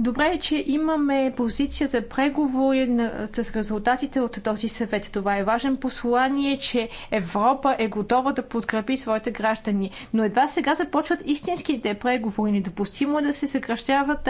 Добре е, че имаме позиция за преговори с резултатите от този съвет. Това е важен послание, че Европа е готова да подкрепи своите граждани. Но едва сега започват истинските преговори. Недопустимо е да се съкращават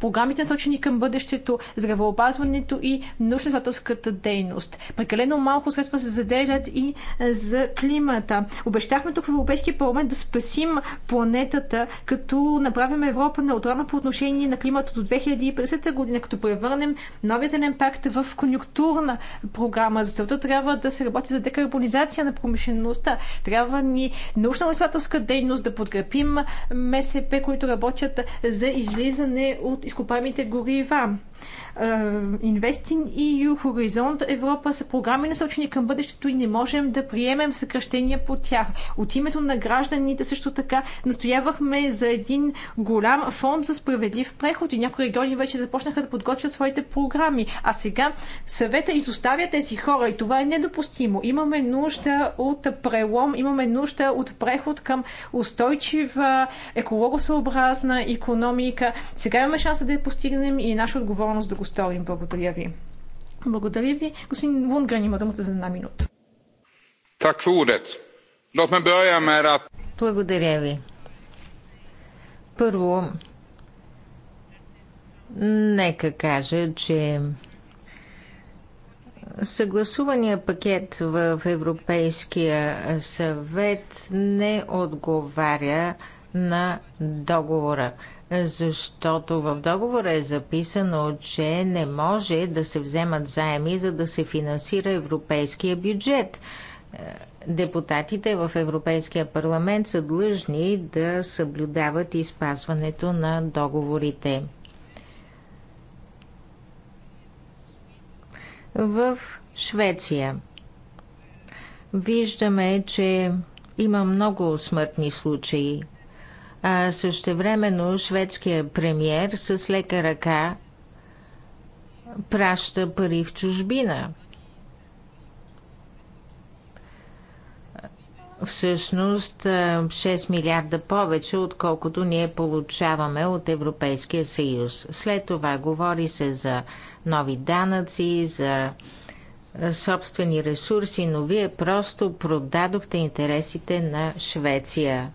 програмите, насочени към бъдещето, здравеопазването и научно-изследователската дейност. Прекалено малко средства се заделят и за климата. Обещахме тук в Европейския парламент да спасим планетата, като направим Европа неутрална по отношение на климата до 2050 година, като превърнем новия зелен пакт в конюнктурна програма. За целта трябва да се работи за декарбонизация на промишлеността. Трябва ни научно-изследователска дейност, да подкрепим МСП, които работят за излизане от изкопаемите горива. Инвестин и Хоризонт Европа са програми насочени към бъдещето и не можем да приемем съкръщения по тях. От името на гражданите също така настоявахме за един голям фонд за справедлив преход и някои региони вече започнаха да подготвят своите програми. А сега съвета изоставя тези хора и това е недопустимо. Имаме нужда от прелом, имаме нужда от преход към устойчива, екологосъобразна економика. Сега имаме шанса да я постигнем и е наша отговорност да го го сторим. Благодаря ви. Благодаря ви. Господин Лунгрен има думата за една минута. Так för Благодаря ви. Първо, нека кажа, че съгласувания пакет в Европейския съвет не отговаря на договора защото в договора е записано, че не може да се вземат заеми, за да се финансира европейския бюджет. Е, депутатите в Европейския парламент са длъжни да съблюдават и спазването на договорите. В Швеция виждаме, че има много смъртни случаи а времено шведският премьер с лека ръка праща пари в чужбина. Всъщност 6 милиарда повече, отколкото ние получаваме от Европейския съюз. След това говори се за нови данъци, за собствени ресурси, но вие просто продадохте интересите на Швеция.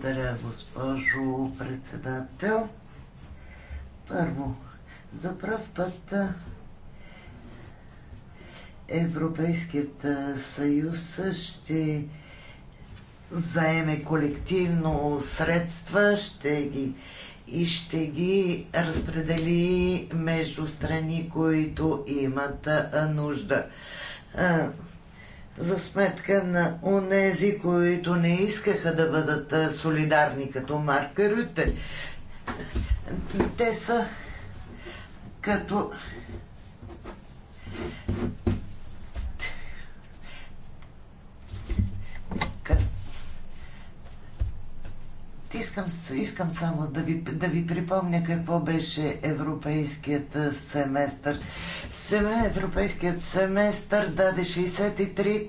Благодаря, госпожо председател. Първо, за пръв път Европейският съюз ще заеме колективно средства, ще ги и ще ги разпредели между страни, които имат нужда за сметка на онези, които не искаха да бъдат е, солидарни като Марка Рюте. Те са като Искам, искам само да ви, да ви припомня какво беше европейският семестър. Семе, европейският семестър даде 63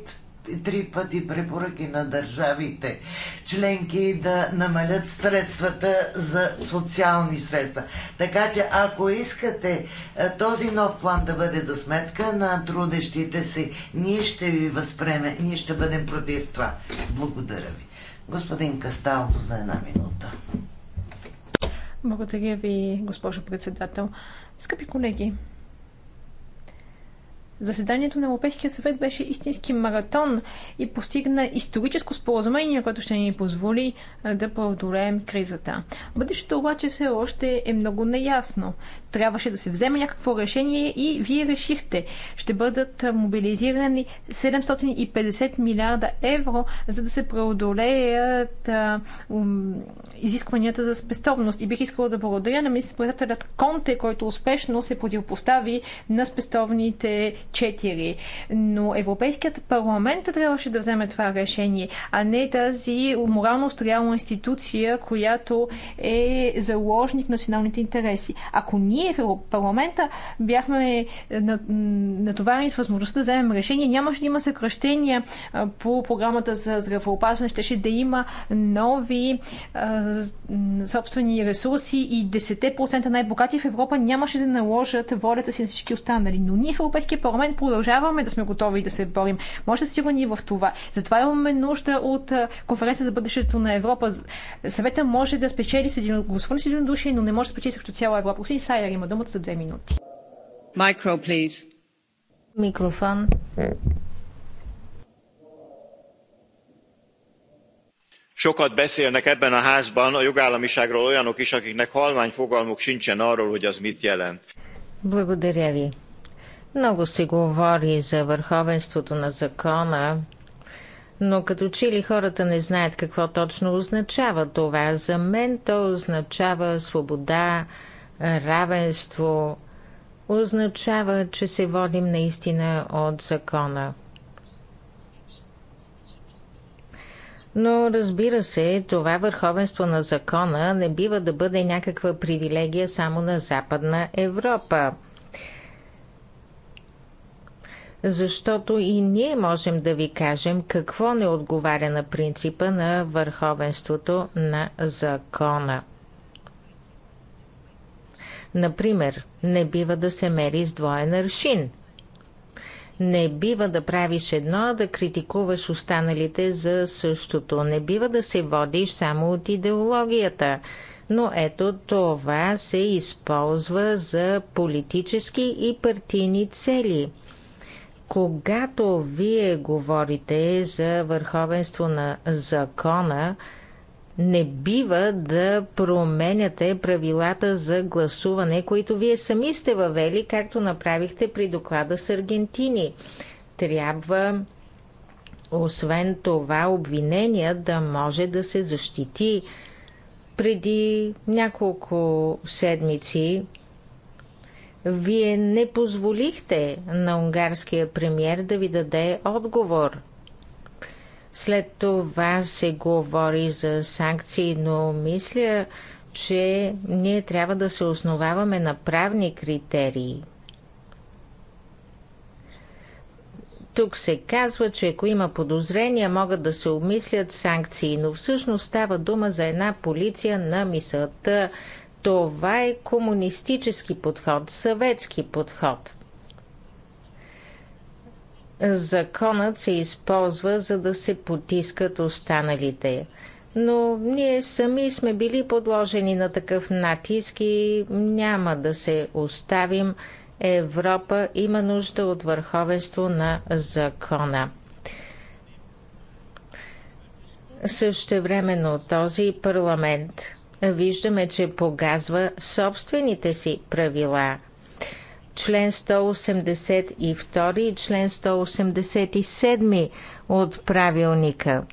три пъти препоръки на държавите членки да намалят средствата за социални средства. Така че ако искате този нов план да бъде за сметка на трудещите си, ние ще ви възпреме, ние ще бъдем против това. Благодаря ви. Господин Касталто, за една минута. Благодаря ви, госпожо председател. Скъпи колеги, Заседанието на Европейския съвет беше истински маратон и постигна историческо споразумение, което ще ни позволи да преодолеем кризата. Бъдещето обаче все още е много неясно. Трябваше да се вземе някакво решение и вие решихте. Ще бъдат мобилизирани 750 милиарда евро, за да се преодолеят а, ум, изискванията за спестовност. И бих искала да благодаря на министр председателят Конте, който успешно се противопостави на спестовните 4. Но Европейският парламент трябваше да вземе това решение, а не тази морално стояла институция, която е заложник на националните интереси. Ако ние в парламента бяхме натоварени с възможността да вземем решение, нямаше да има съкръщения по програмата за здравеопазване, щеше да има нови собствени ресурси и 10% най-богати в Европа нямаше да наложат волята си на всички останали. Но ние в Европейския парламент момент продължаваме да сме готови да се борим. Може да си сигурни в това. Затова имаме нужда от конференция за бъдещето на Европа. Съвета може да спечели с един гласуване с един души, но не може да спечели като цяла Европа. Господин Сайер има думата за две минути. Micro, please. Микрофон. sokat beszélnek ebben a házban a jogállamiságról olyanok is akiknek halvány fogalmuk sincsen arról hogy az mit jelent. Благодаря ви. Много се говори за върховенството на закона, но като че ли хората не знаят какво точно означава това. За мен то означава свобода, равенство, означава, че се водим наистина от закона. Но разбира се, това върховенство на закона не бива да бъде някаква привилегия само на Западна Европа защото и ние можем да ви кажем какво не отговаря на принципа на върховенството на закона. Например, не бива да се мери с двоен аршин. Не бива да правиш едно, а да критикуваш останалите за същото. Не бива да се водиш само от идеологията. Но ето това се използва за политически и партийни цели – когато вие говорите за върховенство на закона, не бива да променяте правилата за гласуване, които вие сами сте въвели, както направихте при доклада с Аргентини. Трябва, освен това, обвинение да може да се защити. Преди няколко седмици вие не позволихте на унгарския премьер да ви даде отговор. След това се говори за санкции, но мисля, че ние трябва да се основаваме на правни критерии. Тук се казва, че ако има подозрения, могат да се обмислят санкции, но всъщност става дума за една полиция на мисълта, това е комунистически подход, съветски подход. Законът се използва, за да се потискат останалите. Но ние сами сме били подложени на такъв натиск и няма да се оставим. Европа има нужда от върховенство на закона. Същевременно този парламент виждаме, че погазва собствените си правила. Член 182 и член 187 от правилника.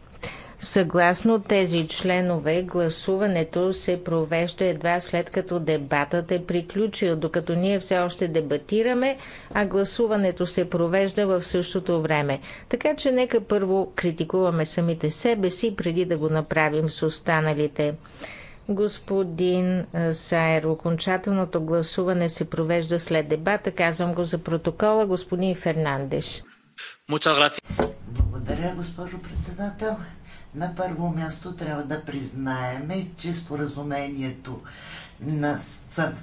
Съгласно тези членове, гласуването се провежда едва след като дебатът е приключил, докато ние все още дебатираме, а гласуването се провежда в същото време. Така че нека първо критикуваме самите себе си, преди да го направим с останалите. Господин е, Сайер, окончателното гласуване се провежда след дебата. Казвам го за протокола. Господин Фернандеш. Благодаря, госпожо председател. На първо място трябва да признаеме, че споразумението на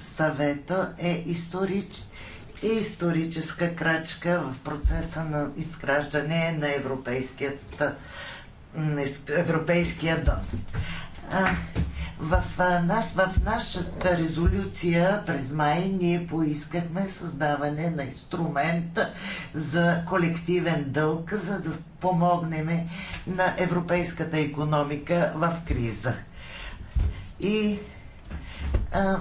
съвета е историч, е историческа крачка в процеса на изграждане на европейският, европейския дом. В, нас, в нашата резолюция през май ние поискахме създаване на инструмент за колективен дълг, за да помогнем на европейската економика в криза. И а,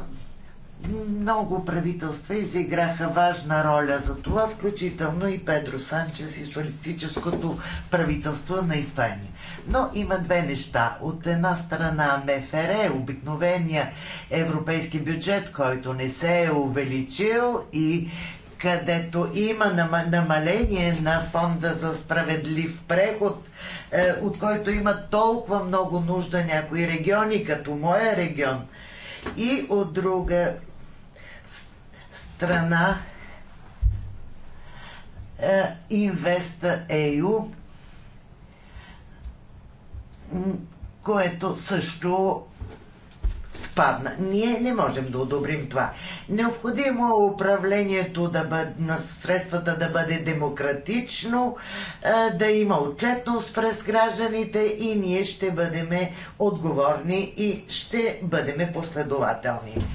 много правителства изиграха важна роля за това, включително и Педро Санчес и социалистическото правителство на Испания. Но има две неща. От една страна МФР, е обикновения европейски бюджет, който не се е увеличил и където има намаление на фонда за справедлив преход, е, от който има толкова много нужда някои региони, като моя регион. И от друга страна е, Инвеста EU, което също спадна. Ние не можем да одобрим това. Необходимо е управлението да бъде, на средствата да бъде демократично, е, да има отчетност през гражданите и ние ще бъдем отговорни и ще бъдем последователни.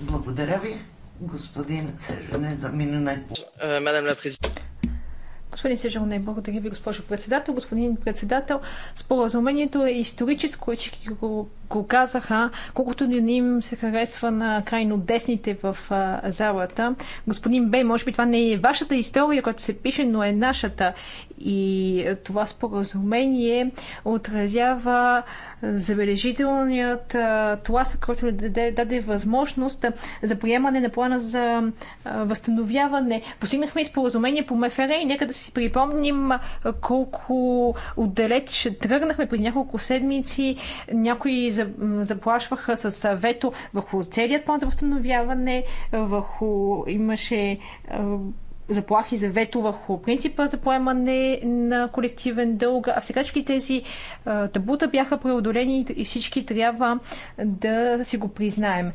Благодаря ви, господин Сержане, за минуна. Е, мадам ла президент. Господин Сежурне, благодаря ви, госпожо председател. Господин председател, споразумението е историческо всички го го казаха, колкото не им се харесва на крайно десните в залата. Господин Бей, може би това не е вашата история, която се пише, но е нашата. И това споразумение отразява забележителният тласък, който даде, даде възможност за приемане на плана за възстановяване. Постигнахме и споразумение по МФР и нека да си припомним колко отдалеч тръгнахме при няколко седмици. Някои за заплашваха с вето върху целият план за възстановяване, върху имаше заплахи за вето върху принципа за поемане на колективен дълг, а сега всички тези а, табута бяха преодолени и всички трябва да си го признаем.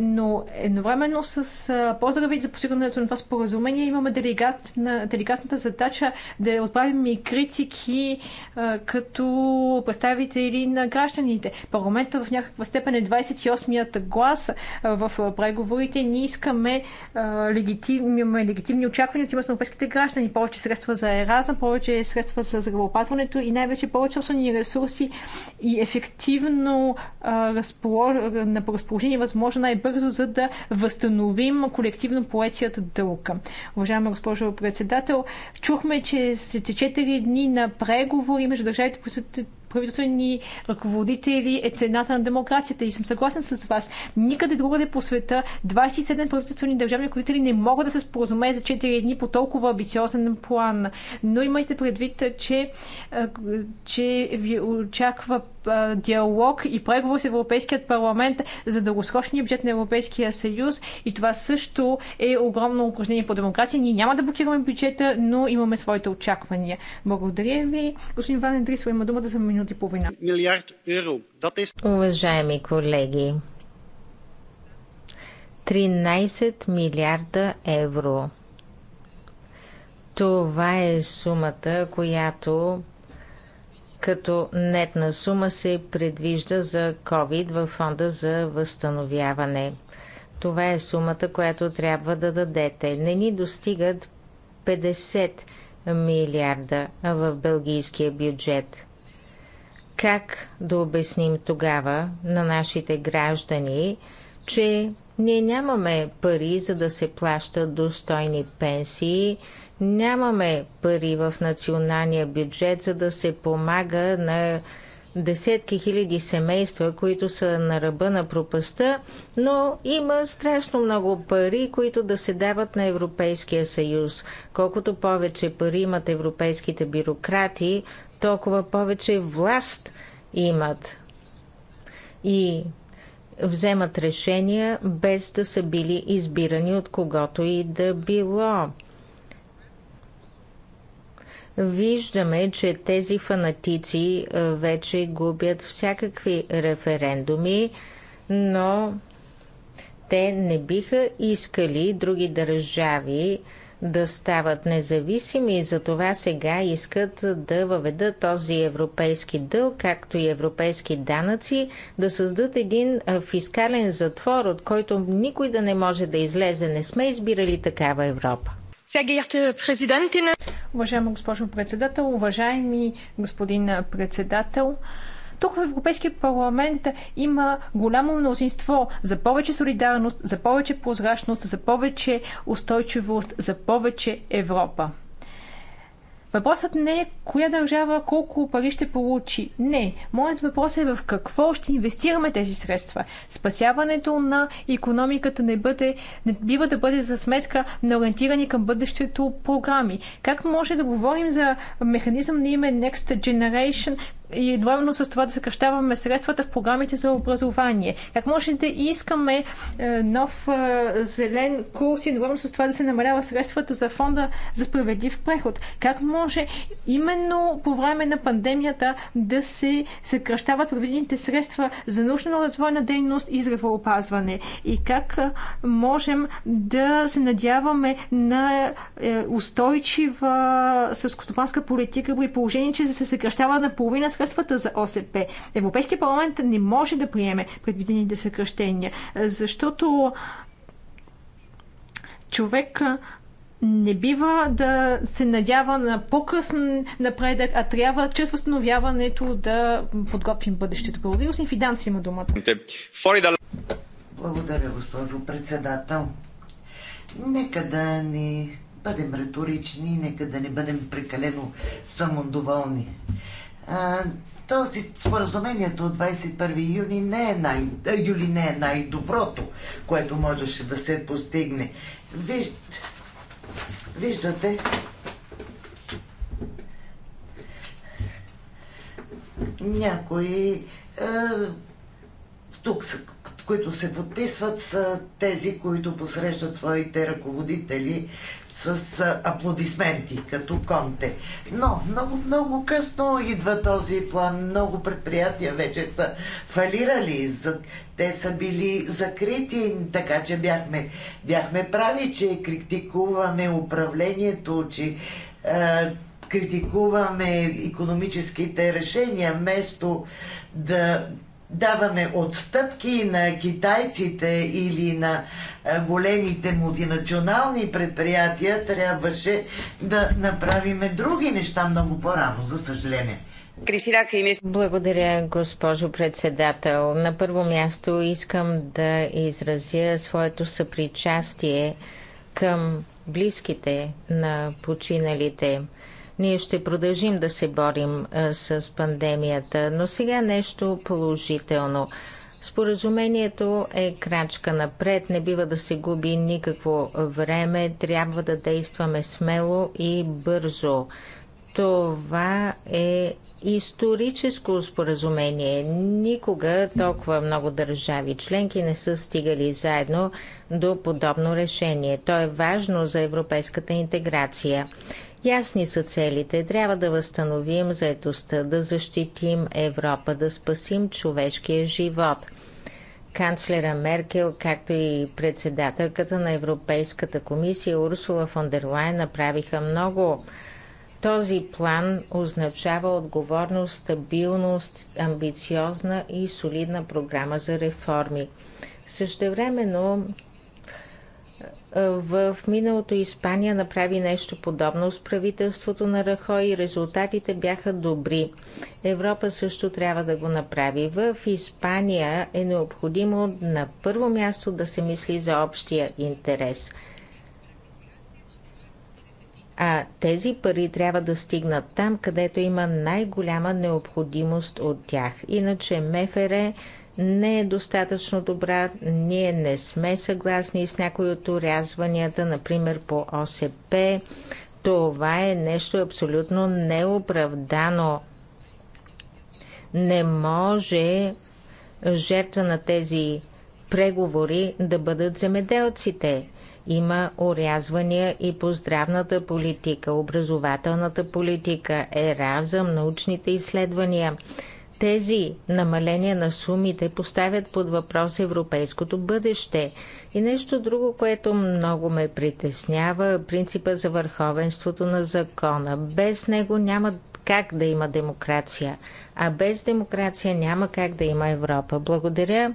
Но едновременно с а, поздравите за постигането на това споразумение имаме делегат на, делегатната задача да отправим и критики а, като представители на гражданите. Парламента в някаква степен е 28-ят глас а, в преговорите. Ние искаме а, легитим, легитимни очаквания очаквания от името на европейските граждани. Повече средства за еразъм, повече средства за здравеопазването и най-вече повече собствени ресурси и ефективно а, разполож... на разположение възможно най-бързо, за да възстановим колективно поетият дълг. Уважаема госпожо председател, чухме, че след 4 дни на преговори между държавите, правителствени ръководители е цената на демокрацията. И съм съгласен с вас. Никъде другаде по света 27 правителствени държавни ръководители не могат да се споразумеят за 4 дни по толкова амбициозен план. Но имайте предвид, че, че ви очаква диалог и преговор с Европейският парламент за дългосрочния бюджет на Европейския съюз. И това също е огромно упражнение по демокрация. Ние няма да блокираме бюджета, но имаме своите очаквания. Благодаря ви. Господин Ван Андрисова има думата за минути и половина. Милиард евро. Е Уважаеми колеги, 13 милиарда евро. Това е сумата, която като нетна сума се предвижда за COVID във фонда за възстановяване. Това е сумата, която трябва да дадете. Не ни достигат 50 милиарда в бългийския бюджет. Как да обясним тогава на нашите граждани, че ние нямаме пари за да се плащат достойни пенсии, Нямаме пари в националния бюджет, за да се помага на десетки хиляди семейства, които са на ръба на пропаста, но има страшно много пари, които да се дават на Европейския съюз. Колкото повече пари имат европейските бюрократи, толкова повече власт имат. И вземат решения без да са били избирани от когото и да било. Виждаме, че тези фанатици е, вече губят всякакви референдуми, но те не биха искали други държави да стават независими и затова сега искат да въведат този европейски дълг, както и европейски данъци, да създадат един е, фискален затвор, от който никой да не може да излезе. Не сме избирали такава Европа. Уважаема госпожо председател, уважаеми господин председател, тук в Европейския парламент има голямо мнозинство за повече солидарност, за повече прозрачност, за повече устойчивост, за повече Европа. Въпросът не е коя държава колко пари ще получи. Не. Моят въпрос е в какво ще инвестираме тези средства. Спасяването на економиката не, бъде, не бива да бъде за сметка на ориентирани към бъдещето програми. Как може да говорим за механизъм на име Next Generation, и едновременно с това да съкръщаваме средствата в програмите за образование? Как може да искаме е, нов е, зелен курс и едновременно с това да се намалява средствата за фонда за справедлив преход? Как може именно по време на пандемията да се съкръщават проведените средства за научно-развойна дейност и здравеопазване? И как е, можем да се надяваме на устойчива сълскостопанска политика при положение, че се съкръщава на половина средства средствата за ОСП. Европейския парламент не може да приеме предвидените съкръщения, защото човек не бива да се надява на по-късен напредък, а трябва чрез възстановяването да подготвим бъдещето. Благодаря, господин Фиданци има думата. Благодаря, госпожо председател. Нека да не бъдем риторични, нека да не бъдем прекалено самодоволни този споразумението от 21 юни не е най, юли не е най-доброто, което можеше да се постигне. Виж, виждате, някои е, тук които се подписват са тези, които посрещат своите ръководители с аплодисменти, като Конте. Но много, много късно идва този план. Много предприятия вече са фалирали. Те са били закрити, така че бяхме, бяхме прави, че критикуваме управлението, че е, критикуваме економическите решения, вместо да даваме отстъпки на китайците или на е, големите мултинационални предприятия, трябваше да направиме други неща много по-рано, за съжаление. Благодаря, госпожо председател. На първо място искам да изразя своето съпричастие към близките на починалите. Ние ще продължим да се борим е, с пандемията, но сега нещо положително. Споразумението е крачка напред, не бива да се губи никакво време, трябва да действаме смело и бързо. Това е историческо споразумение. Никога толкова много държави членки не са стигали заедно до подобно решение. То е важно за европейската интеграция. Ясни са целите. Трябва да възстановим заедостта, да защитим Европа, да спасим човешкия живот. Канцлера Меркел, както и председателката на Европейската комисия Урсула фон дер Лайн направиха много. Този план означава отговорност, стабилност, амбициозна и солидна програма за реформи. Същевременно в миналото Испания направи нещо подобно с правителството на Рахой и резултатите бяха добри. Европа също трябва да го направи. В Испания е необходимо на първо място да се мисли за общия интерес. А тези пари трябва да стигнат там, където има най-голяма необходимост от тях. Иначе МФР е не е достатъчно добра. Ние не сме съгласни с някои от урязванията, например по ОСП. Това е нещо абсолютно неоправдано. Не може жертва на тези преговори да бъдат земеделците. Има урязвания и по здравната политика, образователната политика, еразъм, научните изследвания – тези намаления на сумите поставят под въпрос европейското бъдеще. И нещо друго, което много ме притеснява принципа за върховенството на закона. Без него няма как да има демокрация, а без демокрация няма как да има Европа. Благодаря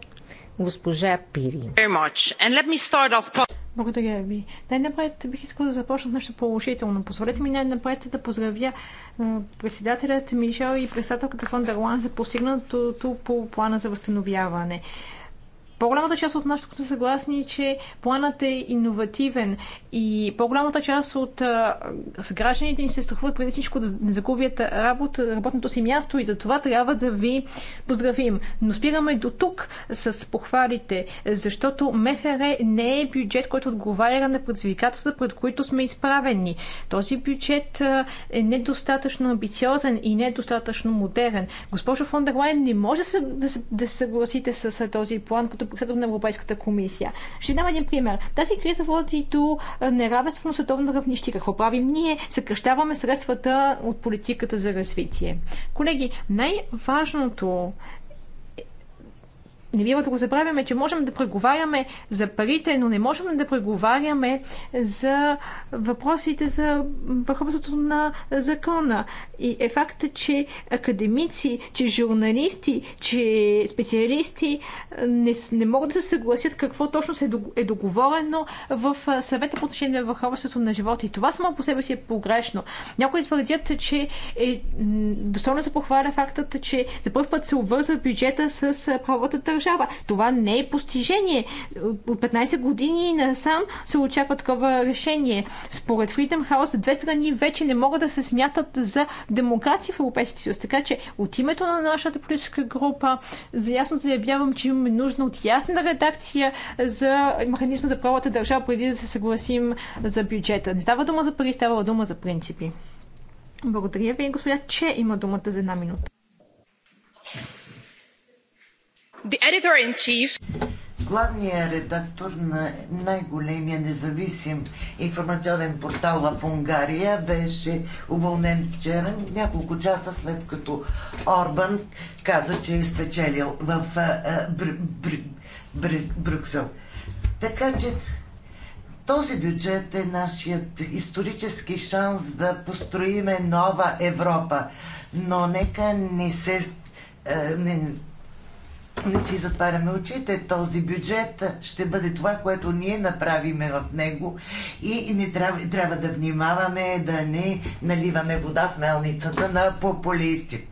госпожа Пири. Благодаря ви. Най-напред бих искал да започна нещо положително. Позволете ми най-напред да поздравя председателят Мишел и председателката Фон Дерлан за постигнатото по плана за възстановяване. По-голямата част от нас тук съгласни, че планът е иновативен и по-голямата част от а, гражданите ни се страхуват преди всичко да не загубят работа, работното си място и за това трябва да ви поздравим. Но спираме до тук с похвалите, защото МФР не е бюджет, който отговаря на предизвикателствата, пред които сме изправени. Този бюджет е недостатъчно амбициозен и недостатъчно модерен. Госпожо Фондерлайн, не може да се, да се съгласите с този план, като председател на Европейската комисия. Ще дам един пример. Тази криза води до неравенство на световно равнище. Какво правим ние? Съкръщаваме средствата от политиката за развитие. Колеги, най-важното не бива да го забравяме, че можем да преговаряме за парите, но не можем да преговаряме за въпросите за върховството на закона. И е факта, че академици, че журналисти, че специалисти не, не могат да се съгласят какво точно се е, е договорено в съвета по отношение на върховството на живота. И това само по себе си е погрешно. Някои твърдят, че е достойно за похваля фактът, че за първ път се обвързва бюджета с правотата държава. Това не е постижение. От 15 години насам се очаква такова решение. Според Freedom House, две страни вече не могат да се смятат за демокрации в Европейския съюз. Така че от името на нашата политическа група ясно заявявам, че имаме нужда от ясна редакция за механизма за правата държава, преди да се съгласим за бюджета. Не става дума за пари, става дума за принципи. Благодаря ви, господа, че има думата за една минута. The Главният редактор на най-големия независим информационен портал в Унгария беше уволнен вчера, няколко часа след като Орбан каза, че е спечелил в Бр- Бр- Бр- Брюксел. Така че този бюджет е нашият исторически шанс да построиме нова Европа. Но нека не се не, не си затваряме очите. Този бюджет ще бъде това, което ние направиме в него и не трябва, трябва да внимаваме да не наливаме вода в мелницата на популистите.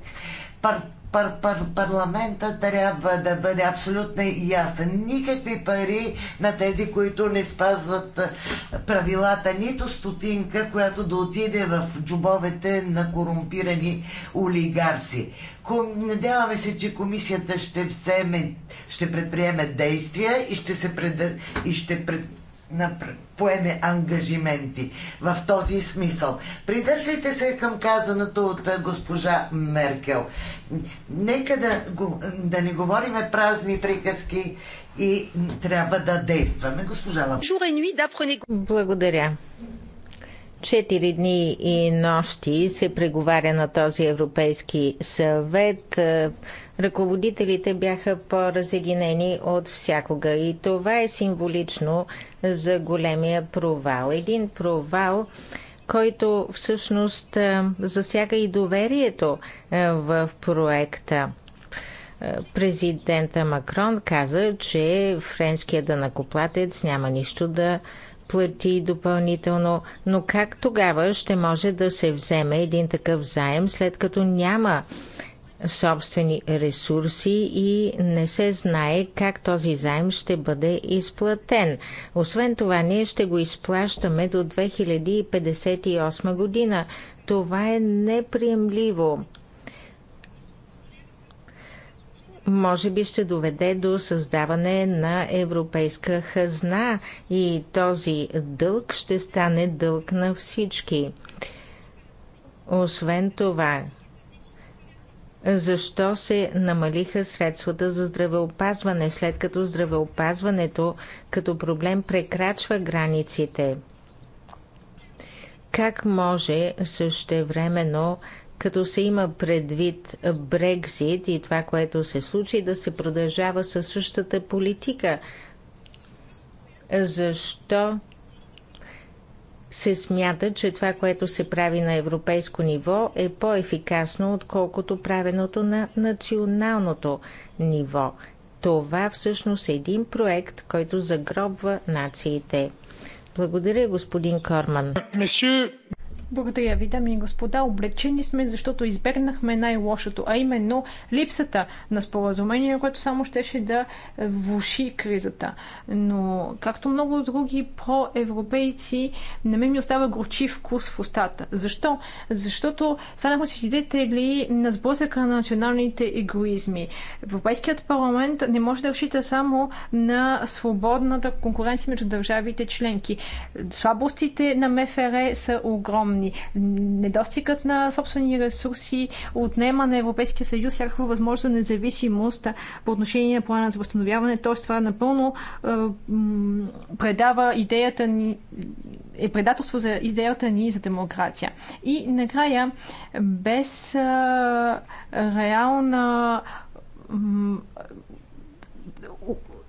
Пар, пар, пар, парламента трябва да бъде абсолютно ясен. Никакви пари на тези, които не спазват правилата, нито стотинка, която да отиде в джубовете на корумпирани олигарси. Ком... Надяваме се, че комисията ще вземе, ще предприеме действия и ще се пред... и ще пред поеме ангажименти в този смисъл. Придържайте се към казаното от госпожа Меркел. Нека да, да не говориме празни приказки и трябва да действаме. Госпожа Лап. Благодаря. Четири дни и нощи се преговаря на този Европейски съвет ръководителите бяха по-разединени от всякога. И това е символично за големия провал. Един провал, който всъщност е, засяга и доверието е, в проекта. Е, президента Макрон каза, че френският дънакоплатец няма нищо да плати допълнително, но как тогава ще може да се вземе един такъв заем, след като няма собствени ресурси и не се знае как този заем ще бъде изплатен. Освен това, ние ще го изплащаме до 2058 година. Това е неприемливо. може би ще доведе до създаване на европейска хазна и този дълг ще стане дълг на всички. Освен това, защо се намалиха средствата за здравеопазване, след като здравеопазването като проблем прекрачва границите. Как може същевременно, като се има предвид Брекзит и това, което се случи, да се продължава със същата политика? Защо се смята, че това, което се прави на европейско ниво, е по-ефикасно, отколкото правеното на националното ниво. Това всъщност е един проект, който загробва нациите. Благодаря, господин Корман. Благодаря ви, дами и господа. Облечени сме, защото избегнахме най-лошото, а именно липсата на споразумение, което само щеше да влуши кризата. Но, както много други проевропейци, на мен ми остава горчив вкус в устата. Защо? Защото станахме свидетели на сблъсъка на националните егоизми. Европейският парламент не може да решите само на свободната конкуренция между държавите членки. Слабостите на МФР е са огромни огромни. Недостигът на собствени ресурси отнема на Европейския съюз всякаква възможност за независимост по отношение на плана за възстановяване. Тоест това напълно е, предава идеята ни е предателство за идеята ни за демокрация. И накрая, без е, реална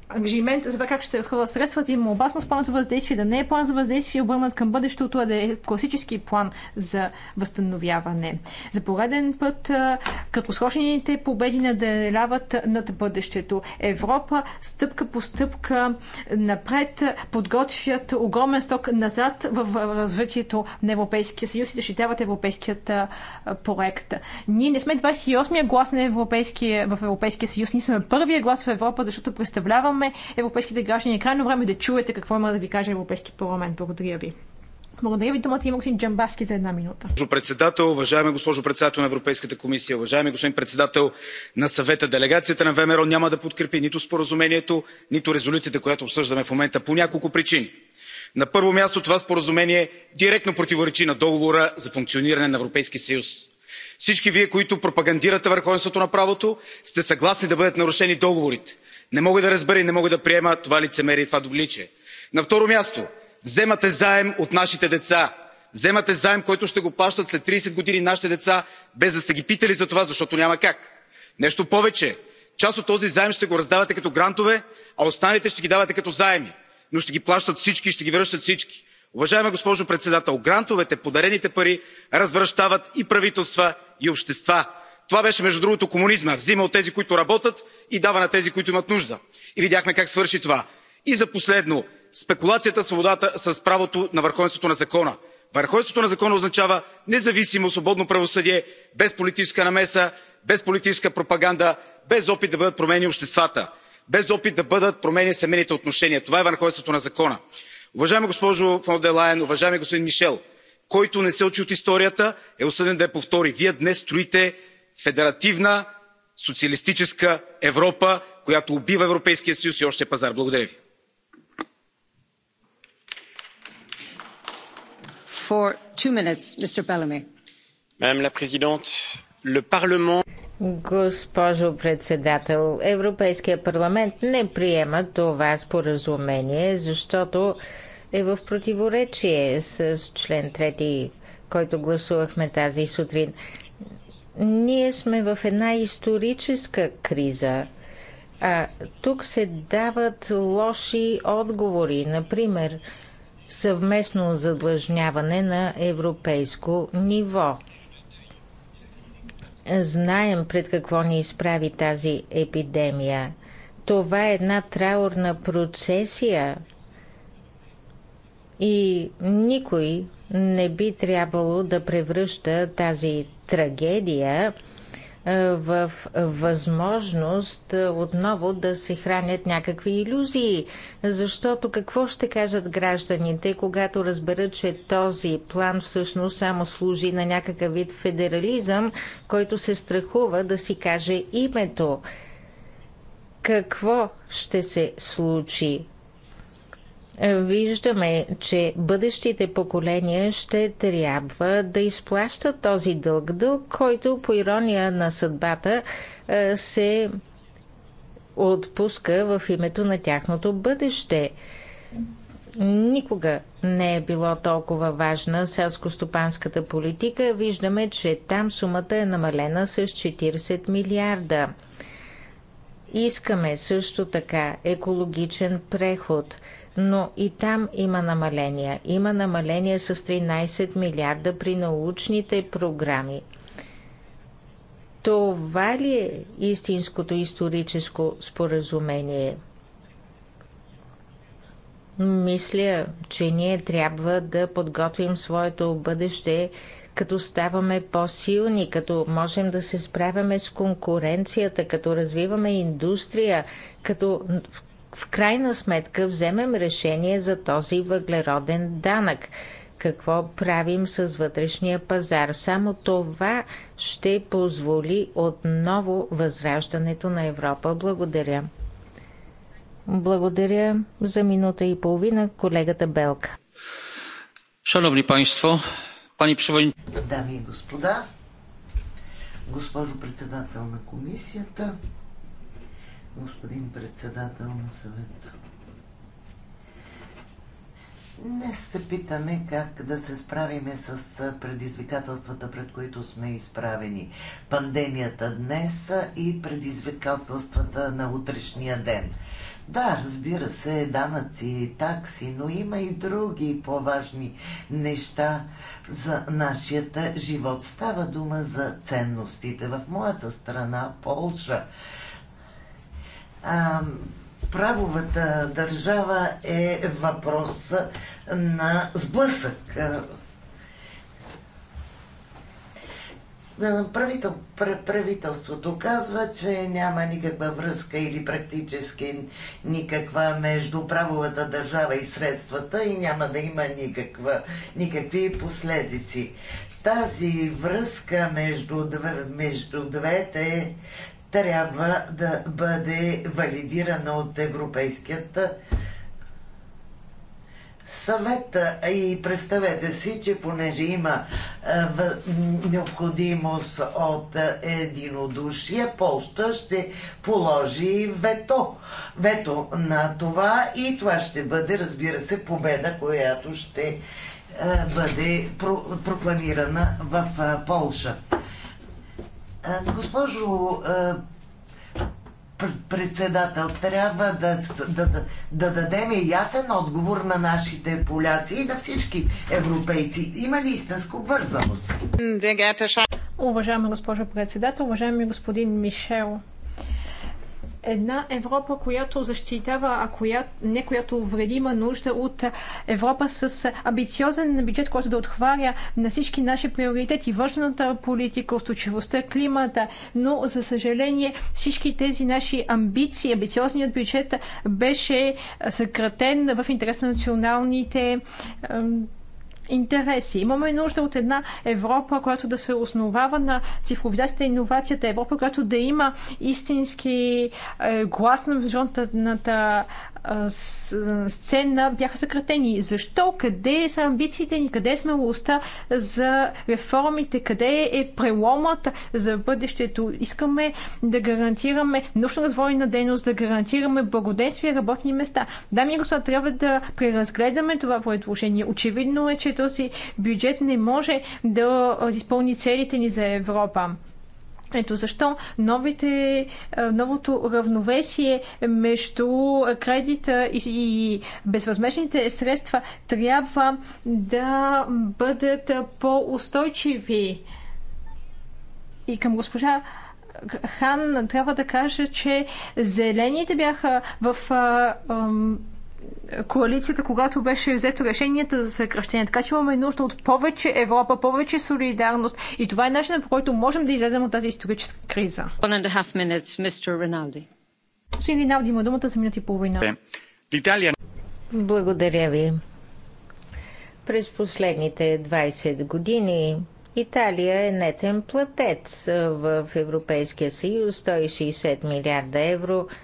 ангажимент за това как ще се разходват средствата. Има опасност план за въздействие да не е план за въздействие, обърнат към бъдещето, а да е класически план за възстановяване. За пореден път като схожените победи наделяват над бъдещето. Европа стъпка по стъпка напред подготвят огромен сток назад в развитието на Европейския съюз и защитават европейският проект. Ние не сме 28-я глас на Европейския, в Европейския съюз, ние сме първия глас в Европа, защото представляваме представляваме европейските граждани. Е крайно време да чуете какво има да ви каже Европейски парламент. Благодаря ви. Благодаря ви, думата има господин Джамбаски за една минута. Госпожо председател, уважаема госпожо председател на Европейската комисия, уважаеми господин председател на съвета, делегацията на ВМРО няма да подкрепи нито споразумението, нито резолюцията, която обсъждаме в момента по няколко причини. На първо място това споразумение директно противоречи на договора за функциониране на Европейския съюз. Всички вие, които пропагандирате върховенството на правото, сте съгласни да бъдат нарушени договорите не мога да разбера и не мога да приема това лицемерие и това двуличие. на второ място вземате заем от нашите деца вземате заем който ще го плащат след тридесет години нашите деца без да сте ги питали за това защото няма как. нещо повече част от този заем ще го раздавате като грантове а останалите ще ги давате като заеми но ще ги плащат всички и ще ги връщат всички. уважаема госпожо председател грантовете подарените пари развращават и правителства и общества това беше между другото комунизмът взима от тези които работят и дава на тези които имат нужда и видяхме как свърши това. и за последно спекулацията с правото на върховенството на закона. върховенството на закона означава независимо свободно правосъдие без политическа намеса без политическа пропаганда без опит да бъдат променяни обществата без опит да бъдат променяни семейните отношения. това е върховенството на закона. уважаема госпожо фон дер лайен уважаеми господин мишел който не се учи от историята е осъден да я повтори. вие днес строите федеративна социалистическа европа която убива европейския съюз и общия пазар. благодаря ви. Госпожо председател, Европейският парламент не приема това споразумение, защото е в противоречие с член 3, който гласувахме тази сутрин. Ние сме в една историческа криза, а тук се дават лоши отговори. Например, съвместно задлъжняване на европейско ниво. Знаем пред какво ни изправи тази епидемия. Това е една траурна процесия и никой не би трябвало да превръща тази трагедия е, в възможност отново да се хранят някакви иллюзии. Защото какво ще кажат гражданите, когато разберат, че този план всъщност само служи на някакъв вид федерализъм, който се страхува да си каже името? Какво ще се случи? виждаме, че бъдещите поколения ще трябва да изплащат този дълг, дълг, който по ирония на съдбата е, се отпуска в името на тяхното бъдеще. Никога не е било толкова важна селско-стопанската политика. Виждаме, че там сумата е намалена с 40 милиарда. Искаме също така екологичен преход – но и там има намаления. Има намаления с 13 милиарда при научните програми. Това ли е истинското историческо споразумение? Мисля, че ние трябва да подготвим своето бъдеще, като ставаме по-силни, като можем да се справяме с конкуренцията, като развиваме индустрия, като в крайна сметка вземем решение за този въглероден данък. Какво правим с вътрешния пазар? Само това ще позволи отново възраждането на Европа. Благодаря. Благодаря за минута и половина колегата Белка. Шановни панство, пани Дами и господа, госпожо председател на комисията, господин председател на съвета. Днес се питаме как да се справиме с предизвикателствата, пред които сме изправени. Пандемията днес и предизвикателствата на утрешния ден. Да, разбира се, данъци, и такси, но има и други по-важни неща за нашия живот. Става дума за ценностите. В моята страна, Полша, правовата държава е въпрос на сблъсък. Правител, правителството казва, че няма никаква връзка или практически никаква между правовата държава и средствата и няма да има никаква, никакви последици. Тази връзка между, между двете трябва да бъде валидирана от Европейският съвет. И представете си, че понеже има е, необходимост от единодушие, Полща ще положи вето. Вето на това и това ще бъде, разбира се, победа, която ще е, бъде прокламирана в е, Полша. Госпожо председател, трябва да, да, да, дадем ясен отговор на нашите поляци и на всички европейци. Има ли истинско вързаност? Уважаема госпожо председател, уважаеми господин Мишел, една Европа, която защитава, а коя, не която вреди, има нужда от Европа с амбициозен бюджет, който да отхваря на всички наши приоритети, външната политика, устойчивостта, климата, но за съжаление всички тези наши амбиции, амбициозният бюджет беше съкратен в интерес на националните интереси. Имаме нужда от една Европа, която да се основава на цифровизацията и иновацията. Европа, която да има истински е, глас на международната сцена бяха съкратени. Защо? Къде са амбициите ни? Къде сме смелостта за реформите? Къде е преломът за бъдещето? Искаме да гарантираме научно-развойна дейност, да гарантираме благоденствие и работни места. Дами и господа, трябва да преразгледаме това предложение. Очевидно е, че този бюджет не може да изпълни целите ни за Европа. Ето защо новите, е, новото равновесие между кредита и, безвъзмежните средства трябва да бъдат по-устойчиви. И към госпожа Хан трябва да кажа, че зелените бяха в е, коалицията, когато беше взето решенията за съкръщение. Така че имаме нужда от повече Европа, повече солидарност и това е начинът по който можем да излезем от тази историческа криза. Господин Риналди има думата за минути и половина. Е, Благодаря ви. През последните 20 години Италия е нетен платец в Европейския съюз, 160 милиарда евро –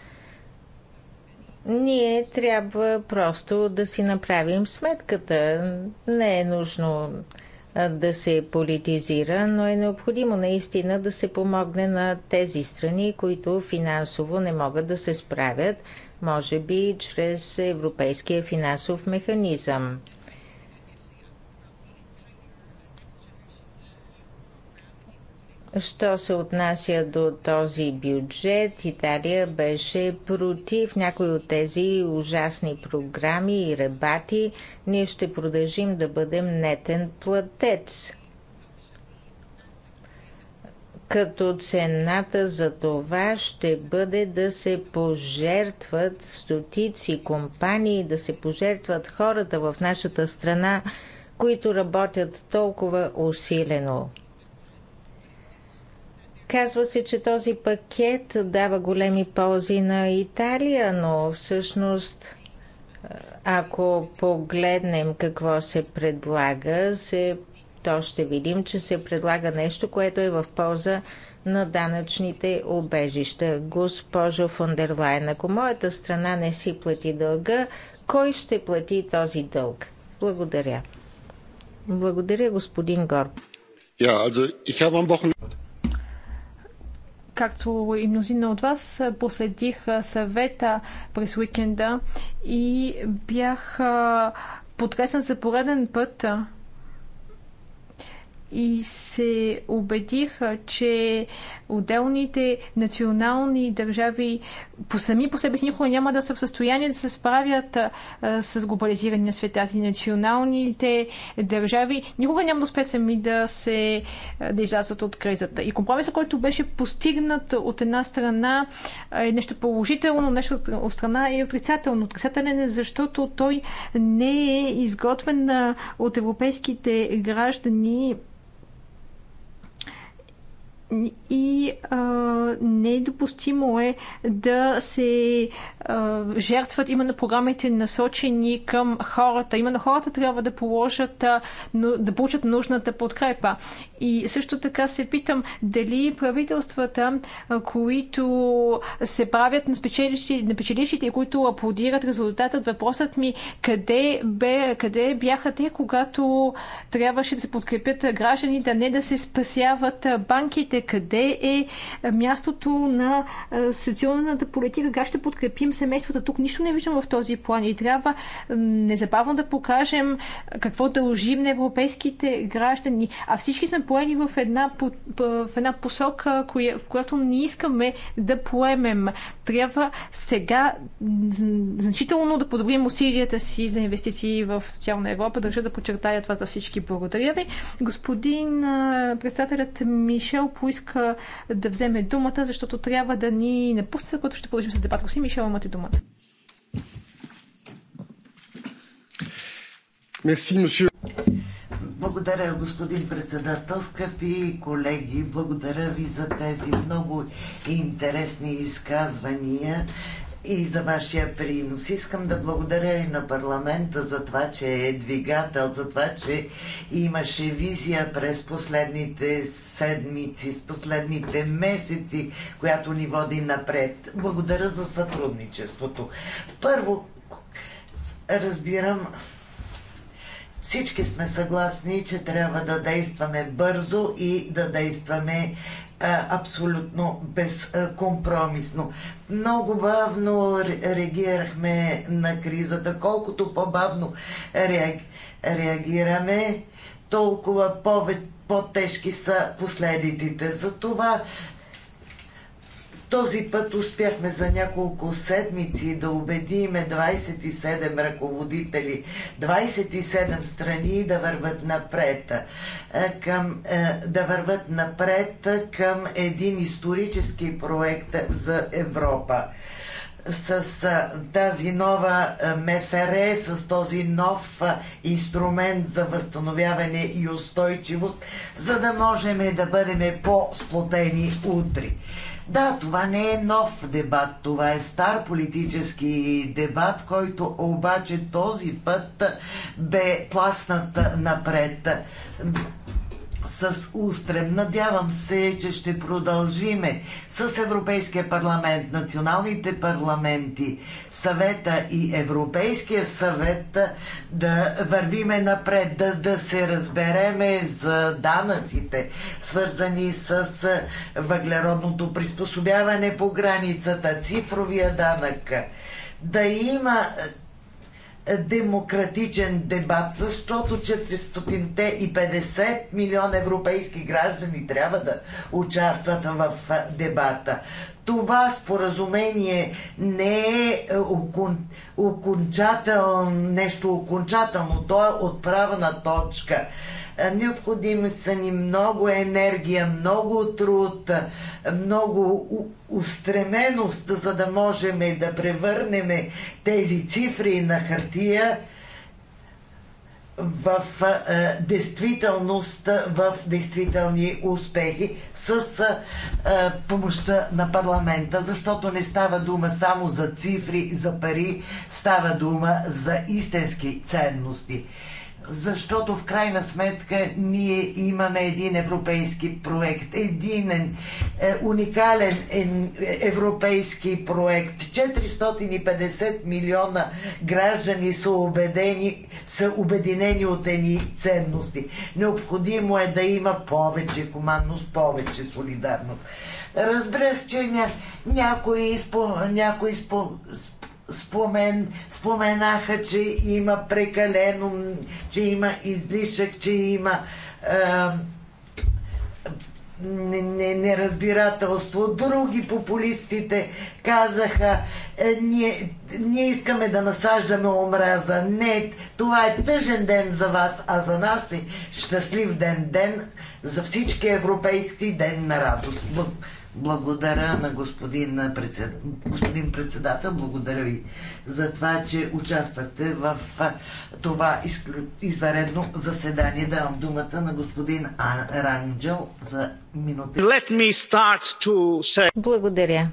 ние трябва просто да си направим сметката. Не е нужно да се политизира, но е необходимо наистина да се помогне на тези страни, които финансово не могат да се справят, може би чрез Европейския финансов механизъм. Що се отнася до този бюджет, Италия беше против някои от тези ужасни програми и ребати. Ние ще продължим да бъдем нетен платец. Като цената за това ще бъде да се пожертват стотици компании, да се пожертват хората в нашата страна, които работят толкова усилено. Казва се, че този пакет дава големи ползи на Италия, но всъщност ако погледнем какво се предлага, се, то ще видим, че се предлага нещо, което е в полза на данъчните обежища. Госпожо Фондерлайн, ако моята страна не си плати дълга, кой ще плати този дълг? Благодаря. Благодаря, господин Горб. Ja, also ich habe am Wochenende както и мнозина от вас, последих съвета през уикенда и бях потресен за пореден път и се убедих, че отделните национални държави по сами по себе си никога няма да са в състояние да се справят а, с глобализиране на света и националните държави никога няма да успеят сами да се да излязат от кризата. И компромисът, който беше постигнат от една страна е нещо положително, нещо от страна е отрицателно. Отрицателен е, защото той не е изготвен от европейските граждани и а, недопустимо е да се а, жертват именно програмите насочени към хората. Именно хората трябва да положат, а, но, да получат нужната подкрепа. И също така се питам дали правителствата, а, които се правят на, спечелищи, на печелившите и които аплодират резултатът, въпросът ми къде, бе, къде бяха те, когато трябваше да се подкрепят гражданите, а не да се спасяват банките, къде е мястото на социалната политика, как ще подкрепим семействата. Тук нищо не виждам в този план и трябва незабавно да покажем какво дължим на европейските граждани. А всички сме поели в една, в една посока, в която не искаме да поемем. Трябва сега значително да подобрим усилията си за инвестиции в социална Европа. Държа да подчертая това за всички. Благодаря ви. Господин председателят Мишел поиска поиска да вземе думата, защото трябва да ни напусне, което ще продължим с дебат. Коси Мишел, имате думата. Мерси, благодаря, господин председател, скъпи колеги. Благодаря ви за тези много интересни изказвания и за вашия принос. Искам да благодаря и на парламента за това, че е двигател, за това, че имаше визия през последните седмици, с последните месеци, която ни води напред. Благодаря за сътрудничеството. Първо, разбирам, всички сме съгласни, че трябва да действаме бързо и да действаме е, абсолютно безкомпромисно. Много бавно реагирахме на кризата. Колкото по-бавно реагираме, толкова повече по-тежки са последиците. Затова този път успяхме за няколко седмици да убедиме 27 ръководители, 27 страни да върват напред, е, към, е, да върват напред към един исторически проект за Европа с е, тази нова МФР, с този нов инструмент за възстановяване и устойчивост, за да можем да бъдем по-сплотени утре. Да, това не е нов дебат, това е стар политически дебат, който обаче този път бе пласнат напред с устрем. Надявам се, че ще продължиме с Европейския парламент, националните парламенти, съвета и Европейския съвет да вървиме напред, да, да се разбереме за данъците, свързани с въглеродното приспособяване по границата, цифровия данък да има демократичен дебат, защото 450 милиона европейски граждани трябва да участват в дебата. Това споразумение не е, е окон, окончател, нещо окончателно, то е отправна точка. Необходими са ни много енергия, много труд, много устременост, за да можем да превърнем тези цифри на хартия в действителност, в действителни успехи с помощта на парламента, защото не става дума само за цифри, за пари, става дума за истински ценности защото в крайна сметка ние имаме един европейски проект, Един е, уникален е, европейски проект. 450 милиона граждани са, убедени, са обединени от едни ценности. Необходимо е да има повече хуманност, повече солидарност. Разбрах, че ня, някои, спо, някои спо спомен, споменаха, че има прекалено, че има излишък, че има а, неразбирателство. Други популистите казаха, е, ние, ние искаме да насаждаме омраза. Не, това е тъжен ден за вас, а за нас е щастлив ден, ден за всички европейски ден на радост. Благодаря на господин, председ... господин председател, благодаря ви за това, че участвахте в това изклю... изваредно заседание. Давам думата на господин Ранджел за минута. Say... Благодаря.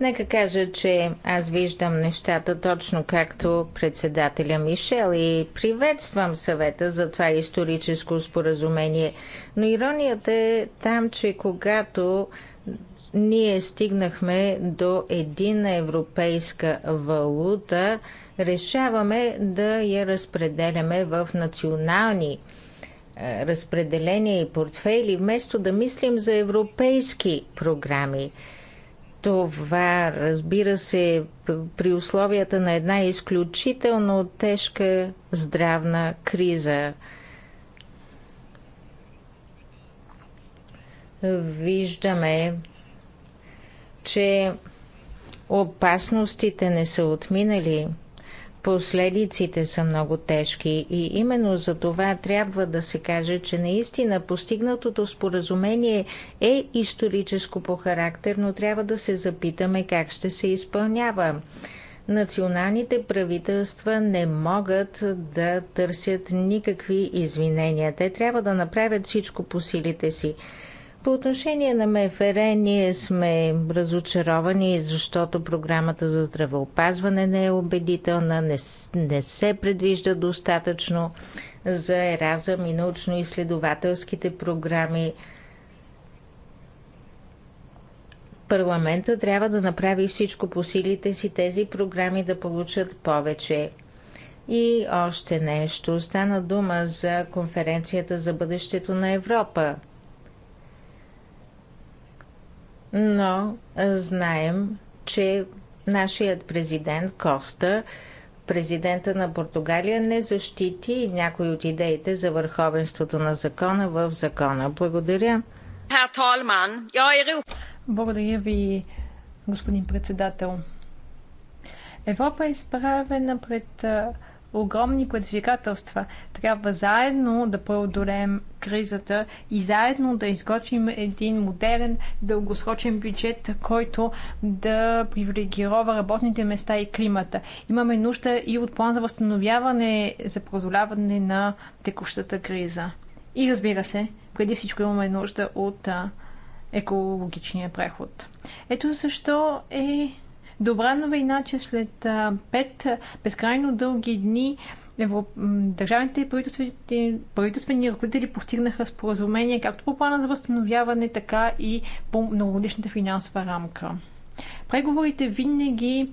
Нека кажа, че аз виждам нещата точно както председателя Мишел и приветствам съвета за това историческо споразумение. Но иронията е там, че когато ние стигнахме до едина европейска валута, решаваме да я разпределяме в национални е, разпределения и портфели, вместо да мислим за европейски програми. Това, разбира се, при условията на една изключително тежка здравна криза. Виждаме, че опасностите не са отминали. Последиците са много тежки и именно за това трябва да се каже, че наистина постигнатото споразумение е историческо по характер, но трябва да се запитаме как ще се изпълнява. Националните правителства не могат да търсят никакви извинения. Те трябва да направят всичко по силите си. По отношение на МФР ние сме разочаровани, защото програмата за здравеопазване не е убедителна, не, не се предвижда достатъчно за еразъм и научно-изследователските програми. Парламента трябва да направи всичко по силите си тези програми да получат повече. И още нещо. Стана дума за конференцията за бъдещето на Европа – но е, знаем, че нашият президент Коста, президента на Португалия, не защити някои от идеите за върховенството на закона в закона. Благодаря. Благодаря ви, господин председател. Европа е изправена пред е, огромни предизвикателства. Трябва заедно да преодолеем кризата и заедно да изготвим един модерен, дългосрочен бюджет, който да привилегирова работните места и климата. Имаме нужда и от план за възстановяване, за преодоляване на текущата криза. И разбира се, преди всичко имаме нужда от екологичния преход. Ето защо е добра новина, че след пет безкрайно дълги дни държавните правителствени, правителствени ръководители постигнаха споразумение както по плана за възстановяване, така и по многогодишната финансова рамка. Преговорите винаги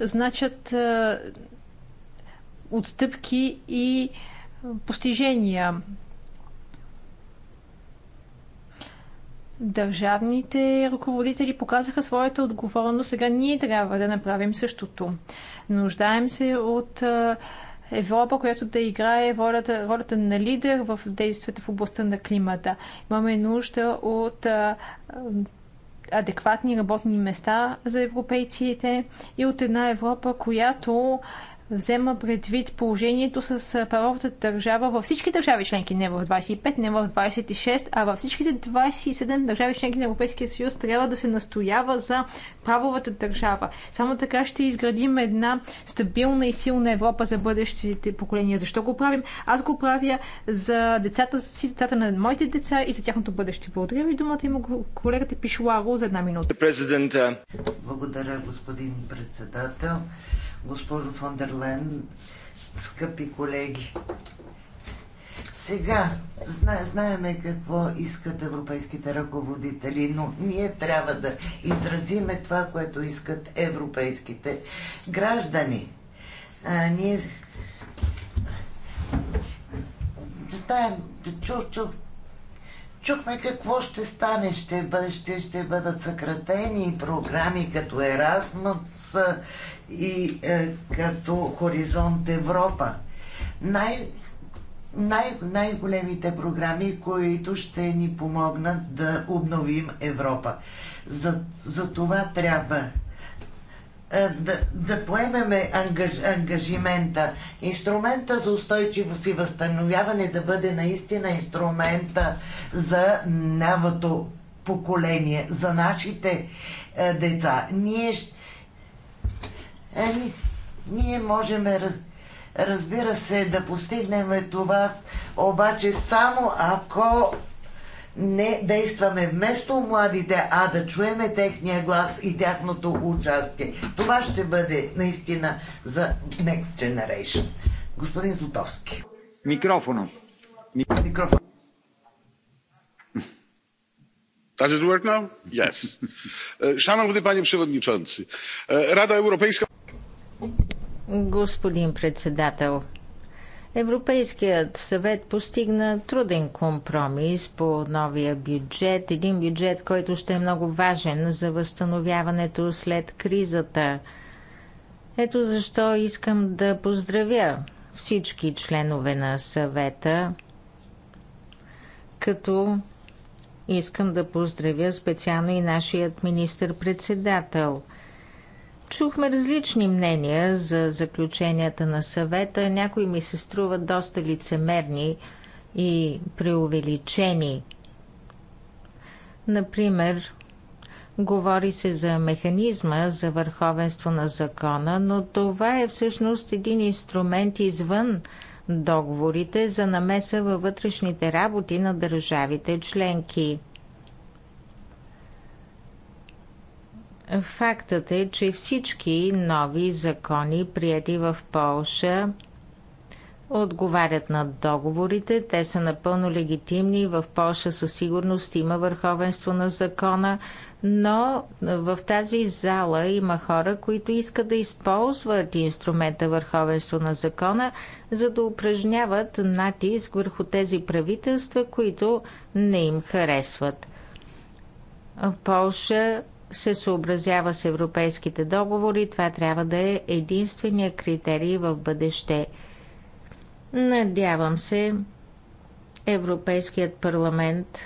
значат отстъпки и постижения. Държавните ръководители показаха своята отговорност, сега ние трябва да направим същото. Нуждаем се от Европа, която да играе ролята, ролята на лидер в действията в областта на климата. Имаме нужда от адекватни работни места за европейците и от една Европа, която взема предвид положението с правовата държава във всички държави членки, не в 25, не в 26, а във всичките 27 държави членки на Европейския съюз трябва да се настоява за правовата държава. Само така ще изградим една стабилна и силна Европа за бъдещите поколения. Защо го правим? Аз го правя за децата си, децата на моите деца и за тяхното бъдеще. Благодаря ви. Думата има колегата Пишуаро за една минута. Благодаря, господин председател госпожо Фондерлен, скъпи колеги. Сега зна, знаеме какво искат европейските ръководители, но ние трябва да изразиме това, което искат европейските граждани. А, ние знаем, чу, чу, чухме какво ще стане. Ще, ще, ще бъдат съкратени програми като Erasmus и е, като Хоризонт Европа. Най, най, най-големите програми, които ще ни помогнат да обновим Европа. За, за това трябва е, да, да поемеме ангаж, ангажимента, инструмента за устойчивост и възстановяване да бъде наистина инструмента за новото поколение, за нашите е, деца. Ние ще Еми, ние можем, раз, разбира се, да постигнем това, обаче само ако не действаме вместо младите, а да чуеме техния глас и тяхното участие. Това ще бъде наистина за Next Generation. Господин Злотовски. Микрофона. Микрофон. Does it work now? Yes. Szanowny Panie Przewodniczący, Rada Europejska... Господин председател, Европейският съвет постигна труден компромис по новия бюджет. Един бюджет, който ще е много важен за възстановяването след кризата. Ето защо искам да поздравя всички членове на съвета, като искам да поздравя специално и нашият министър-председател – Чухме различни мнения за заключенията на съвета. Някои ми се струват доста лицемерни и преувеличени. Например, говори се за механизма за върховенство на закона, но това е всъщност един инструмент извън договорите за намеса във вътрешните работи на държавите членки. Фактът е, че всички нови закони, прияти в Полша, отговарят на договорите. Те са напълно легитимни. В Польша със сигурност има върховенство на закона, но в тази зала има хора, които искат да използват инструмента върховенство на закона, за да упражняват натиск върху тези правителства, които не им харесват. Полша се съобразява с европейските договори. Това трябва да е единствения критерий в бъдеще. Надявам се Европейският парламент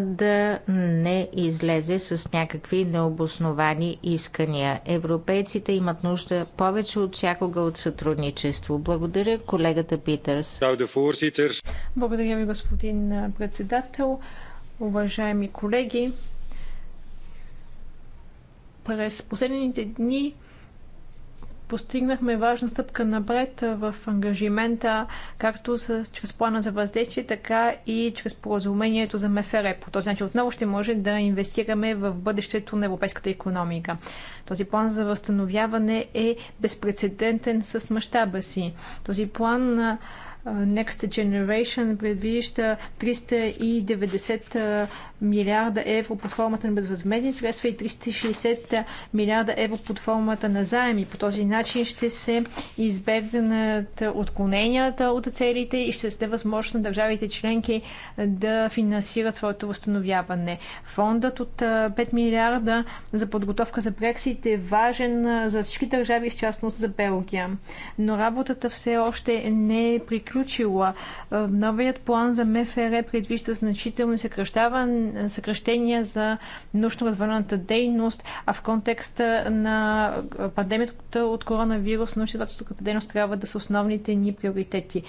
да не излезе с някакви необосновани искания. Европейците имат нужда повече от всякога от сътрудничество. Благодаря колегата Питърс. Благодаря ви, господин председател. Уважаеми колеги, през последните дни постигнахме важна стъпка напред в ангажимента, както с, чрез плана за въздействие, така и чрез поразумението за МФР. По този начин отново ще може да инвестираме в бъдещето на европейската економика. Този план за възстановяване е безпредседентен с мащаба си. Този план Next Generation предвижда 390 милиарда евро под формата на безвъзмезни средства и 360 милиарда евро под формата на заеми. По този начин ще се избегнат отклоненията от целите и ще се възможност на държавите членки да финансират своето възстановяване. Фондът от 5 милиарда за подготовка за Брексит е важен за всички държави, в частност за Белгия. Но работата все още не е приключила. Новият план за МФР предвижда значително съкръщаване съкрещения за научно-развойната дейност, а в контекста на пандемията от коронавирус научно-развойната дейност трябва да са основните ни приоритети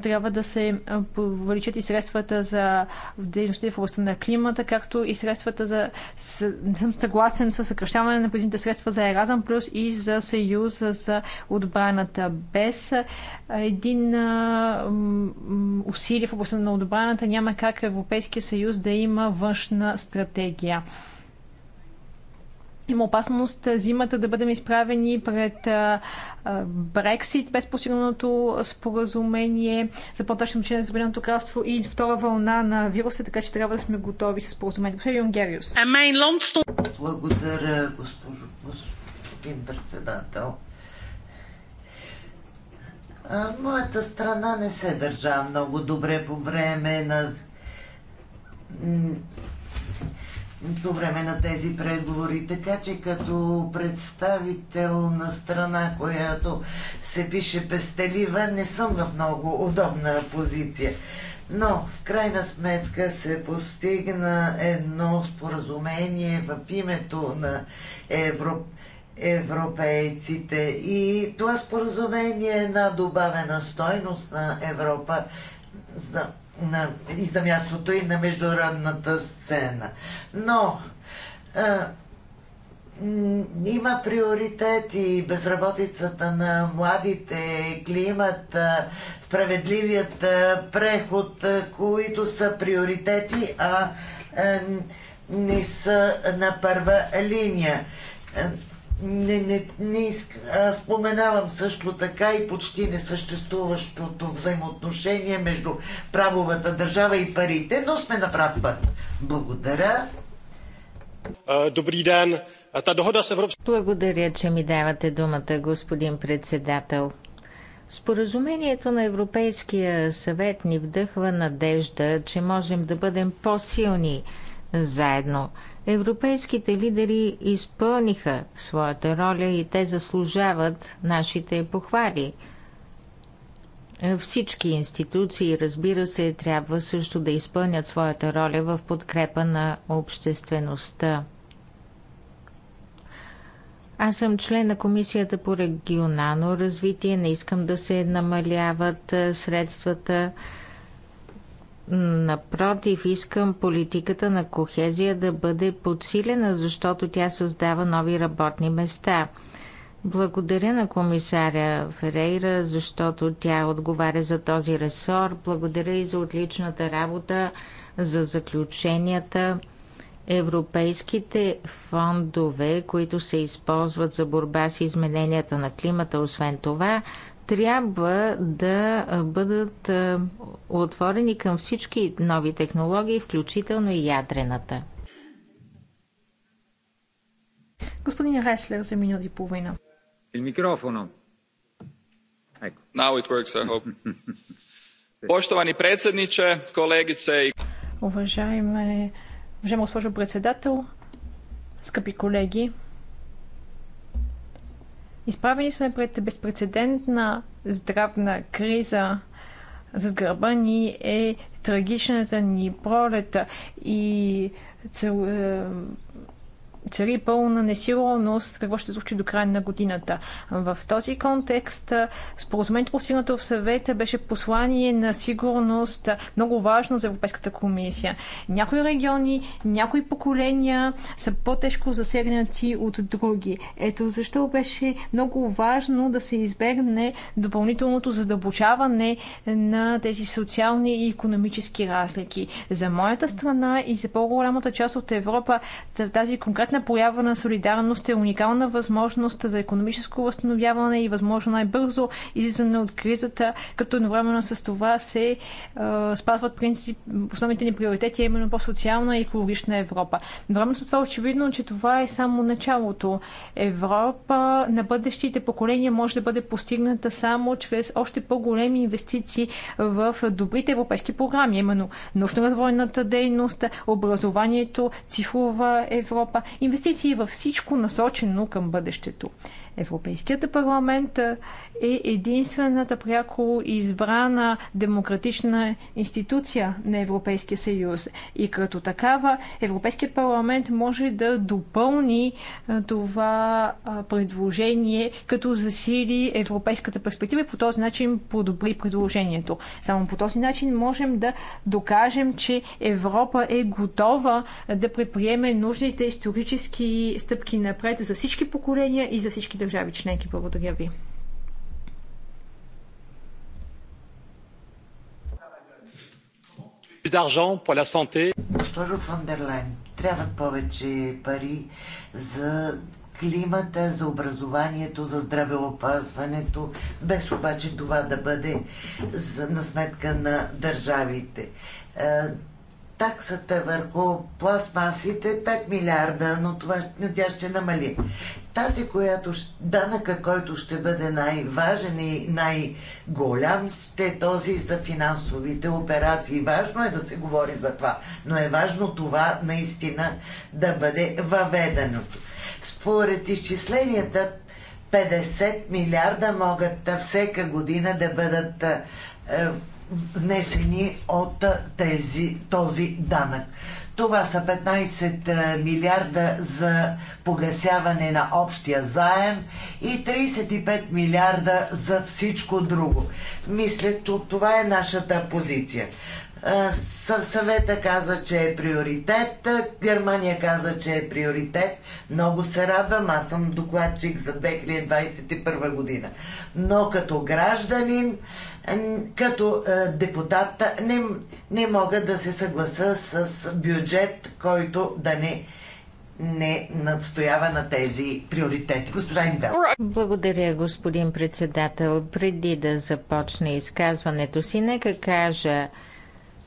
трябва да се увеличат и средствата за дейности в областта на климата, както и средствата за... Не съм съгласен с съкръщаване на предните средства за Еразъм Плюс и за Съюз за отбраната. Без един усилие в областта на отбраната няма как Европейския съюз да има външна стратегия има опасност зимата да бъдем изправени пред Брексит без постигнато споразумение за по-точно учение за Обединеното кралство и втора вълна на вируса, така че трябва да сме готови с споразумението. Господин Юнгериус. Благодаря, госпожо, господин председател. Моята страна не се държа много добре по време на по време на тези преговори. Така че като представител на страна, която се пише пестелива, не съм в много удобна позиция. Но в крайна сметка се постигна едно споразумение в името на Европ... европейците. И това споразумение е една добавена стойност на Европа за на, и за мястото и на международната сцена. Но а, има приоритети безработицата на младите, климата, справедливият преход, които са приоритети, а не са на първа линия не, не, не а, споменавам също така и почти несъществуващото взаимоотношение между правовата държава и парите, но сме на прав път. Благодаря. Добри ден. Та дохода с Европ... Благодаря, че ми давате думата, господин председател. Споразумението на Европейския съвет ни вдъхва надежда, че можем да бъдем по-силни заедно – Европейските лидери изпълниха своята роля и те заслужават нашите похвали. Всички институции, разбира се, трябва също да изпълнят своята роля в подкрепа на обществеността. Аз съм член на Комисията по регионално развитие. Не искам да се намаляват средствата. Напротив, искам политиката на кохезия да бъде подсилена, защото тя създава нови работни места. Благодаря на комисаря Ферейра, защото тя отговаря за този ресор. Благодаря и за отличната работа, за заключенията. Европейските фондове, които се използват за борба с измененията на климата, освен това, трябва да бъдат отворени към всички нови технологии, включително и ядрената. Господин Реслер за минута и половина. Il mikrofono. Now it works, I hope. Поштовани председниче, колегице и... Уважаема госпожо председател, скъпи колеги, Изправени сме пред безпредседентна здравна криза. за гърба ни е трагичната ни пролета и цел, е, цари пълна несигурност какво ще се случи до края на годината. В този контекст споразумението постигнато в съвета беше послание на сигурност, много важно за Европейската комисия. Някои региони, някои поколения са по-тежко засегнати от други. Ето защо беше много важно да се избегне допълнителното задълбочаване на тези социални и економически разлики. За моята страна и за по-голямата част от Европа тази конкретна Всеобхватна поява на солидарност е уникална възможност за економическо възстановяване и възможно най-бързо излизане от кризата, като едновременно с това се е, спазват принцип, основните ни приоритети, именно по-социална и екологична Европа. Едновременно с това е очевидно, че това е само началото. Европа на бъдещите поколения може да бъде постигната само чрез още по-големи инвестиции в добрите европейски програми, именно научно-развойната дейност, образованието, цифрова Европа и инвестиции във всичко насочено към бъдещето. Европейският парламент е единствената пряко избрана демократична институция на Европейския съюз. И като такава Европейският парламент може да допълни това предложение, като засили европейската перспектива и по този начин подобри предложението. Само по този начин можем да докажем, че Европа е готова да предприеме нужните исторически стъпки напред за всички поколения и за всички държави членки. Благодаря ви. Госпожо Фандерлайн, трябват повече пари за климата, за образованието, за здравеопазването, без обаче това да бъде на сметка на държавите. Е, таксата върху пластмасите 5 е милиарда, но това, тя ще намали. Тази, която данъка, който ще бъде най-важен и най-голям, ще е този за финансовите операции. Важно е да се говори за това, но е важно това наистина да бъде въведено. Според изчисленията, 50 милиарда могат всека година да бъдат е, внесени от тези, този данък. Това са 15 е, милиарда за погасяване на общия заем и 35 милиарда за всичко друго. Мисля, това е нашата позиция. Е, съвета каза, че е приоритет, Германия каза, че е приоритет. Много се радвам, аз съм докладчик за 2021 година. Но като гражданин като е, депутат не, не мога да се съгласа с бюджет, който да не не надстоява на тези приоритети. Госпожа Индел. Благодаря, господин председател. Преди да започне изказването си, нека кажа,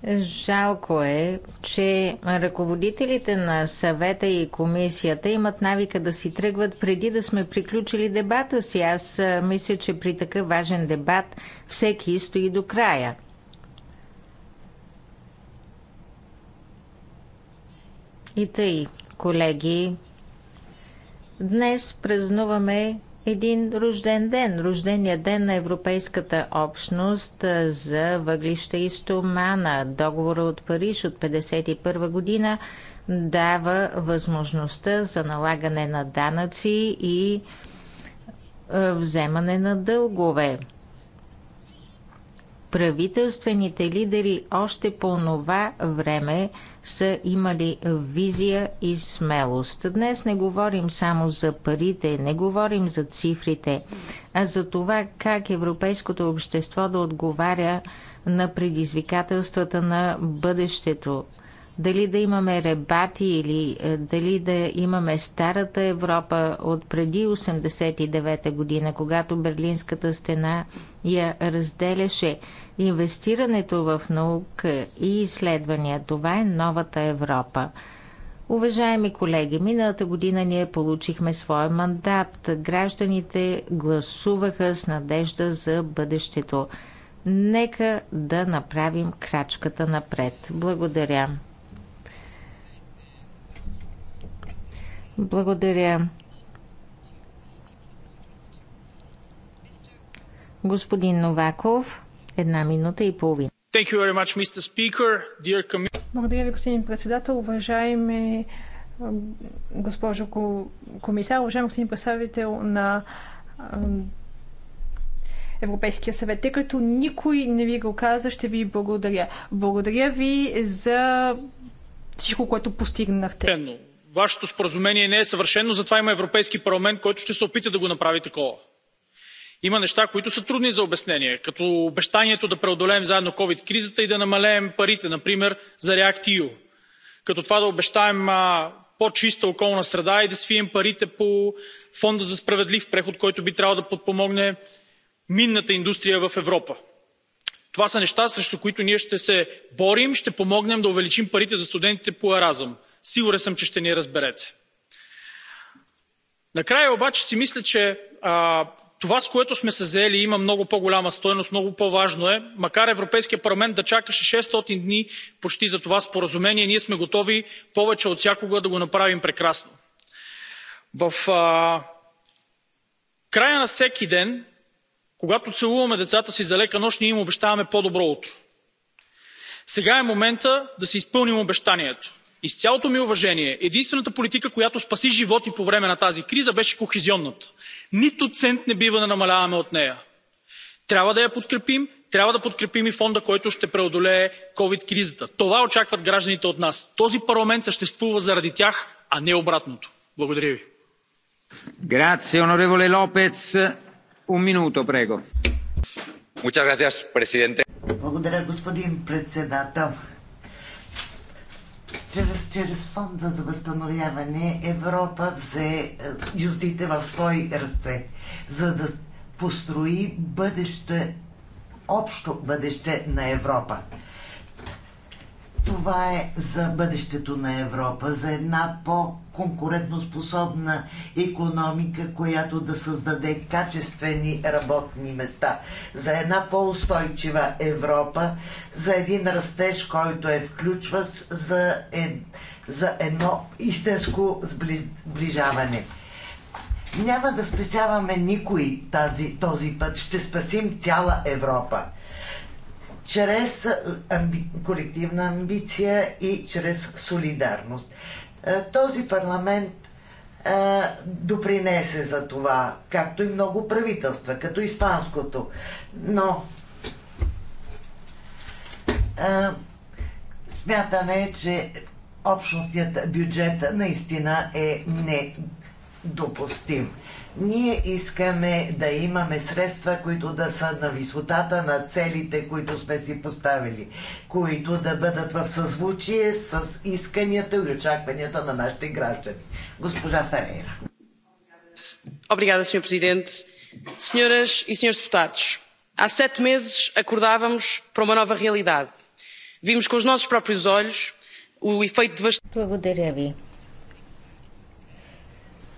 Жалко е, че ръководителите на съвета и комисията имат навика да си тръгват преди да сме приключили дебата си. Аз мисля, че при такъв важен дебат всеки стои до края. И тъй, колеги, днес празнуваме един рожден ден, рождения ден на Европейската общност за въглища и стомана. Договора от Париж от 1951 година дава възможността за налагане на данъци и вземане на дългове. Правителствените лидери още по това време са имали визия и смелост. Днес не говорим само за парите, не говорим за цифрите, а за това как европейското общество да отговаря на предизвикателствата на бъдещето дали да имаме ребати или е, дали да имаме старата Европа от преди 89-та година, когато Берлинската стена я разделяше. Инвестирането в наука и изследвания, това е новата Европа. Уважаеми колеги, миналата година ние получихме своя мандат. Гражданите гласуваха с надежда за бъдещето. Нека да направим крачката напред. Благодаря. Благодаря. Господин Новаков, една минута и половина. Thank you very much, Mr. Speaker. Dear Благодаря ви, господин председател. Уважаеми госпожо комисар, уважаеми господин представител на Европейския съвет. Тъй като никой не ви го каза, ще ви благодаря. Благодаря ви за всичко, което постигнахте вашето споразумение не е съвършено затова има европейски парламент който ще се опита да го направи такова. има неща които са трудни за обяснение като обещанието да преодолеем заедно ковид кризата и да намалеем парите например за reacteu като това да обещаем по чиста околна среда и да свием парите по фонда за справедлив преход който би трябвало да подпомогне минната индустрия в европа. това са неща срещу които ние ще се борим ще помогнем да увеличим парите за студентите по еразъм. Сигурен съм, че ще ни разберете. Накрая обаче си мисля, че а, това, с което сме се заели, има много по-голяма стойност, много по-важно е. Макар Европейския парламент да чакаше 600 дни почти за това споразумение, ние сме готови повече от всякога да го направим прекрасно. В а, края на всеки ден, когато целуваме децата си за лека нощ, ние им обещаваме по-добро утро. Сега е момента да си изпълним обещанието и с цялото ми уважение единствената политика която спаси животи по време на тази криза беше кохезионната. нито цент не бива да намаляваме от нея. трябва да я подкрепим трябва да подкрепим и фонда който ще преодолее ковид кризата. това очакват гражданите от нас. този парламент съществува заради тях а не обратното. благодаря ви. Благодаря, господин председател чрез, чрез фонда за възстановяване Европа взе е, юздите в свои ръце, за да построи бъдеще, общо бъдеще на Европа. Това е за бъдещето на Европа, за една по-конкурентоспособна економика, която да създаде качествени работни места, за една по-устойчива Европа, за един растеж, който е включващ за, е, за едно истинско сближаване. Няма да спасяваме никой тази, този път. Ще спасим цяла Европа чрез амби... колективна амбиция и чрез солидарност. Този парламент допринесе за това, както и много правителства, като испанското. Но смятаме, че общностният бюджет наистина е недопустим. Ние искаме да имаме средства, които да са на висотата на целите, които сме си поставили, които да бъдат в съзвучие с исканията и очакванията на нашите граждани. Госпожа Ферейра. Обригада, сеньор президент. Senhoras и e сеньор deputados, há sete meses acordávamos para uma nova realidade. Vimos com os nossos próprios olhos o efeito devastador. Благодаря ви.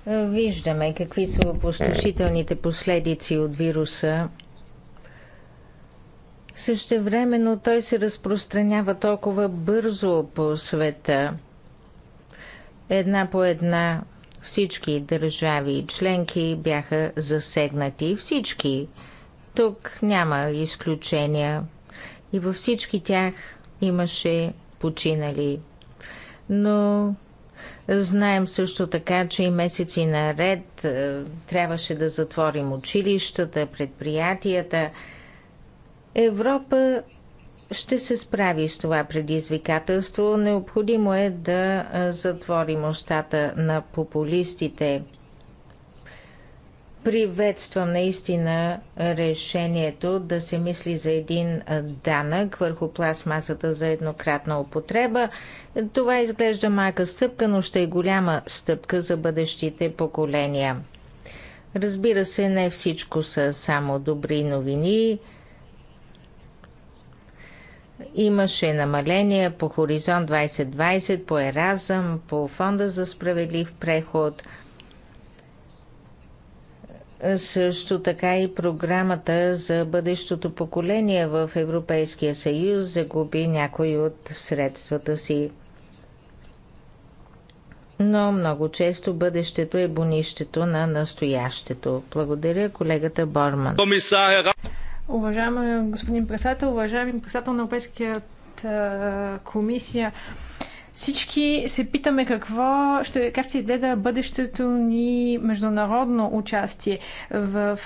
Е, виждаме какви са опустошителните последици от вируса. Същевременно той се разпространява толкова бързо по света. Една по една всички държави и членки бяха засегнати. Всички. Тук няма изключения. И във всички тях имаше починали. Но Знаем също така, че и месеци наред е, трябваше да затворим училищата, предприятията. Европа ще се справи с това предизвикателство. Необходимо е да е, затворим устата на популистите – Приветствам наистина решението да се мисли за един данък върху пластмасата за еднократна употреба. Това изглежда малка стъпка, но ще е голяма стъпка за бъдещите поколения. Разбира се, не всичко са само добри новини. Имаше намаления по Хоризонт 2020, по Еразъм, по Фонда за справедлив преход – също така и програмата за бъдещото поколение в Европейския съюз загуби някои от средствата си. Но много често бъдещето е бонището на настоящето. Благодаря колегата Борман. Уважаема господин председател, уважаеми председател на Европейската комисия, всички се питаме какво ще, как ще гледа бъдещето ни международно участие. В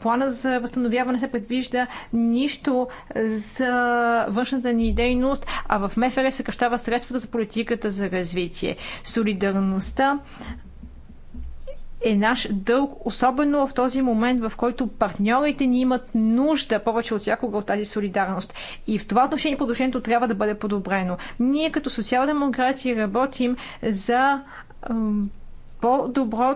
плана за възстановяване се предвижда нищо за външната ни дейност, а в МФР е съкръщава средствата за политиката за развитие. Солидарността е наш дълг, особено в този момент, в който партньорите ни имат нужда повече от всякога от тази солидарност. И в това отношение продължението трябва да бъде подобрено. Ние като социал-демократи работим за по-добро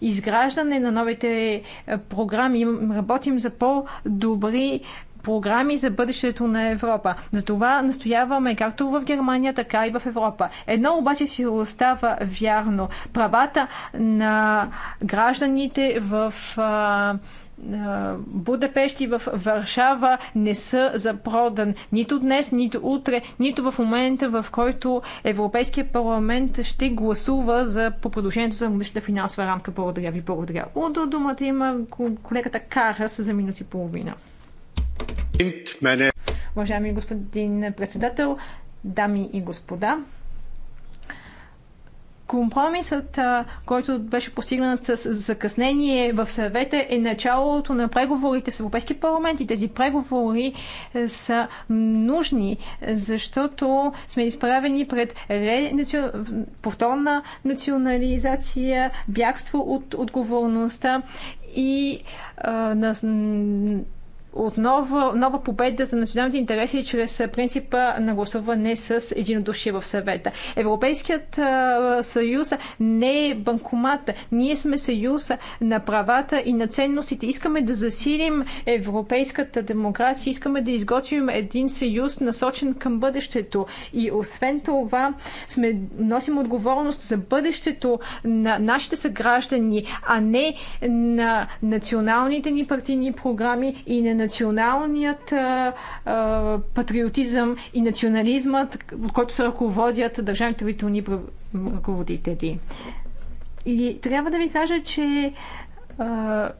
изграждане на новите е, програми. Работим за по-добри програми за бъдещето на Европа. Затова настояваме както в Германия, така и в Европа. Едно обаче си остава вярно. Правата на гражданите в а, в Варшава не са за продан. Нито днес, нито утре, нито в момента, в който Европейския парламент ще гласува за по продължението за младещата финансова рамка. Благодаря ви, благодаря. Удо думата има колегата Карас за минути и половина. Уважаеми господин председател, дами и господа, Компромисът, който беше постигнат с закъснение в съвета е началото на преговорите с Европейски парламент и тези преговори е, са нужни, защото сме изправени пред повторна национализация, бягство от отговорността и а, на, отново нова победа за националните интереси чрез принципа на гласуване с единодушие в съвета. Европейският съюз не е банкомат. Ние сме съюз на правата и на ценностите. Искаме да засилим европейската демокрация, искаме да изготвим един съюз насочен към бъдещето. И освен това, сме, носим отговорност за бъдещето на нашите съграждани, а не на националните ни партийни програми и на националният а, патриотизъм и национализмът, от който се ръководят държавните родителни ръководители. И трябва да ви кажа, че а,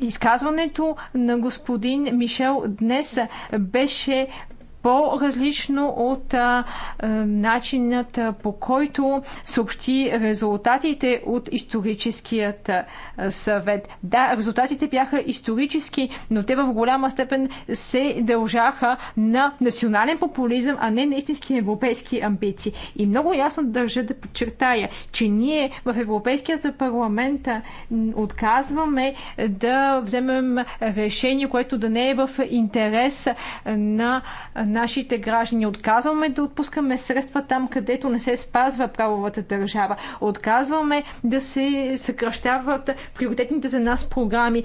изказването на господин Мишел днес беше по-различно от а, начинът по който съобщи резултатите от историческият а, съвет. Да, резултатите бяха исторически, но те в голяма степен се дължаха на национален популизъм, а не на истински европейски амбиции. И много ясно държа да подчертая, че ние в Европейският парламент отказваме да вземем решение, което да не е в интерес на нашите граждани. Отказваме да отпускаме средства там, където не се спазва правовата държава. Отказваме да се съкръщават приоритетните за нас програми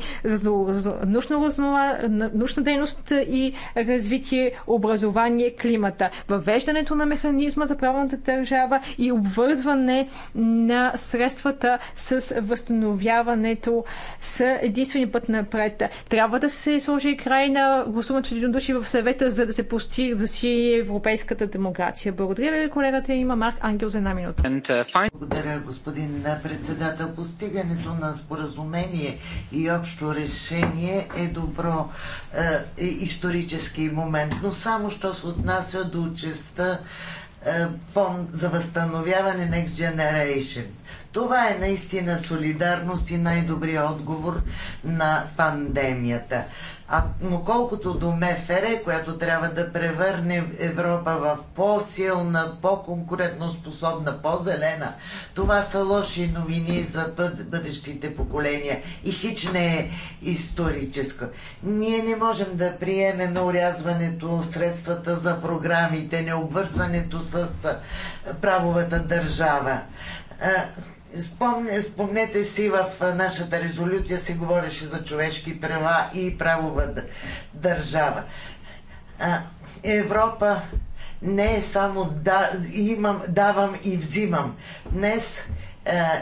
научна дейност и развитие, образование, климата. Въвеждането на механизма за правната държава и обвързване на средствата с възстановяването с единствения път напред. Трябва да се сложи край на гласуването души в съвета, за да се постигне засили европейската демокрация. Благодаря ви, колегата има Марк Ангел за една минута. Uh, Благодаря, господин председател. Постигането на споразумение и общо решение е добро е, исторически момент, но само що се отнася до честа е, фонд за възстановяване Next Generation. Това е наистина солидарност и най-добрият отговор на пандемията. А, но колкото до МФР, която трябва да превърне Европа в по-силна, по-конкурентоспособна, по-зелена, това са лоши новини за бъдещите поколения и хич не е историческо. Ние не можем да приемем урязването, средствата за програмите, необвързването с правовата държава Спомня, спомнете си, в нашата резолюция се говореше за човешки права и правова държава. А, Европа не е само да, имам, давам и взимам. Днес е,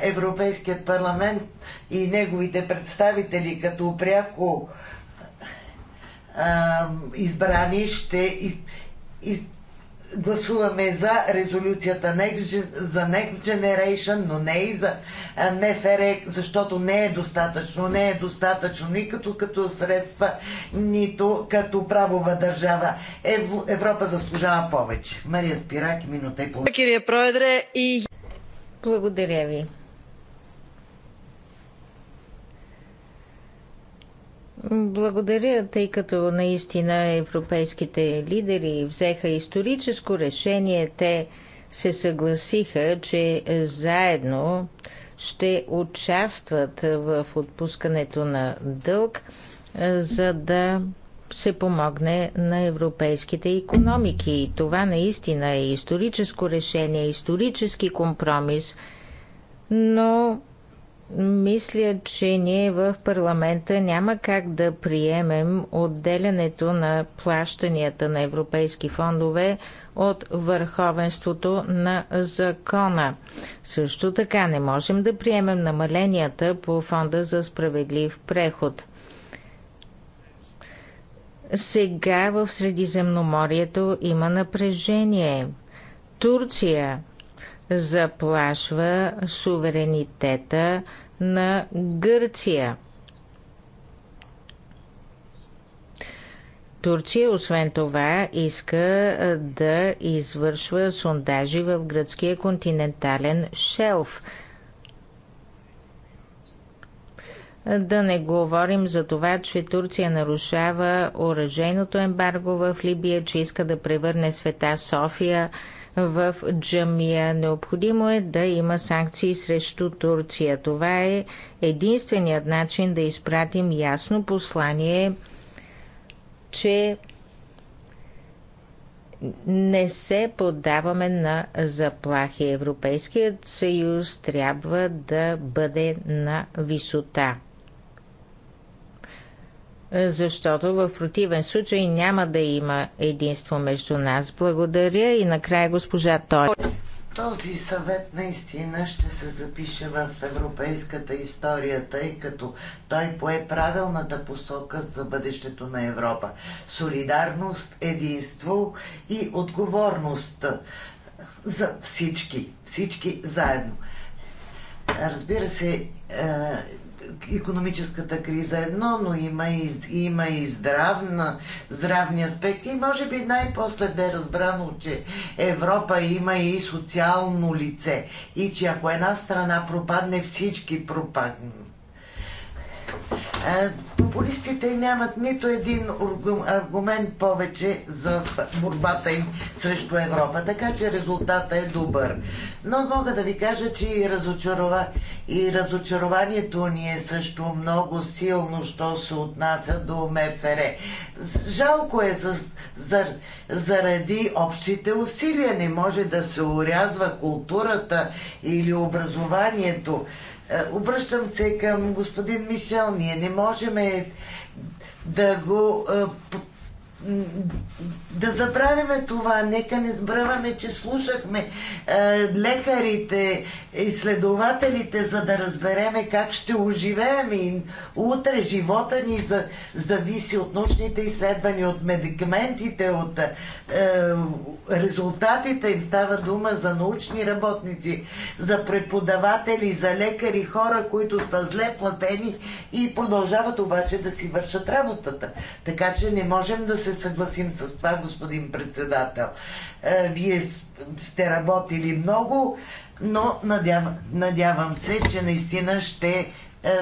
Европейският парламент и неговите представители като пряко е, избрани ще из, из, гласуваме за резолюцията за Next Generation, но не и за МФР, защото не е достатъчно. Не е достатъчно ни като, като средства, нито като правова държава. Ев, Европа заслужава повече. Мария Спирак, минута и половина. Благодаря ви. Благодаря, тъй като наистина европейските лидери взеха историческо решение. Те се съгласиха, че заедно ще участват в отпускането на дълг, за да се помогне на европейските економики. И това наистина е историческо решение, исторически компромис, но мисля, че ние в парламента няма как да приемем отделянето на плащанията на европейски фондове от върховенството на закона. Също така не можем да приемем намаленията по фонда за справедлив преход. Сега в Средиземноморието има напрежение. Турция заплашва суверенитета на Гърция. Турция, освен това, иска да извършва сондажи в гръцкия континентален шелф. Да не говорим за това, че Турция нарушава оръжейното ембарго в Либия, че иска да превърне света София в Джамия. Необходимо е да има санкции срещу Турция. Това е единственият начин да изпратим ясно послание, че не се поддаваме на заплахи. Европейският съюз трябва да бъде на висота защото в противен случай няма да има единство между нас. Благодаря и накрая госпожа Той. Този съвет наистина ще се запише в европейската история, тъй като той пое правилната посока за бъдещето на Европа. Солидарност, единство и отговорност за всички, всички заедно. Разбира се, е, економическата криза е едно, но има и, има и здравна, здравни аспекти. И може би най-после бе разбрано, че Европа има и социално лице. И че ако една страна пропадне, всички пропаднат. Е, популистите нямат нито един аргумент повече за борбата им срещу Европа. Така че резултата е добър. Но мога да ви кажа, че и, разочарова... и разочарованието ни е също много силно, що се отнася до МФР. Жалко е за... За... заради общите усилия. Не може да се урязва културата или образованието е, обръщам се към господин Мишел. Ние не можем да го е, да забравяме това. Нека не сбръваме, че слушахме е, лекарите, изследователите, за да разбереме как ще оживеем и утре живота ни за, зависи от научните изследвания, от медикаментите, от е, резултатите. Им става дума за научни работници, за преподаватели, за лекари, хора, които са зле платени и продължават обаче да си вършат работата. Така че не можем да се се съгласим с това, господин председател. Е, вие сте работили много, но надявам, надявам се, че наистина ще е,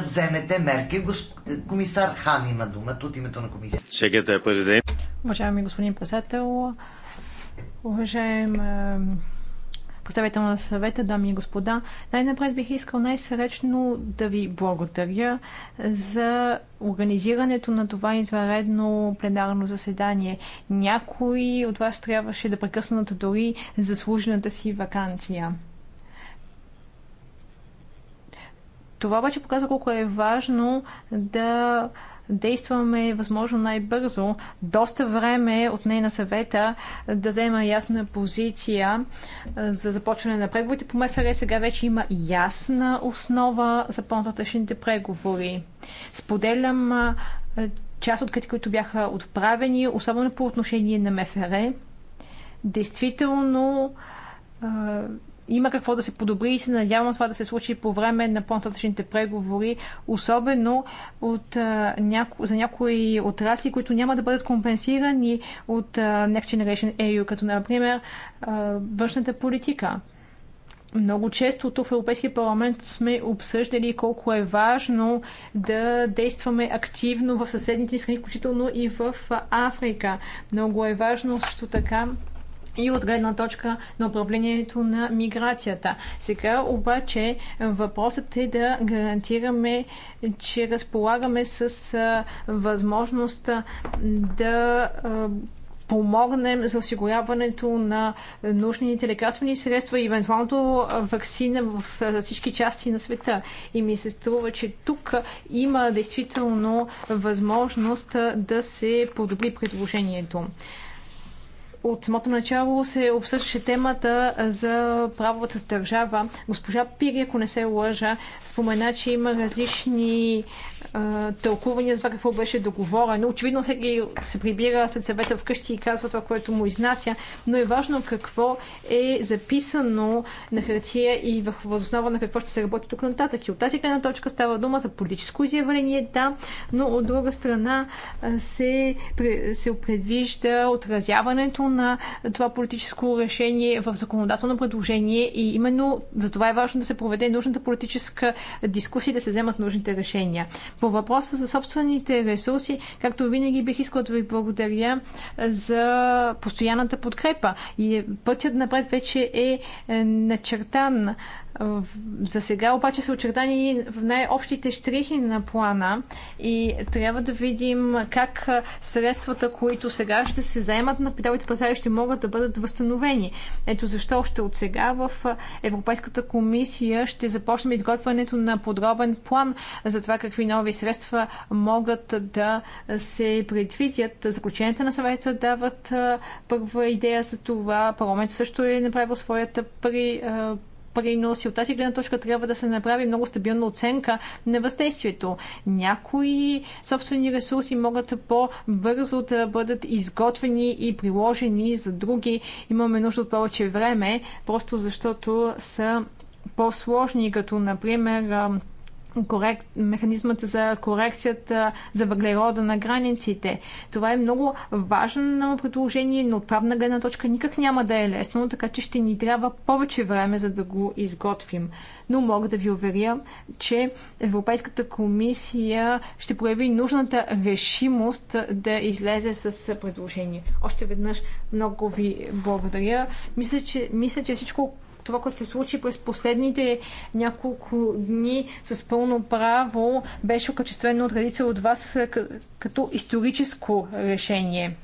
вземете мерки. Госп... Комисар Хан има думата от името на комисията. Чекайте, президент. Уважаеми господин председател, уважаем е, представител на съвета, дами и господа, най-напред бих искал най-сречно да ви благодаря за организирането на това извънредно пленарно заседание. Някой от вас трябваше да прекъснат дори заслужената си вакансия. Това обаче показва колко е важно да действаме възможно най-бързо. Доста време е от нея на съвета да взема ясна позиция за започване на преговорите по МФР. Сега вече има ясна основа за по-нататъчните преговори. Споделям част от които бяха отправени, особено по отношение на МФР. Действително има какво да се подобри и се надявам това да се случи по време на по-нататъчните преговори, особено от, няко, за някои отрасли, които няма да бъдат компенсирани от Next Generation EU, като например външната политика. Много често тук в Европейския парламент сме обсъждали колко е важно да действаме активно в съседните страни, включително и в Африка. Много е важно също така и от гледна точка на управлението на миграцията. Сега обаче въпросът е да гарантираме, че разполагаме с възможност да помогнем за осигуряването на нужните лекарствени средства и евентуалното вакцина в всички части на света. И ми се струва, че тук има действително възможност да се подобри предложението от самото начало се обсъждаше темата за правовата държава. Госпожа Пири, ако не се лъжа, спомена, че има различни тълкувания за това какво беше договорено. Очевидно всеки се прибира след съвета вкъщи и казва това, което му изнася, но е важно какво е записано на хартия и възоснова на какво ще се работи тук нататък. И от тази гледна точка става дума за политическо изявление, да, но от друга страна се, се предвижда отразяването на това политическо решение в законодателно предложение и именно за това е важно да се проведе нужната политическа дискусия и да се вземат нужните решения. По въпроса за собствените ресурси, както винаги бих искал да ви благодаря за постоянната подкрепа. И е, пътят напред вече е, е начертан. За сега обаче са очертани в най-общите штрихи на плана и трябва да видим как средствата, които сега ще се заемат на капиталите пазари, ще могат да бъдат възстановени. Ето защо още от сега в Европейската комисия ще започнем изготвянето на подробен план за това какви нови средства могат да се предвидят. Заключенията на съвета дават първа идея за това. Парламент също е направил своята при принос и от тази гледна точка трябва да се направи много стабилна оценка на въздействието. Някои собствени ресурси могат по-бързо да бъдат изготвени и приложени за други. Имаме нужда от повече време, просто защото са по-сложни, като например корек... механизмата за корекцията за въглерода на границите. Това е много важно предложение, но от правна гледна точка никак няма да е лесно, така че ще ни трябва повече време, за да го изготвим. Но мога да ви уверя, че Европейската комисия ще прояви нужната решимост да излезе с предложение. Още веднъж много ви благодаря. Мисля, че, мисля, че всичко, това, което се случи през последните няколко дни с пълно право, беше окачествено от редица от вас като историческо решение.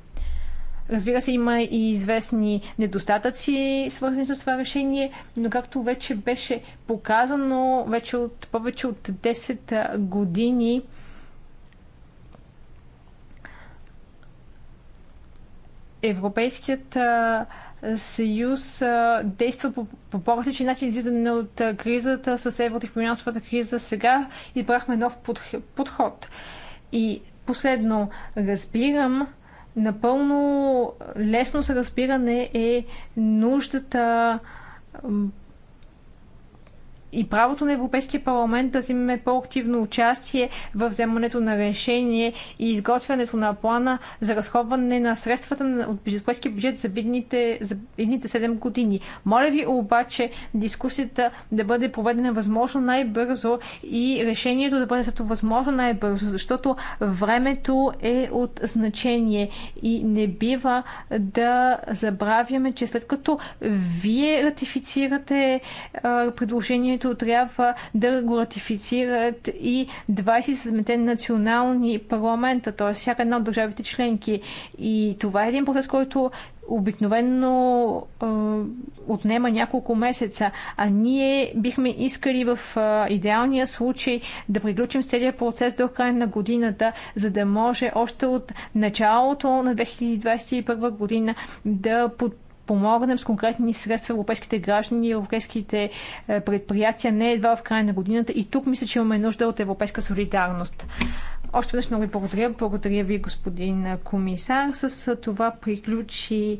Разбира се, има и известни недостатъци, свързани с това решение, но както вече беше показано, вече от повече от 10 години Европейският съюз действа по, по по-различен начин излизане от кризата с еврото и финансовата криза. Сега избрахме нов подход. И последно, разбирам, напълно лесно се разбиране е нуждата и правото на Европейския парламент да вземе по-активно участие в вземането на решение и изготвянето на плана за разходване на средствата от европейския бюджет за бидните, за бидните 7 години. Моля ви обаче дискусията да бъде проведена възможно най-бързо и решението да бъде зато възможно най-бързо, защото времето е от значение и не бива да забравяме, че след като вие ратифицирате предложението които трябва да го ратифицират и 27-те национални парламента, т.е. всяка една от държавите членки. И това е един процес, който обикновенно е, отнема няколко месеца, а ние бихме искали в е, идеалния случай да приключим с целият процес до края на годината, за да може още от началото на 2021 година да подпишем помогнем с конкретни средства европейските граждани и европейските е, предприятия, не едва в края на годината. И тук мисля, че имаме нужда от европейска солидарност. Още веднъж много ви благодаря. Благодаря ви, господин комисар. С това приключи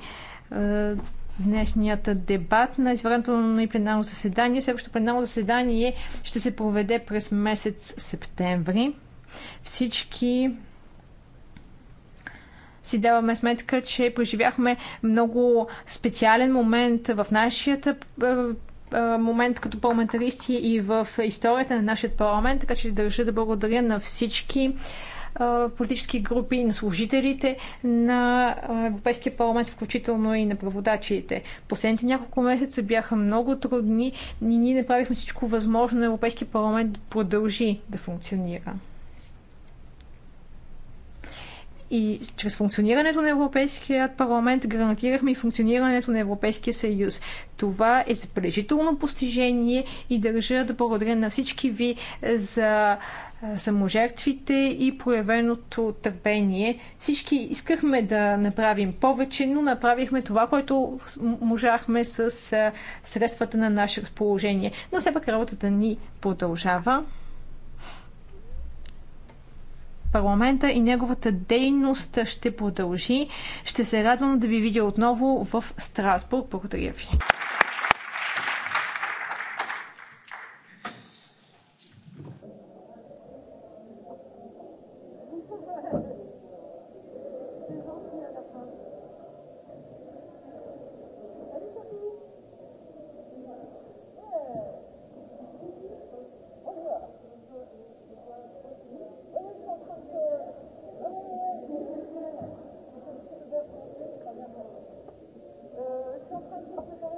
е, днешният дебат на извънредното и пленарно заседание. Следващото пленарно заседание ще се проведе през месец септември. Всички си даваме сметка, че преживяхме много специален момент в нашията е, е, момент като парламентаристи и в историята на нашия парламент, така че държа да благодаря на всички е, политически групи, на служителите на Европейския парламент, включително и на праводачите. Последните няколко месеца бяха много трудни и ние направихме всичко възможно на Европейския парламент да продължи да функционира. И чрез функционирането на Европейският парламент гарантирахме и функционирането на Европейския съюз. Това е забележително постижение и държа да благодаря на всички ви за саможертвите и проявеното търпение. Всички искахме да направим повече, но направихме това, което можахме с средствата на наше разположение. Но все пак работата ни продължава парламента и неговата дейност ще продължи. Ще се радвам да ви видя отново в Страсбург. Благодаря ви.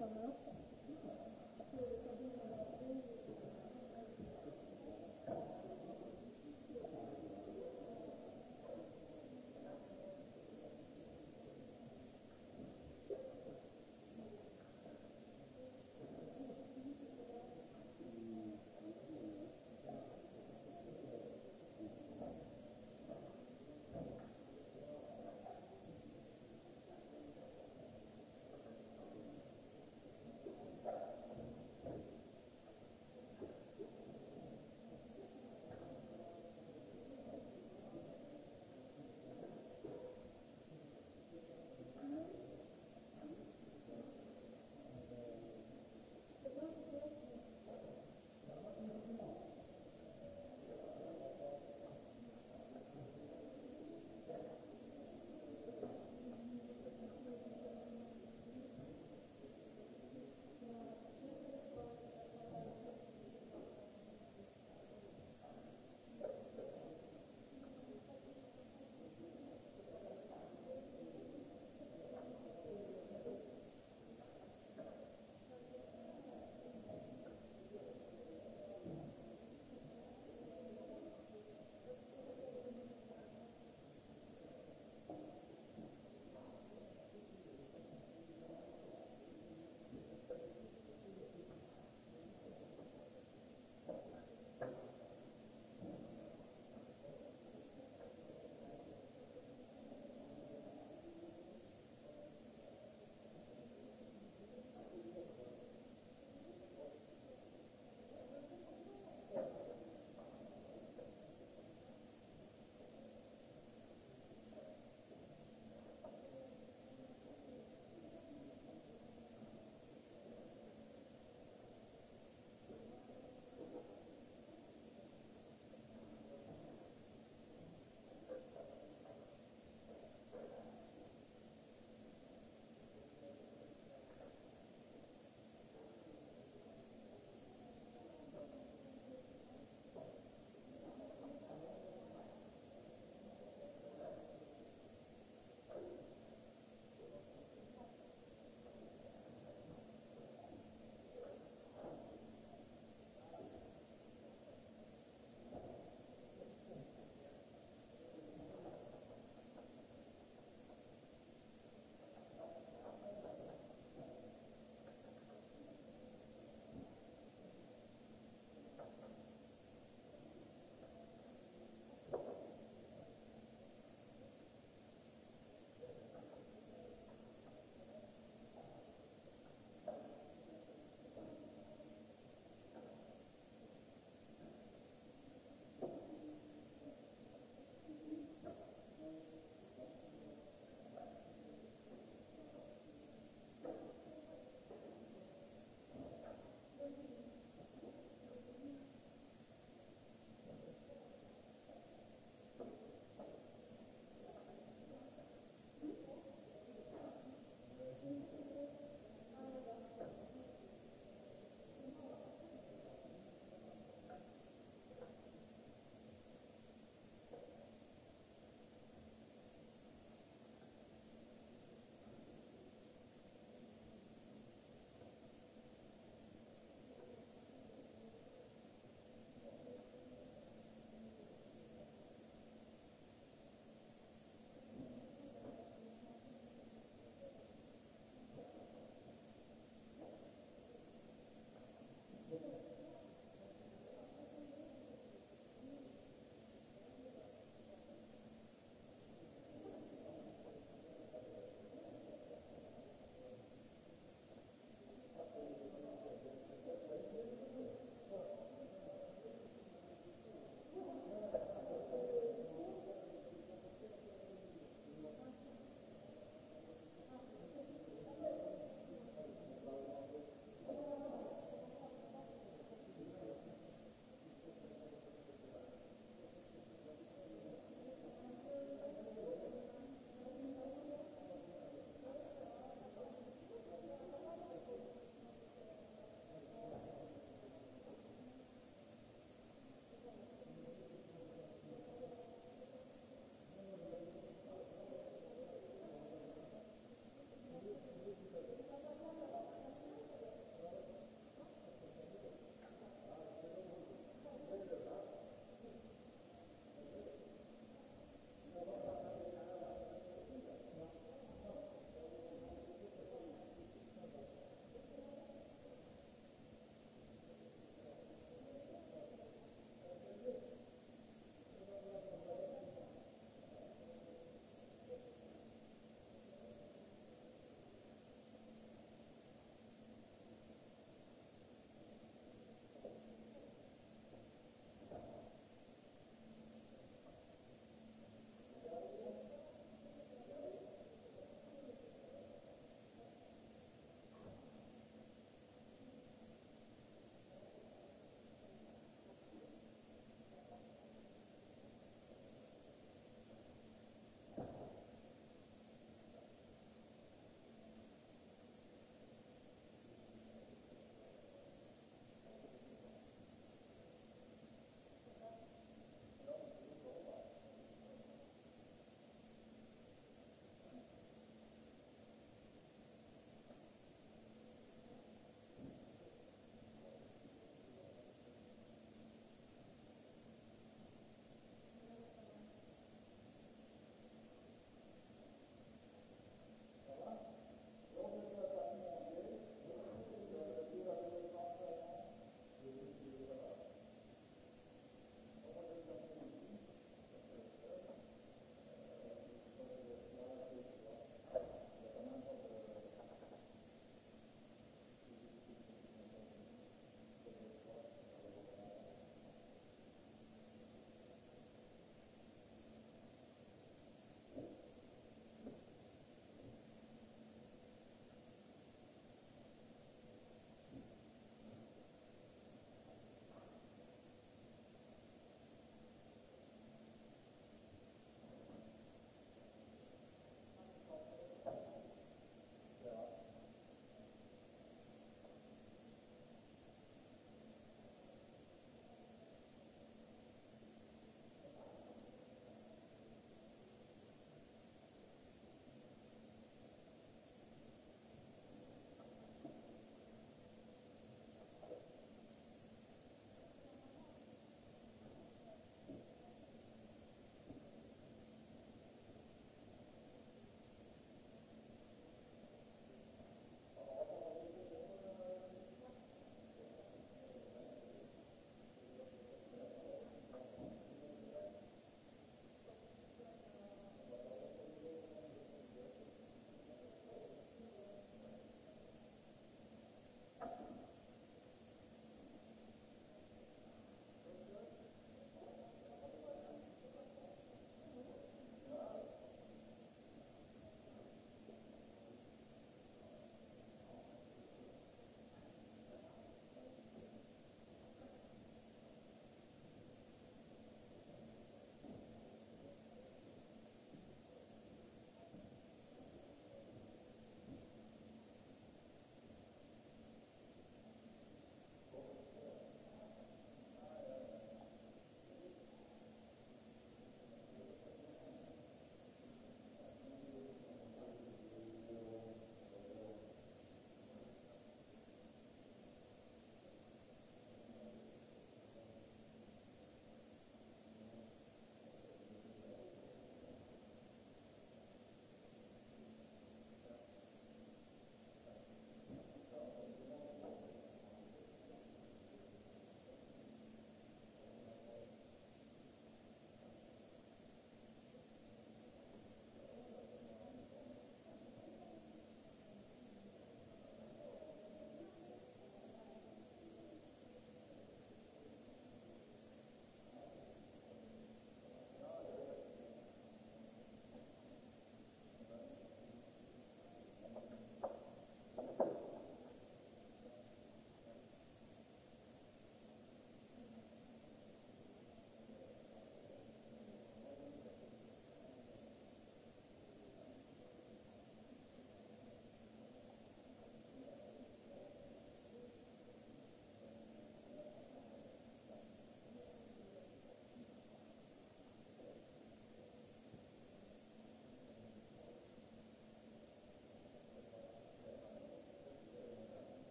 Само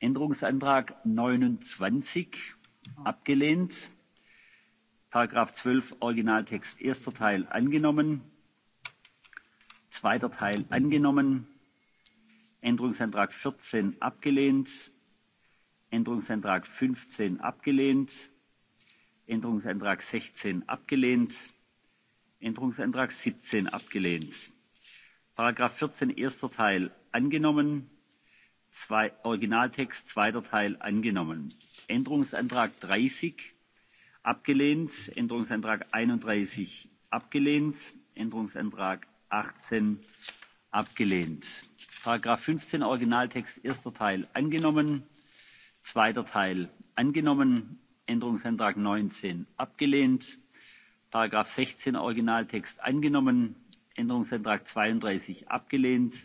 änderungsantrag neunundzwanzig abgelehnt; zwölf originaltext erster teil angenommen; zweiter teil angenommen; änderungsantrag vierzehn abgelehnt; änderungsantrag fünfzehn abgelehnt; änderungsantrag sechzehn abgelehnt; änderungsantrag siebzehn abgelehnt; vierzehn erster teil angenommen; originaltext zweiter teil angenommen; änderungsantrag dreißig abgelehnt; änderungsantrag einunddreißig abgelehnt; änderungsantrag achtzehn abgelehnt; paragraph fünfzehn originaltext erster teil angenommen; zweiter teil angenommen; änderungsantrag neunzehn abgelehnt; paragraph sechzehn originaltext angenommen; änderungsantrag zweiunddreißig abgelehnt;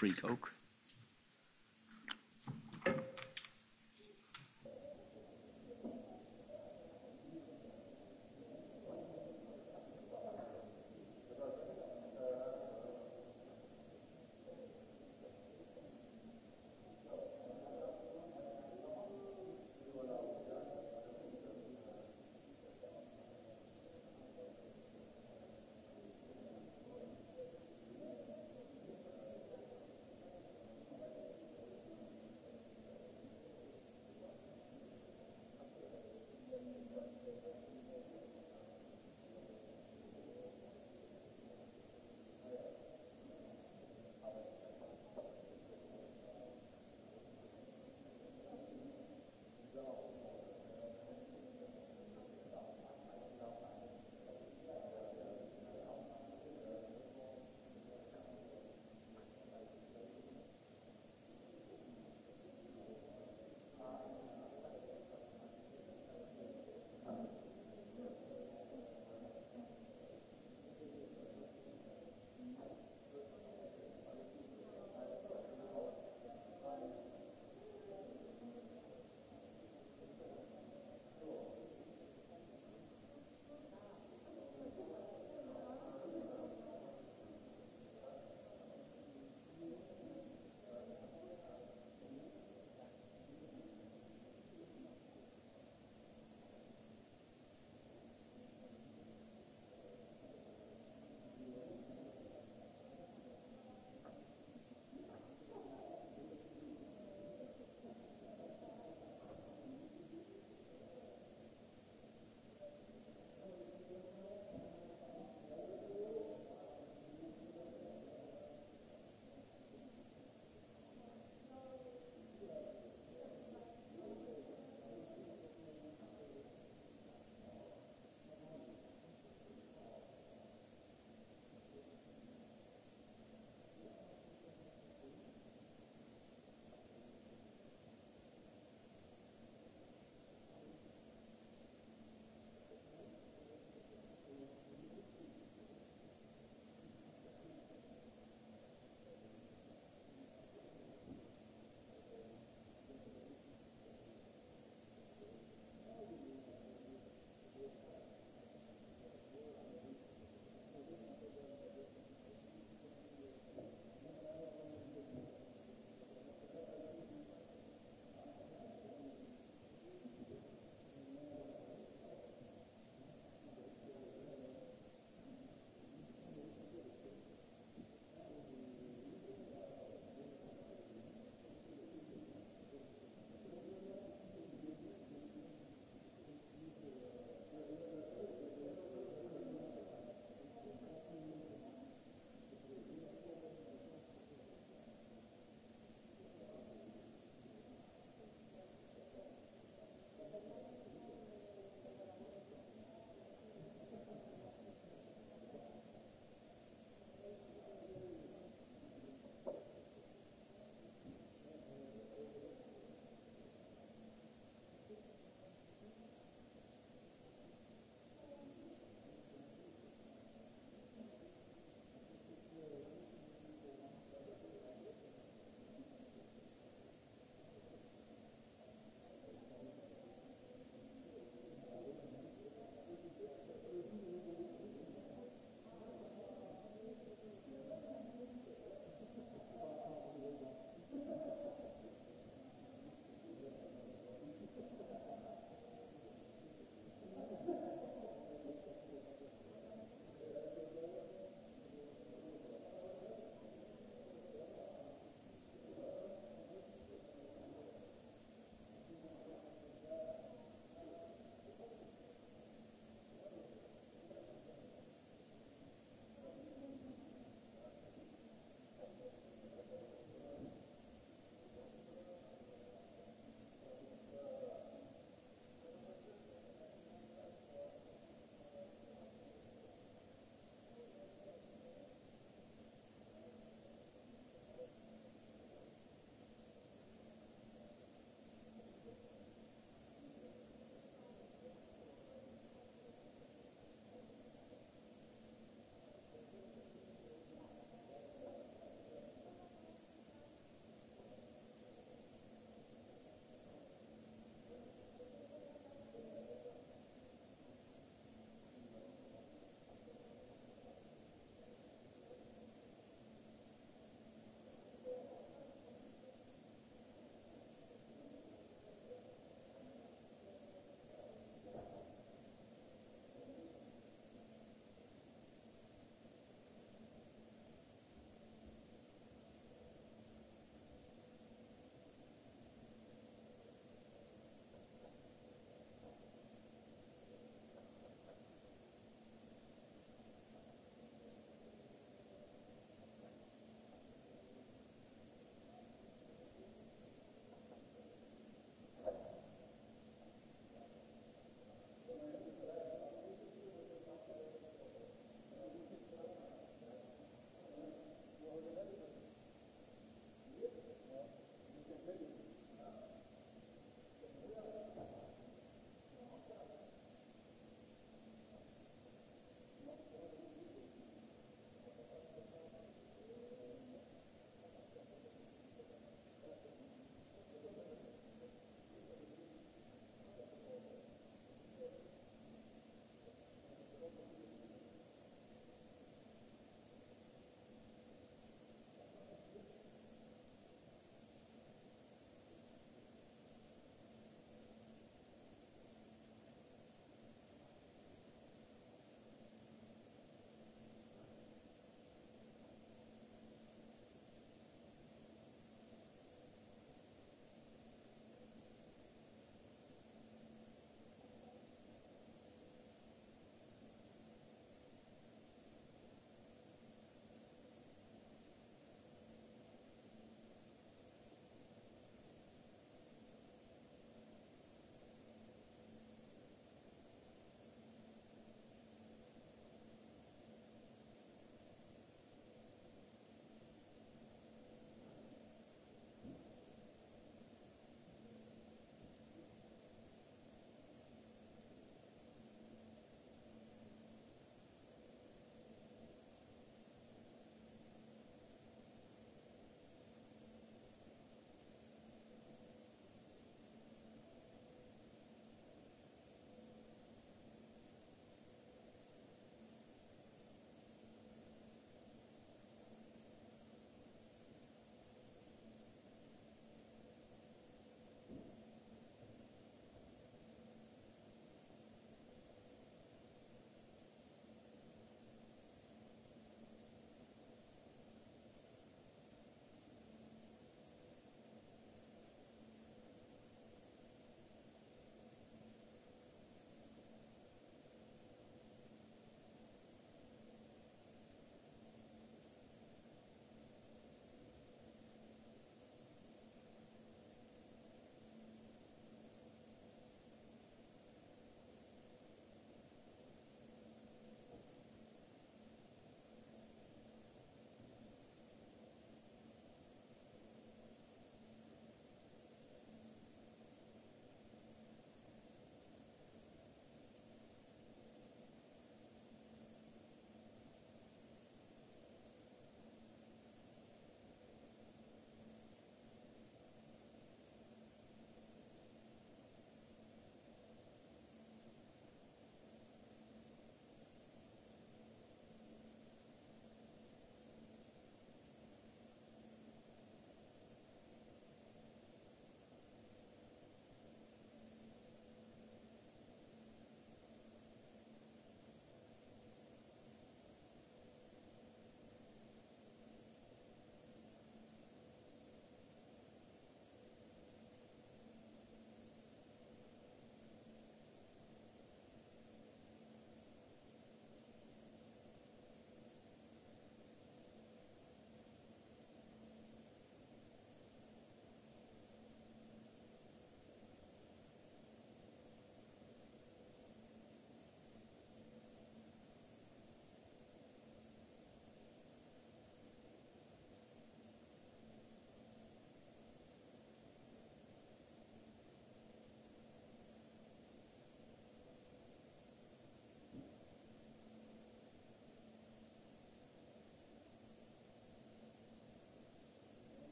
free coke.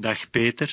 dag Peter.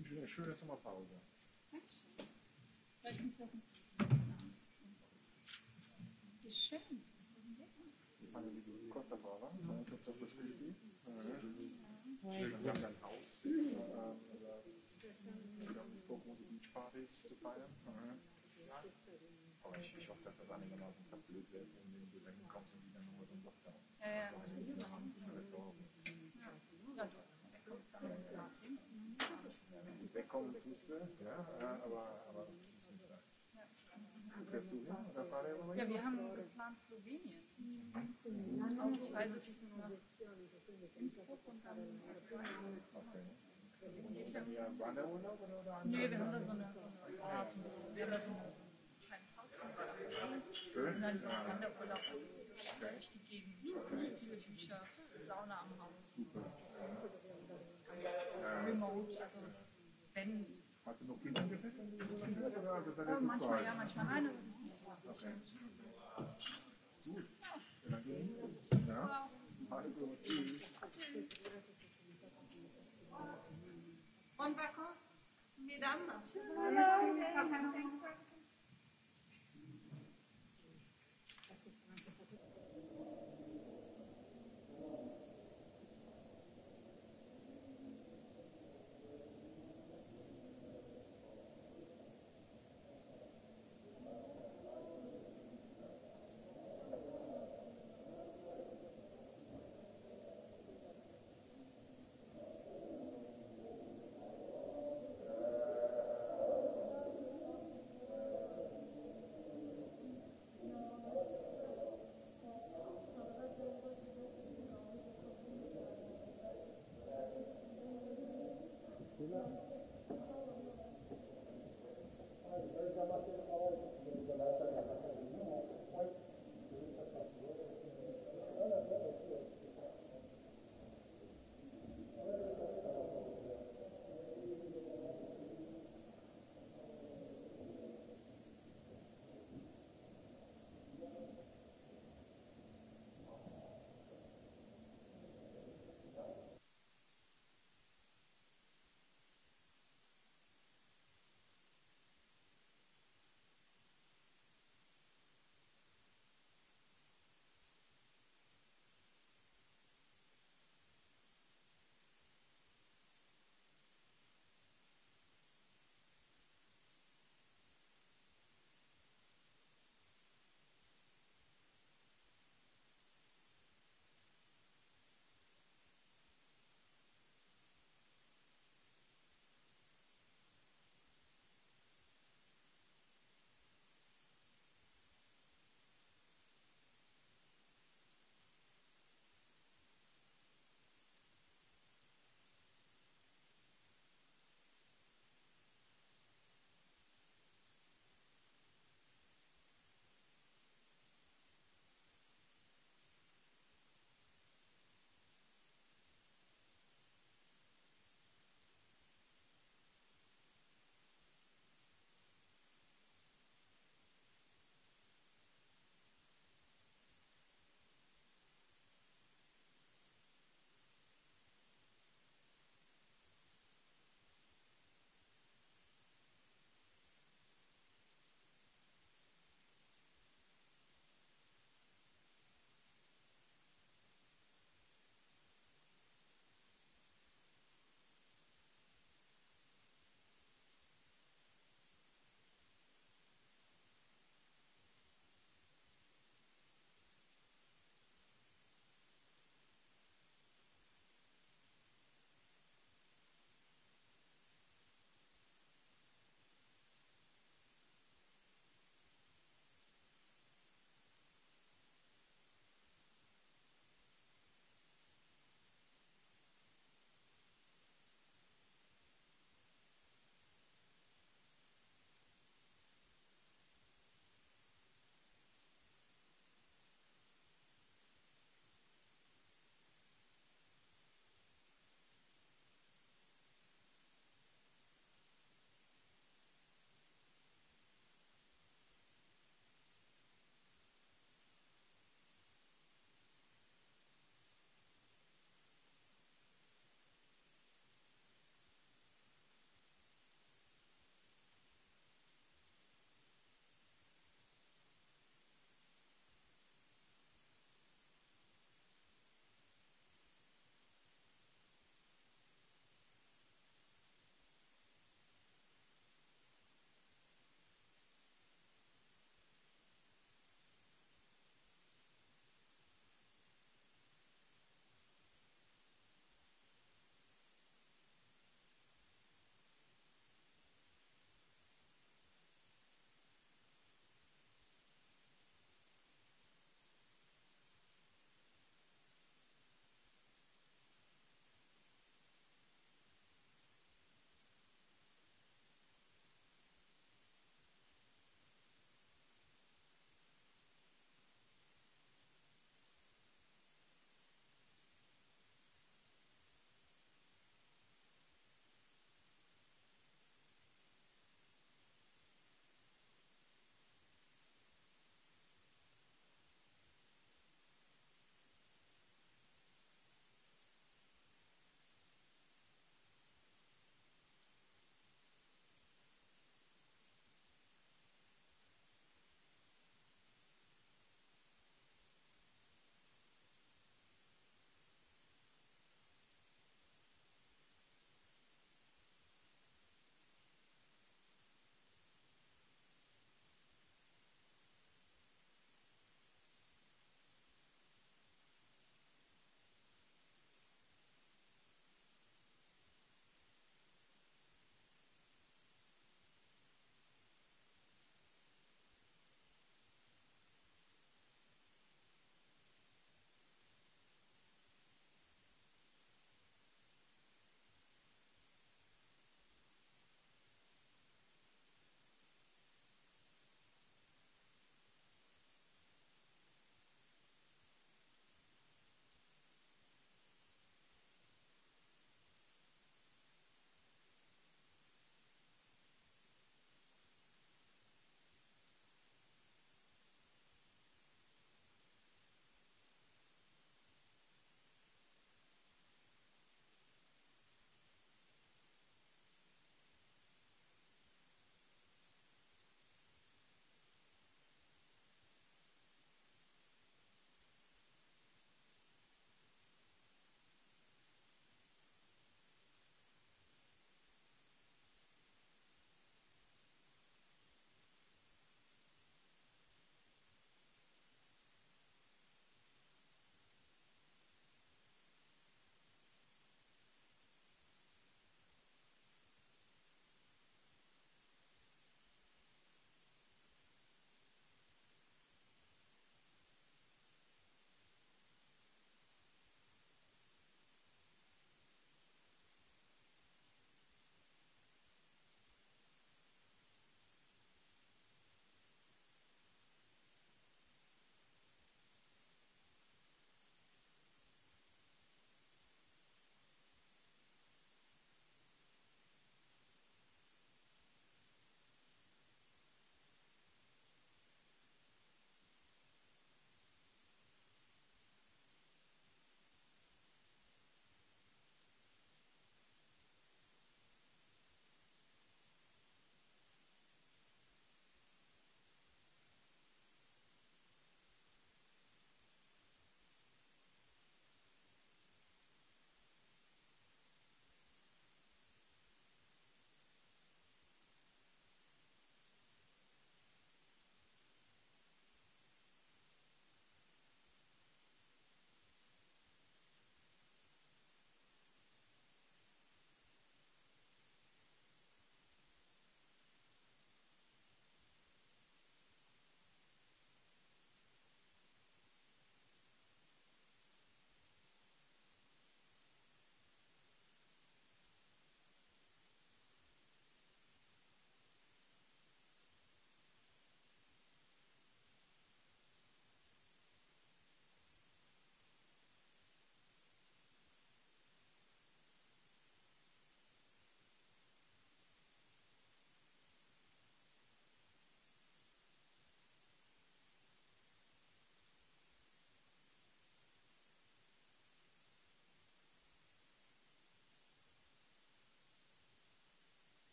wünsche Ihnen eine schöne Sommerpause. Dankeschön. Danke für Wie schön. Costa Brava, das ist das wir haben Haus. Wir haben die zu feiern. Aber ich, hoffe, dass das einigermaßen wird, wenn du dann kommst und Ja, ja kommen Füße, Ja, aber, aber das muss nicht sein. Fährst du hin? Oder der immer ja, wir haben geplant Slowenien. Mhm. Auch Reise zwischen nach Innsbruck und dann okay. Nee, wir haben da so eine, so eine Art, ein bisschen, wir haben da so ein kleines Haus und dann Wanderurlaub, also durch die Gegend, viele Bücher, Sauna am Haus. Super. Remote, also wenn. Hast du noch Kinder im Manchmal ja, manchmal nein. Okay. Gut. Ja. Also, tschüss. vacances, mesdames.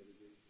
intelligence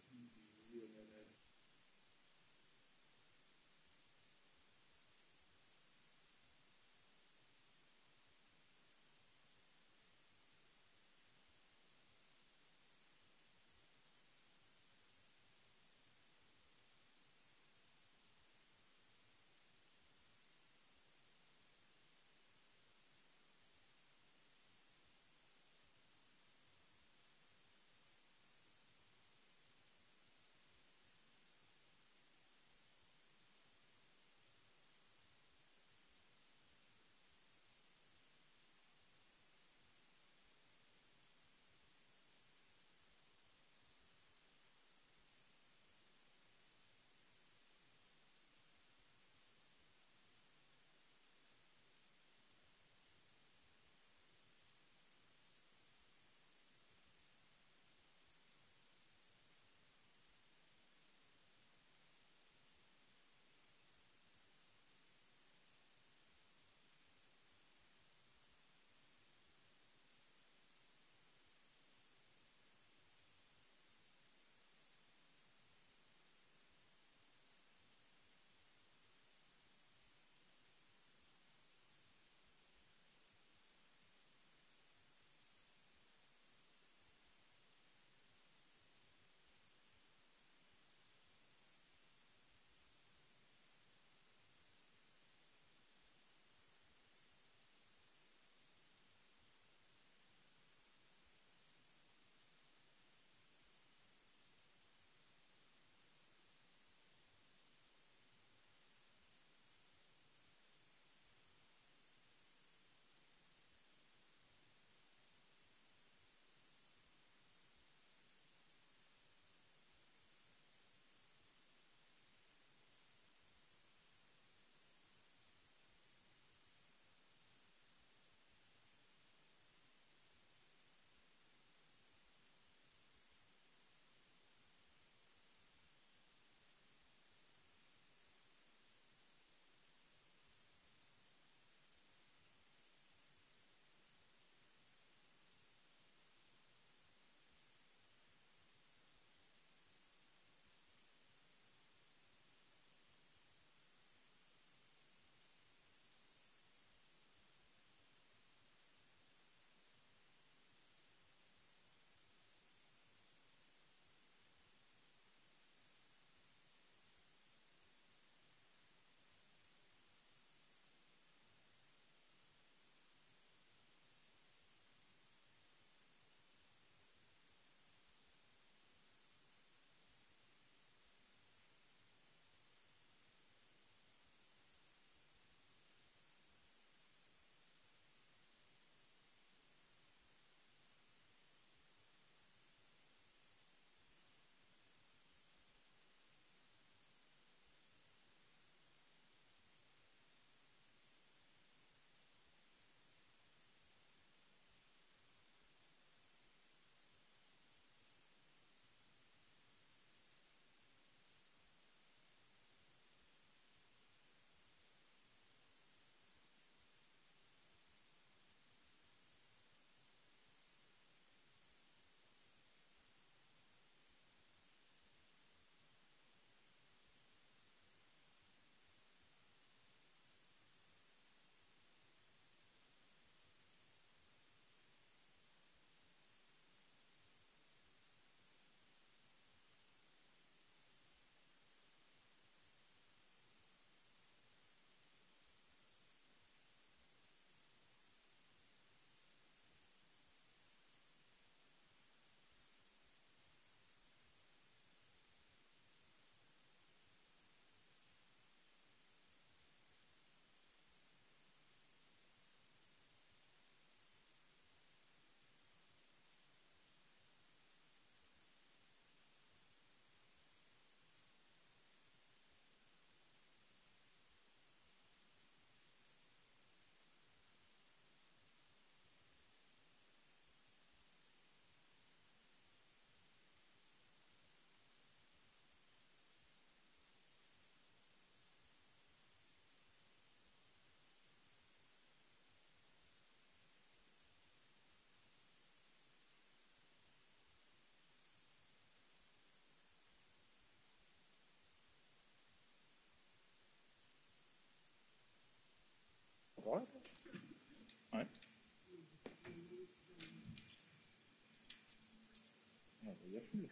Yes, please.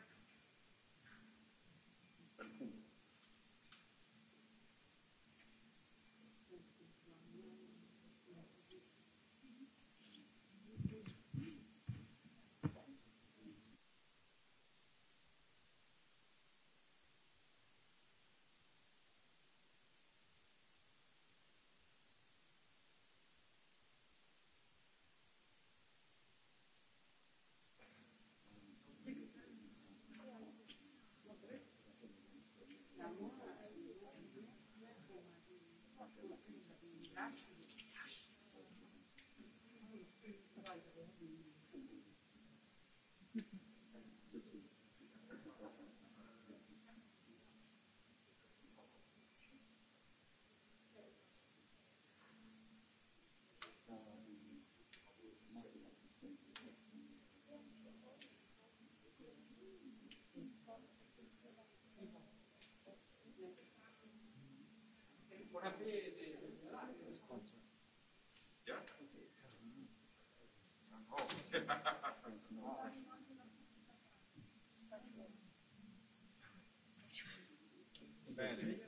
Bene.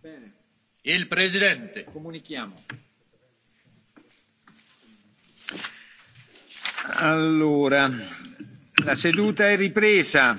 Bene. Il Presidente. Comunichiamo. Allora, la seduta è ripresa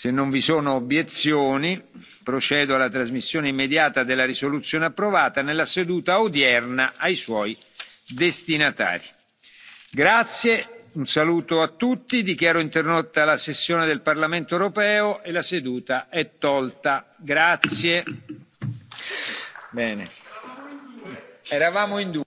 se non vi sono obiezioni procedo alla trasmissione immediata della risoluzione approvata nella seduta odierna ai suoi destinatari. Grazie, un saluto a tutti dichiaro interrotta la sessione del parlamento europeo e la seduta è tolta. eravamo in.